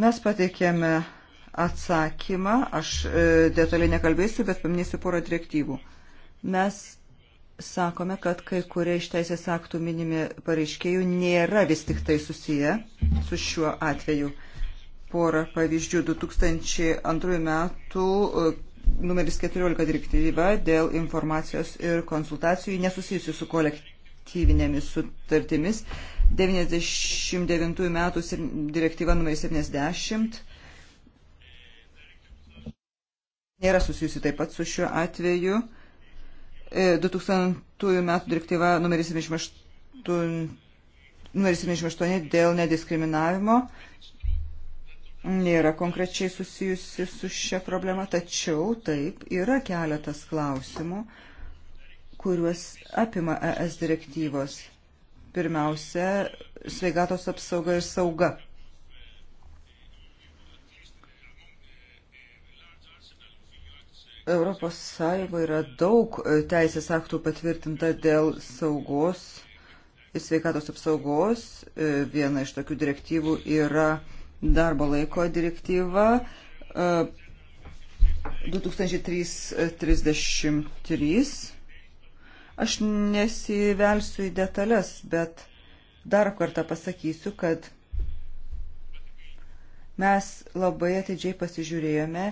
Mes pateikėme atsakymą, aš e, detaliai nekalbėsiu, bet paminėsiu porą direktyvų. Mes sakome, kad kai kurie iš teisės aktų minimi pareiškėjų nėra vis tik tai susiję su šiuo atveju. Porą pavyzdžių 2002 metų e, numeris 14 direktyva dėl informacijos ir konsultacijų nesusijusių su kolektyvu kolektyvinėmis sutartimis. 99 metų direktyva numeris 70 nėra susijusi taip pat su šiuo atveju. 2000 e, metų direktyva numeris 78, numeris 78 dėl nediskriminavimo nėra konkrečiai susijusi su šia problema, tačiau taip yra keletas klausimų, kuriuos apima ES direktyvos. Pirmiausia, sveikatos apsauga ir sauga. Europos Sąjungoje yra daug teisės aktų patvirtinta dėl saugos ir sveikatos apsaugos. E, viena iš tokių direktyvų yra darbo laiko direktyva 2333 e, Aš nesivelsiu į detalės, bet dar kartą pasakysiu, kad mes labai atidžiai pasižiūrėjome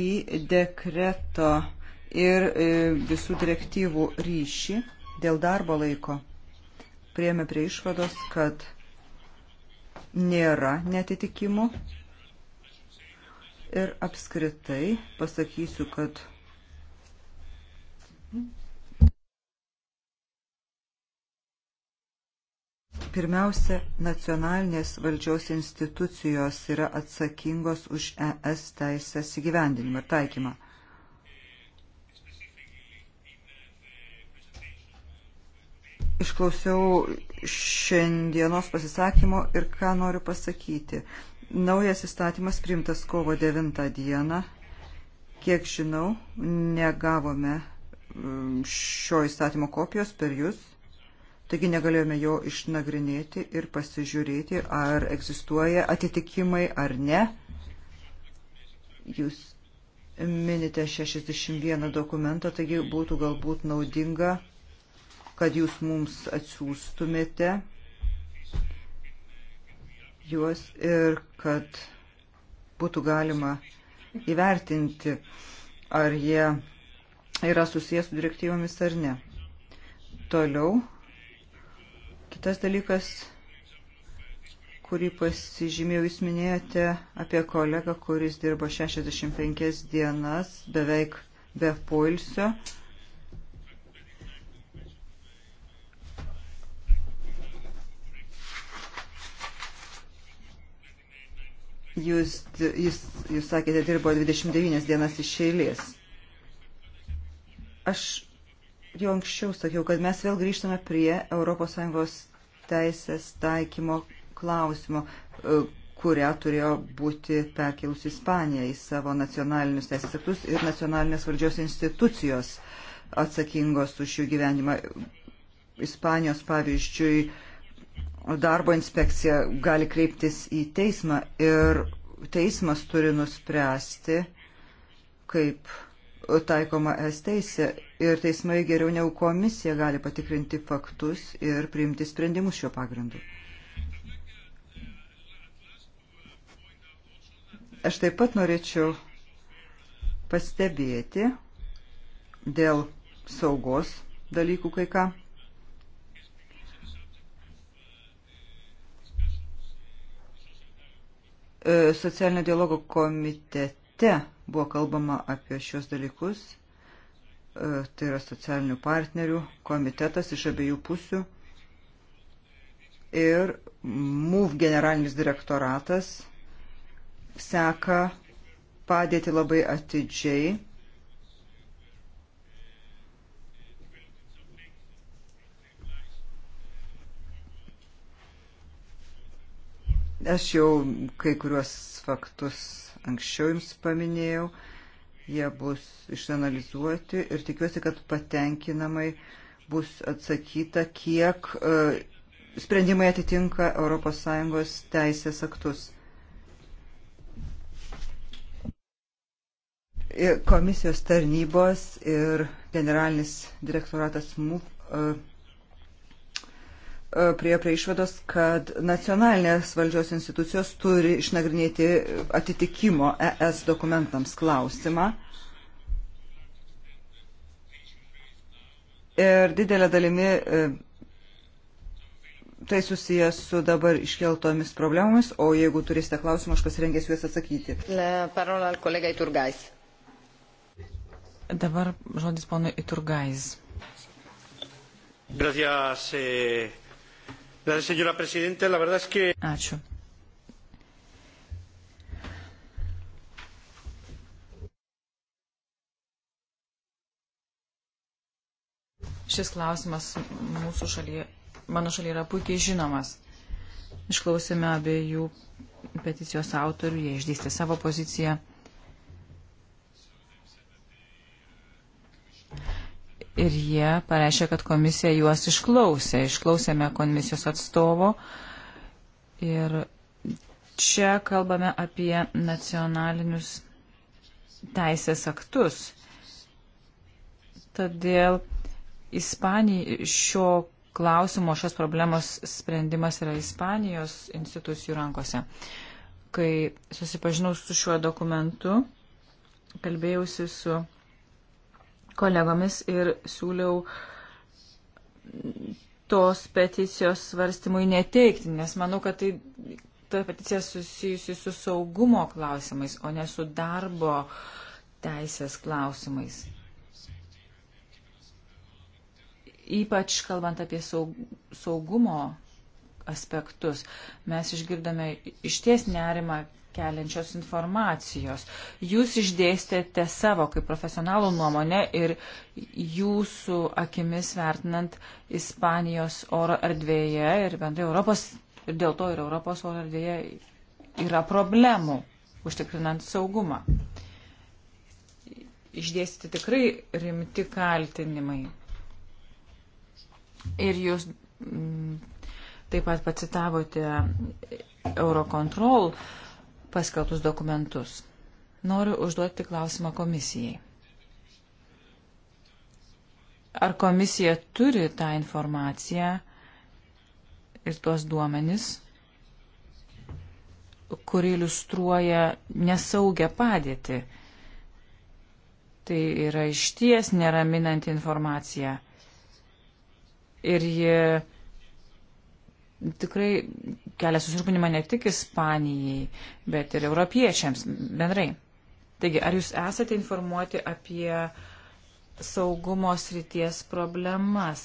į dekreto ir e, visų direktyvų ryšį dėl darbo laiko. Priemė prie išvados, kad nėra netitikimų ir apskritai pasakysiu, kad Pirmiausia, nacionalinės valdžios institucijos yra atsakingos už ES teisės įgyvendinimą ir taikymą. Išklausiau šiandienos pasisakymo ir ką noriu pasakyti. Naujas įstatymas priimtas kovo 9 dieną. Kiek žinau, negavome mm, šio įstatymo kopijos per jūs Taigi negalėjome jo išnagrinėti ir pasižiūrėti, ar egzistuoja atitikimai ar ne. Jūs minite 61 dokumentą, taigi būtų galbūt naudinga, kad jūs mums atsiųstumėte juos ir kad būtų galima įvertinti, ar jie yra susijęs su direktyvomis ar ne. Toliau Kitas dalykas, kurį pasižymėjau, jūs minėjote apie kolegą, kuris dirbo 65 dienas beveik be poilsio. Jūs, jūs, jūs sakėte, dirbo 29 dienas iš eilės. Aš jau anksčiau sakiau, kad mes vėl grįžtame prie ES teisės taikymo klausimo, e, kurią turėjo būti perkelus Ispanija į savo nacionalinius teisės aktus ir nacionalinės valdžios institucijos atsakingos už jų gyvenimą. Ispanijos pavyzdžiui, darbo inspekcija gali kreiptis į teismą ir teismas turi nuspręsti, kaip taikoma es teisė ir teismai geriau negu komisija gali patikrinti faktus ir priimti sprendimus šiuo pagrindu. Aš taip pat norėčiau pastebėti dėl saugos dalykų kai ką. E, socialinio dialogo komitete Buvo kalbama apie šios dalykus, e, tai yra socialinių partnerių komitetas iš abiejų pusių ir MUV generalinis direktoratas seka padėti labai atidžiai. Aš jau kai kuriuos faktus anksčiau jums paminėjau. Jie bus išanalizuoti ir tikiuosi, kad patenkinamai bus atsakyta, kiek e, sprendimai atitinka ES teisės aktus. Komisijos tarnybos ir generalinis direktoratas MUF e, E, prie prie išvados, kad nacionalinės valdžios institucijos turi išnagrinėti atitikimo ES dokumentams klausimą. Ir didelė dalimi e, tai susijęs su dabar iškeltomis problemomis, o jeigu turėsite klausimą, aš pasirengęs juos atsakyti. Dabar žodis ponui Iturgais. Gracias, eh, Ačiū. Šis klausimas mūsų šalyje, mano šalyje yra puikiai žinomas. Išklausėme abiejų peticijos autorių, jie išdystė savo poziciją. ir jie pareiškė, kad komisija juos išklausė. Išklausėme komisijos atstovo ir čia kalbame apie nacionalinius teisės aktus. Todėl Ispanijai šio klausimo, šios problemos sprendimas yra Ispanijos institucijų rankose. Kai susipažinau su šiuo dokumentu, kalbėjausi su kolegomis ir siūliau tos peticijos svarstymui neteikti, nes manau, kad tai ta peticija susijusi su saugumo klausimais, o ne su darbo teisės klausimais. Ypač kalbant apie saugumo aspektus, mes išgirdome išties nerimą keliančios informacijos. Jūs išdėstėte savo kaip profesionalų nuomonę ir jūsų akimis vertinant Ispanijos oro erdvėje ir bendrai Europos, ir dėl to ir Europos oro erdvėje yra problemų užtikrinant saugumą. Išdėstyti tikrai rimti kaltinimai. Ir jūs m, mm, taip pat pacitavote Eurocontrol uh, paskeltus dokumentus. Noriu užduoti klausimą komisijai. Ar komisija turi tą informaciją ir tuos duomenis, kuri iliustruoja nesaugę padėtį? Tai yra išties neraminanti informacija. Ir ji tikrai kelia susirūpinimą ne tik Ispanijai, bet ir europiečiams bendrai. Taigi, ar jūs esate informuoti apie saugumo srities problemas?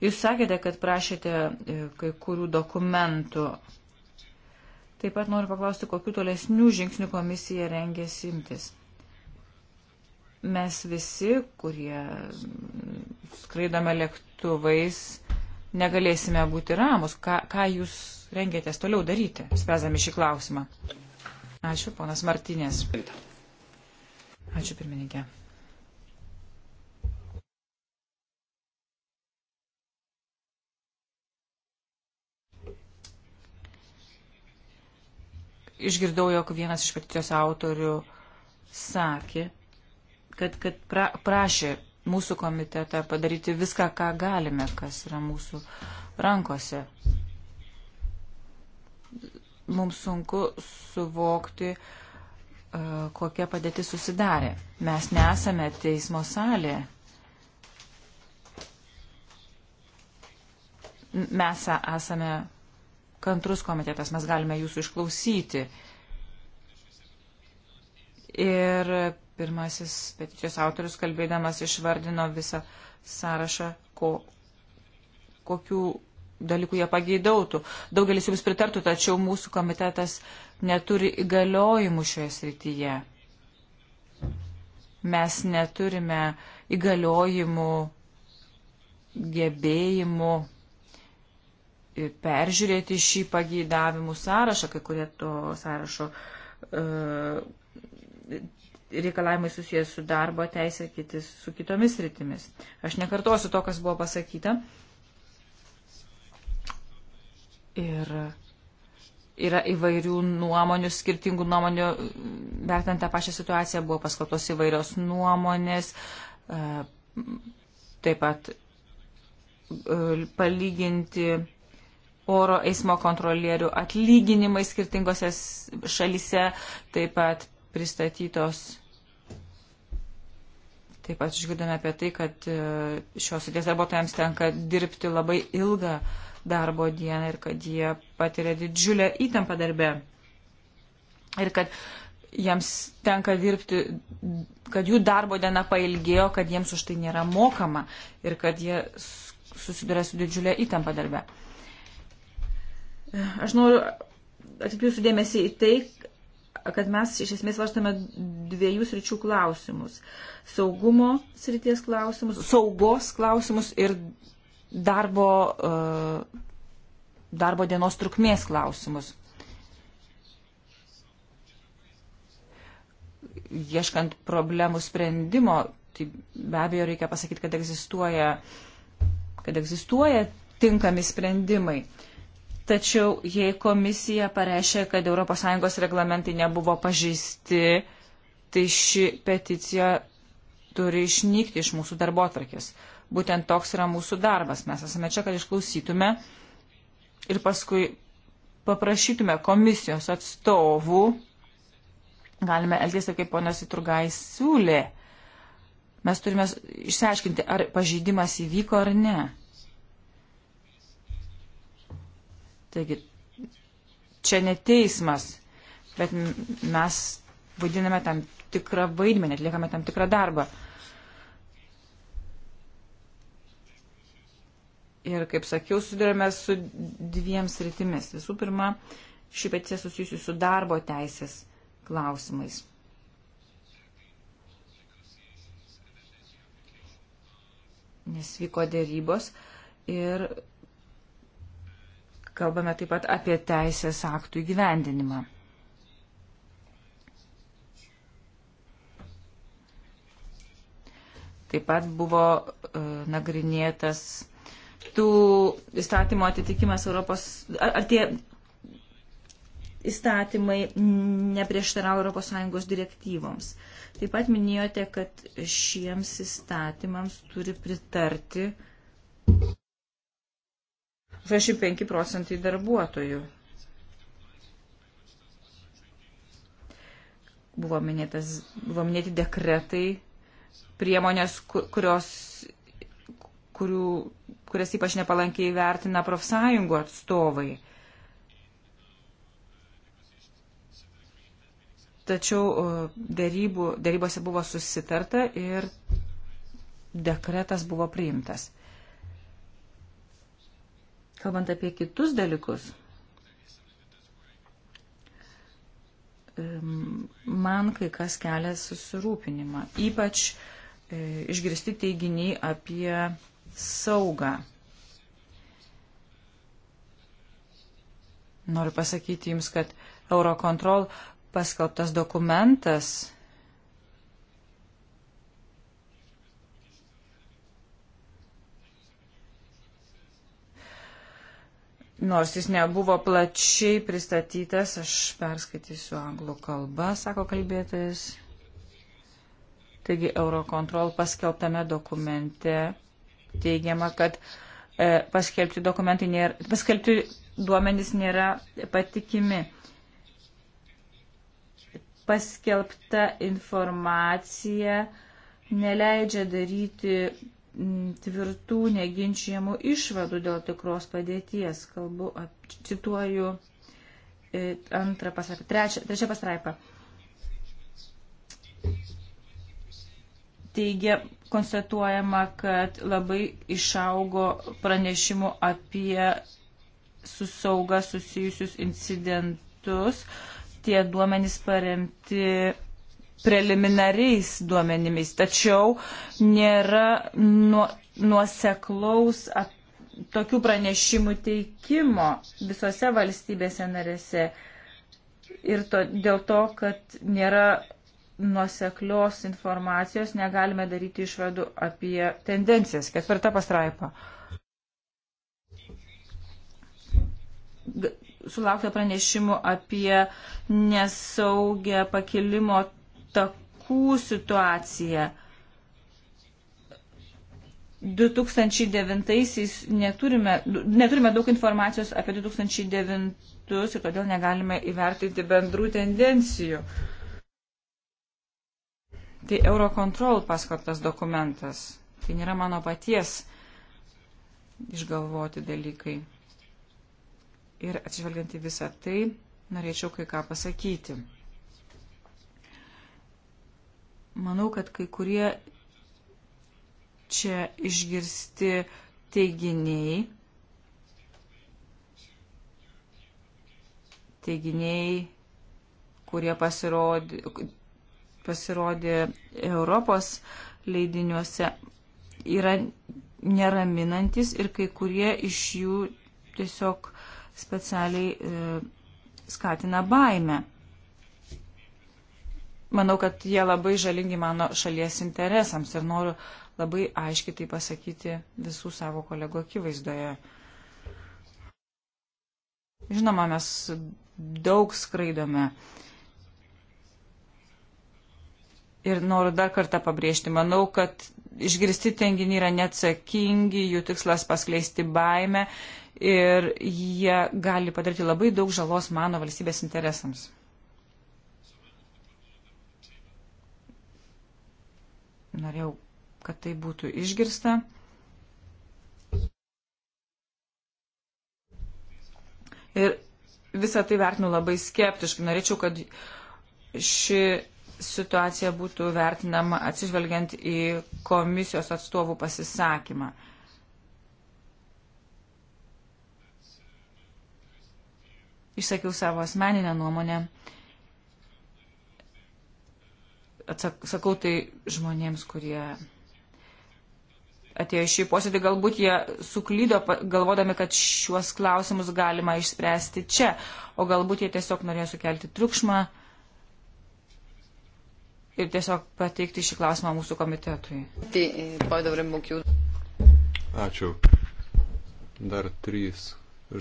Jūs sakėte, kad prašėte e, kai kurių dokumentų. Taip pat noriu paklausti, kokiu tolesnių žingsnių komisija rengėsi imtis. Mes visi, kurie skraidome lėktuvais, negalėsime būti ramus. Ką, ką jūs rengėtės toliau daryti, spręsdami šį klausimą? Ačiū, ponas Martinės. Ačiū, pirmininkė. Išgirdau, jog vienas iš peticijos autorių sakė, kad, kad pra, prašė mūsų komitetą padaryti viską, ką galime, kas yra mūsų rankose mums sunku suvokti, e, kokia padėtis susidarė. Mes nesame teismo salė. Mes esame kantrus komitetas, mes galime jūsų išklausyti. Ir pirmasis peticijos autorius, kalbėdamas, išvardino visą sąrašą, ko, kokių dalykų jie pageidautų. Daugelis jums pritartų, tačiau mūsų komitetas neturi įgaliojimų šioje srityje. Mes neturime įgaliojimų, gebėjimų peržiūrėti šį pageidavimų sąrašą, kai kurie to sąrašo e, reikalavimai susijęs su darbo teisė, kiti su kitomis rytimis. Aš nekartosiu to, kas buvo pasakyta. E, Ir yra įvairių nuomonių, skirtingų nuomonių, vertinant tą pačią situaciją, buvo paskaltos įvairios nuomonės, e, taip pat e, palyginti oro eismo kontrolierių atlyginimai skirtingose šalise, taip pat pristatytos. Taip pat išgirdome apie tai, kad e, šios sėdės darbuotojams tenka dirbti labai ilgą uh, darbo dieną ir kad jie patiria didžiulę įtampą darbe. Ir kad jiems tenka dirbti, kad jų darbo diena pailgėjo, kad jiems už tai nėra mokama ir kad jie susiduria su didžiulė įtampa darbe. Aš noriu atkreipti jūsų dėmesį į tai, kad mes iš esmės varstame dviejų sričių klausimus. Saugumo srities klausimus, saugos klausimus ir darbo, e, darbo dienos trukmės klausimus. Ieškant problemų sprendimo, tai be abejo reikia pasakyti, kad egzistuoja, kad egzistuoja tinkami sprendimai. Tačiau jei komisija pareiškia, kad ES reglamentai nebuvo pažįsti, tai ši peticija turi išnykti iš mūsų darbo atvarkės. Būtent toks yra mūsų darbas. Mes esame čia, kad išklausytume ir paskui paprašytume komisijos atstovų, galime elgtis taip, kaip ponas Iturgai siūlė. Mes turime išsiaiškinti, ar pažeidimas įvyko ar ne. Taigi, čia ne teismas, bet mes vaidiname tam tikrą vaidmenį, atliekame tam tikrą darbą. Ir, kaip sakiau, sudarėme su dviem sritimis. Visų pirma, ši peticija susijusi su darbo teisės klausimais. Nes vyko dėrybos ir kalbame taip pat apie teisės aktų įgyvendinimą. Taip pat buvo uh, nagrinėtas tų įstatymų atitikimas Europos, ar, ar tie įstatymai neprieštarauja ES direktyvoms. Taip pat minėjote, kad šiems įstatymams turi pritarti 65 procentai darbuotojų. Buvo, minėtas, buvo minėti dekretai, priemonės, kurios kurių, kurias ypač nepalankiai vertina profsąjungų atstovai. Tačiau e, dėrybų, dėrybose buvo susitarta ir dekretas buvo priimtas. Kalbant apie kitus dalykus, e, man kai kas kelia susirūpinimą. Ypač e, išgirsti teiginiai apie saugą. Noriu pasakyti Jums, kad Eurocontrol paskelbtas dokumentas Nors jis nebuvo plačiai pristatytas, aš perskaitysiu anglų kalbą, sako kalbėtojas. Taigi Eurocontrol paskelbtame dokumente teigiama, kad e, paskelbti dokumentai nėra, paskelbti duomenys nėra patikimi. Paskelbta informacija neleidžia daryti tvirtų, neginčiamų išvadų dėl tikros padėties. Kalbu, cituoju e, antrą pasraipą, trečią, trečią pasraipą. teigia, konstatuojama, kad labai išaugo pranešimų apie su sauga susijusius incidentus. Tie duomenys paremti preliminariais duomenimis, tačiau nėra nuo, nuoseklaus ap, tokių pranešimų teikimo visose valstybėse narėse. Ir to, dėl to, kad nėra nuoseklios informacijos negalime daryti išvadų apie tendencijas. Ketvirta pastraipa. Sulaukta pranešimų apie nesaugę pakilimo takų situaciją. 2009-aisiais neturime, neturime daug informacijos apie 2009-us ir todėl negalime įvertinti bendrų tendencijų. Uh, tai Eurocontrol paskartas dokumentas. Tai nėra mano paties išgalvoti dalykai. Ir atsižvelgiant į visą tai, norėčiau kai ką pasakyti. Manau, kad kai kurie čia išgirsti teiginiai, teiginiai, kurie pasirodė, pasirodė Europos leidiniuose, yra neraminantis ir kai kurie iš jų tiesiog specialiai e, skatina baimę. Manau, kad jie labai žalingi mano šalies interesams ir noriu labai aiškiai tai pasakyti visų savo kolegų akivaizdoje. Žinoma, mes daug skraidome. E, Ir noriu dar kartą pabrėžti, manau, kad išgirsti tenginiai yra neatsakingi, jų tikslas paskleisti baimę ir jie gali padaryti labai daug žalos mano valstybės interesams. Norėjau, kad tai būtų išgirsta. Ir visą tai vertinu labai skeptiškai. Norėčiau, kad ši situacija būtų vertinama atsižvelgiant į komisijos atstovų pasisakymą. Išsakiau savo asmeninę nuomonę. Atsakau tai žmonėms, kurie atėjo šį posėdį, galbūt jie suklydo, galvodami, kad šiuos klausimus galima išspręsti čia, o galbūt jie tiesiog norėjo sukelti triukšmą ir tiesiog pateikti šį klausimą mūsų komitetui. Tai, e, Ačiū. Dar trys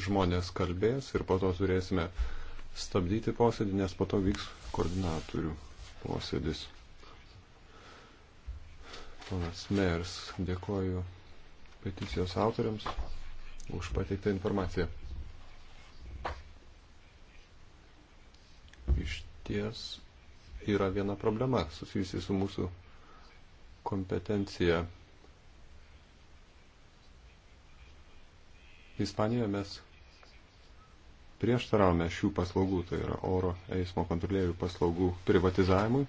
žmonės kalbės ir po to turėsime stabdyti posėdį, nes po to vyks koordinatorių posėdis. Ponas Mers, dėkoju peticijos autoriams už pateiktą informaciją. Iš ties yra viena problema susijusi su mūsų kompetencija. Ispanijoje mes prieštaravome šių paslaugų, tai yra oro eismo kontrolierių paslaugų privatizavimui.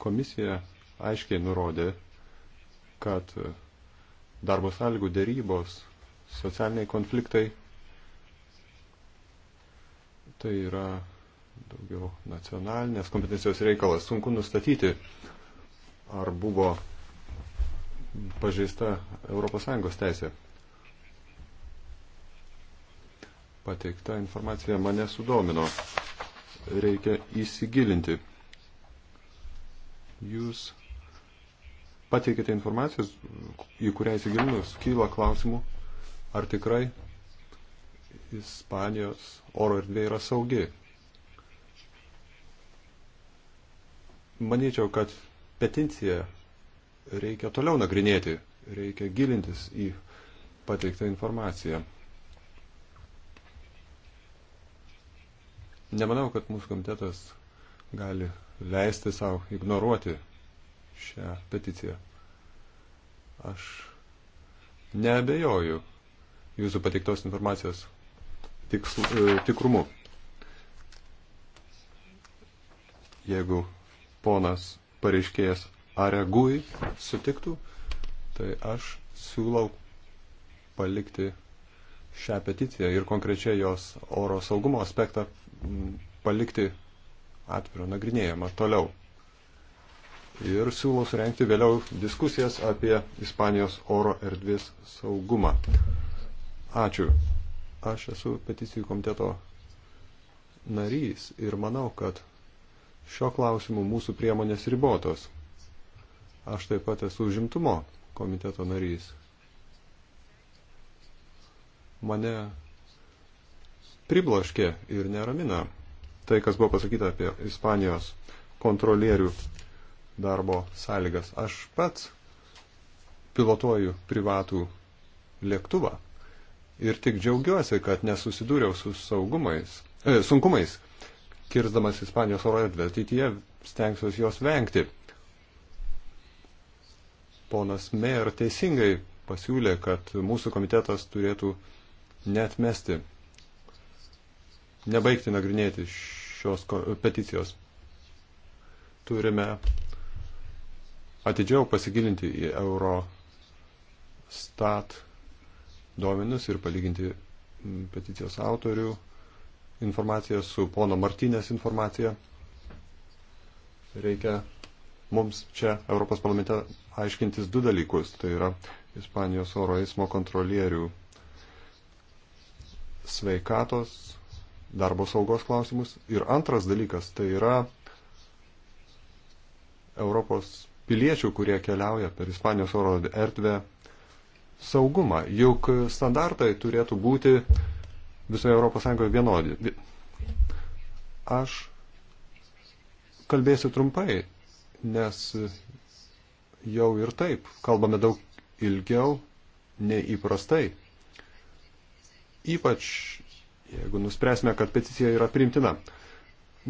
Komisija aiškiai nurodė, kad darbo sąlygų dėrybos, socialiniai konfliktai tai yra daugiau nacionalinės kompetencijos reikalas. Sunku nustatyti, ar buvo pažeista ES teisė. Pateikta informacija mane sudomino. Reikia įsigilinti. Jūs pateikite informacijos, į kurią įsigilinus kyla klausimų, ar tikrai Ispanijos oro erdvė yra saugi. manyčiau, kad peticiją reikia toliau nagrinėti, reikia gilintis į pateiktą informaciją. Nemanau, kad mūsų komitetas gali leisti savo ignoruoti šią peticiją. Aš neabejoju jūsų pateiktos informacijos tikslu, e, tikrumu. Jeigu ponas pareiškėjas Aregui sutiktų, tai aš siūlau palikti šią peticiją ir konkrečiai jos oro saugumo aspektą palikti atviro nagrinėjimą toliau. Ir siūlau surenkti vėliau diskusijas apie Ispanijos oro erdvės saugumą. Ačiū. Aš esu peticijų komiteto narys ir manau, kad Šio klausimu mūsų priemonės ribotos. Aš taip pat esu užimtumo komiteto narys. Mane pribloškė ir neramina tai, kas buvo pasakyta apie Ispanijos kontrolierių darbo sąlygas. Aš pats pilotuoju privatų lėktuvą ir tik džiaugiuosi, kad nesusidūriau su saugumais, e, sunkumais kirzdamas Ispanijos oro erdvę ateityje stengsiuosi jos vengti. Ponas Meir teisingai pasiūlė, kad mūsų komitetas turėtų netmesti, nebaigti nagrinėti šios peticijos. Turime atidžiau pasigilinti į Eurostat duomenus ir palyginti peticijos autorių informacija, su pono Martinės informacija. Reikia mums čia Europos parlamente aiškintis du dalykus. Tai yra Ispanijos oro eismo kontrolierių sveikatos, darbo saugos klausimus. Ir antras dalykas tai yra Europos piliečių, kurie keliauja per Ispanijos oro erdvę saugumą. Juk standartai turėtų būti visoje ES vienodi. Aš kalbėsiu trumpai, nes jau ir taip kalbame daug ilgiau nei įprastai. Ypač jeigu nuspręsime, kad peticija yra priimtina.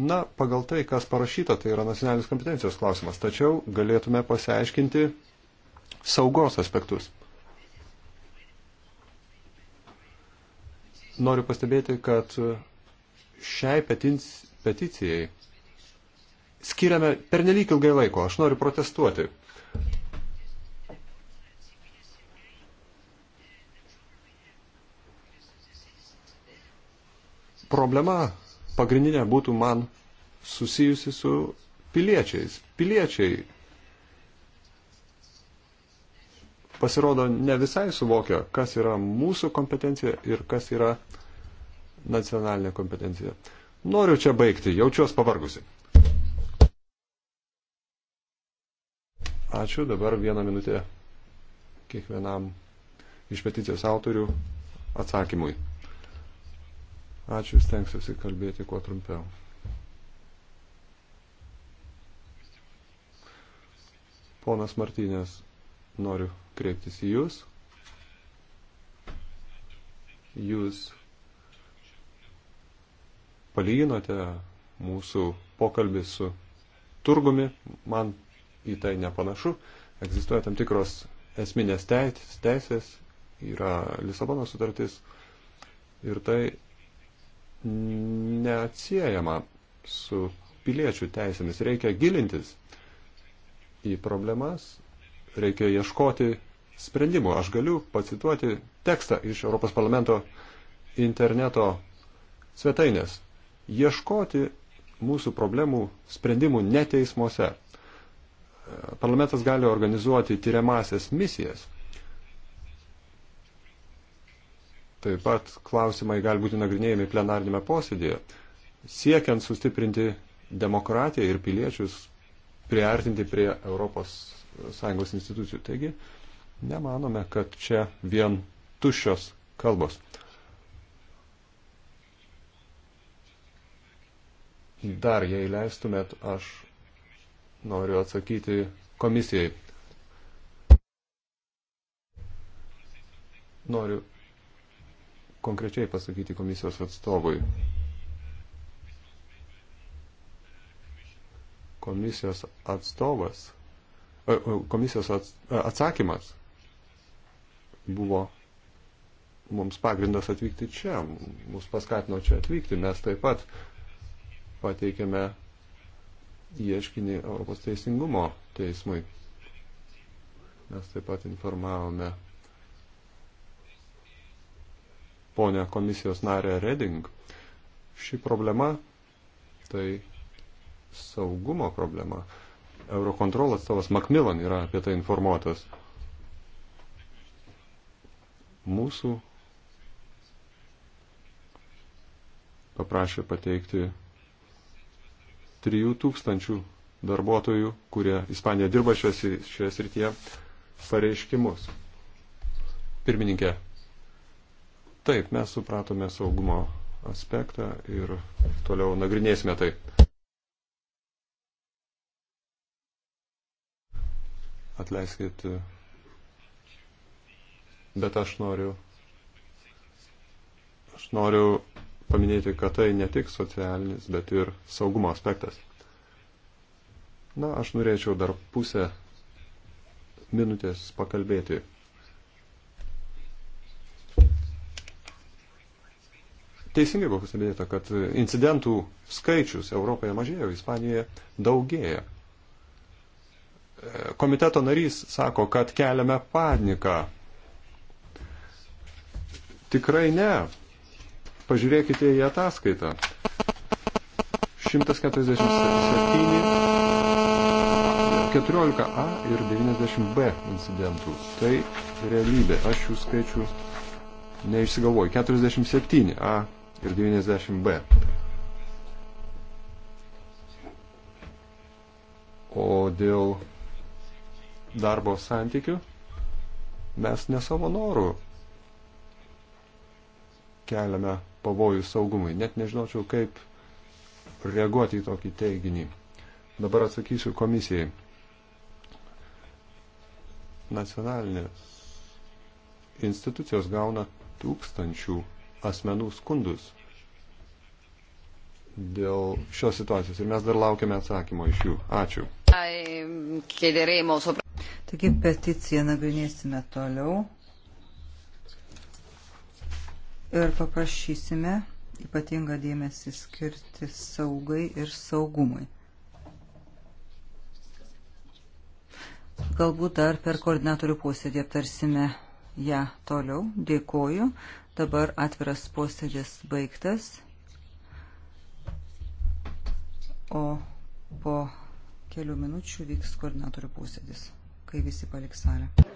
Na, pagal tai, kas parašyta, tai yra nacionalinis kompetencijos klausimas, tačiau galėtume pasiaiškinti saugos aspektus. noriu pastebėti, kad šiai petinc, peticijai skiriame pernelyg ilgai laiko. Aš noriu protestuoti. Problema pagrindinė būtų man susijusi su piliečiais. Piliečiai pasirodo ne visai suvokia, kas yra mūsų kompetencija ir kas yra nacionalinė kompetencija. Noriu čia baigti, jaučiuos pavargusi. Ačiū, dabar vieną minutę kiekvienam iš peticijos autorių atsakymui. Ačiū, stengsiuosi kalbėti kuo trumpiau. Ponas Martynės Noriu kreiptis į Jūs. Jūs palyginote mūsų pokalbį su turgumi, man į tai nepanašu. Egzistuoja tam tikros esminės teisės, yra Lisabono sutartis ir tai neatsiejama su piliečių teisėmis. Reikia gilintis į problemas reikia ieškoti sprendimų. Aš galiu pacituoti tekstą iš Europos parlamento interneto svetainės. Ieškoti mūsų problemų sprendimų ne teismuose. Parlamentas gali organizuoti tyriamasias misijas. Taip pat klausimai gali būti nagrinėjami plenarnėme posėdėje, siekiant sustiprinti demokratiją ir piliečius priartinti prie Europos sąjungos institucijų. Taigi, nemanome, kad čia vien tušios kalbos. Dar, jei leistumėt, aš noriu atsakyti komisijai. Noriu konkrečiai pasakyti komisijos atstovui. Komisijos atstovas komisijos atsakymas buvo mums pagrindas atvykti čia, mus paskatino čia atvykti, mes taip pat pateikėme ieškinį Europos teisingumo teismui. Mes taip pat informavome ponę komisijos narę Reding. Ši problema tai saugumo problema. Eurokontrol atstovas Macmillan yra apie tai informuotas. Mūsų paprašė pateikti 3000 darbuotojų, kurie Ispanijoje dirba šioje, šioje srityje, pareiškimus. Pirmininkė, taip, mes supratome saugumo aspektą ir toliau nagrinėsime tai. atleiskit, bet aš noriu, aš noriu paminėti, kad tai ne tik socialinis, bet ir saugumo aspektas. Na, aš norėčiau dar pusę minutės pakalbėti. Teisingai buvo pastebėta, kad incidentų skaičius Europoje mažėjo, Ispanijoje daugėja komiteto narys sako, kad keliame paniką. Tikrai ne. Pažiūrėkite į ataskaitą. 147, 14a ir 90b incidentų. Tai realybė. Aš jų skaičių neišsigalvoju. 47a ir 90b. O dėl darbo santykių, mes ne savo norų keliame pavojų saugumui. Net nežinočiau, kaip reaguoti į tokį teiginį. Dabar atsakysiu komisijai. Nacionalinės institucijos gauna tūkstančių asmenų skundus dėl šios situacijos ir mes dar laukiame atsakymo iš jų. Ačiū. Taigi peticiją nagrinėsime toliau ir paprašysime ypatingą dėmesį skirti saugai ir saugumui. Galbūt dar per koordinatorių posėdį aptarsime ją ja, toliau. Dėkoju. Dabar atviras posėdis baigtas. O po kelių minučių vyks koordinatorių posėdis kai visi paliks salę.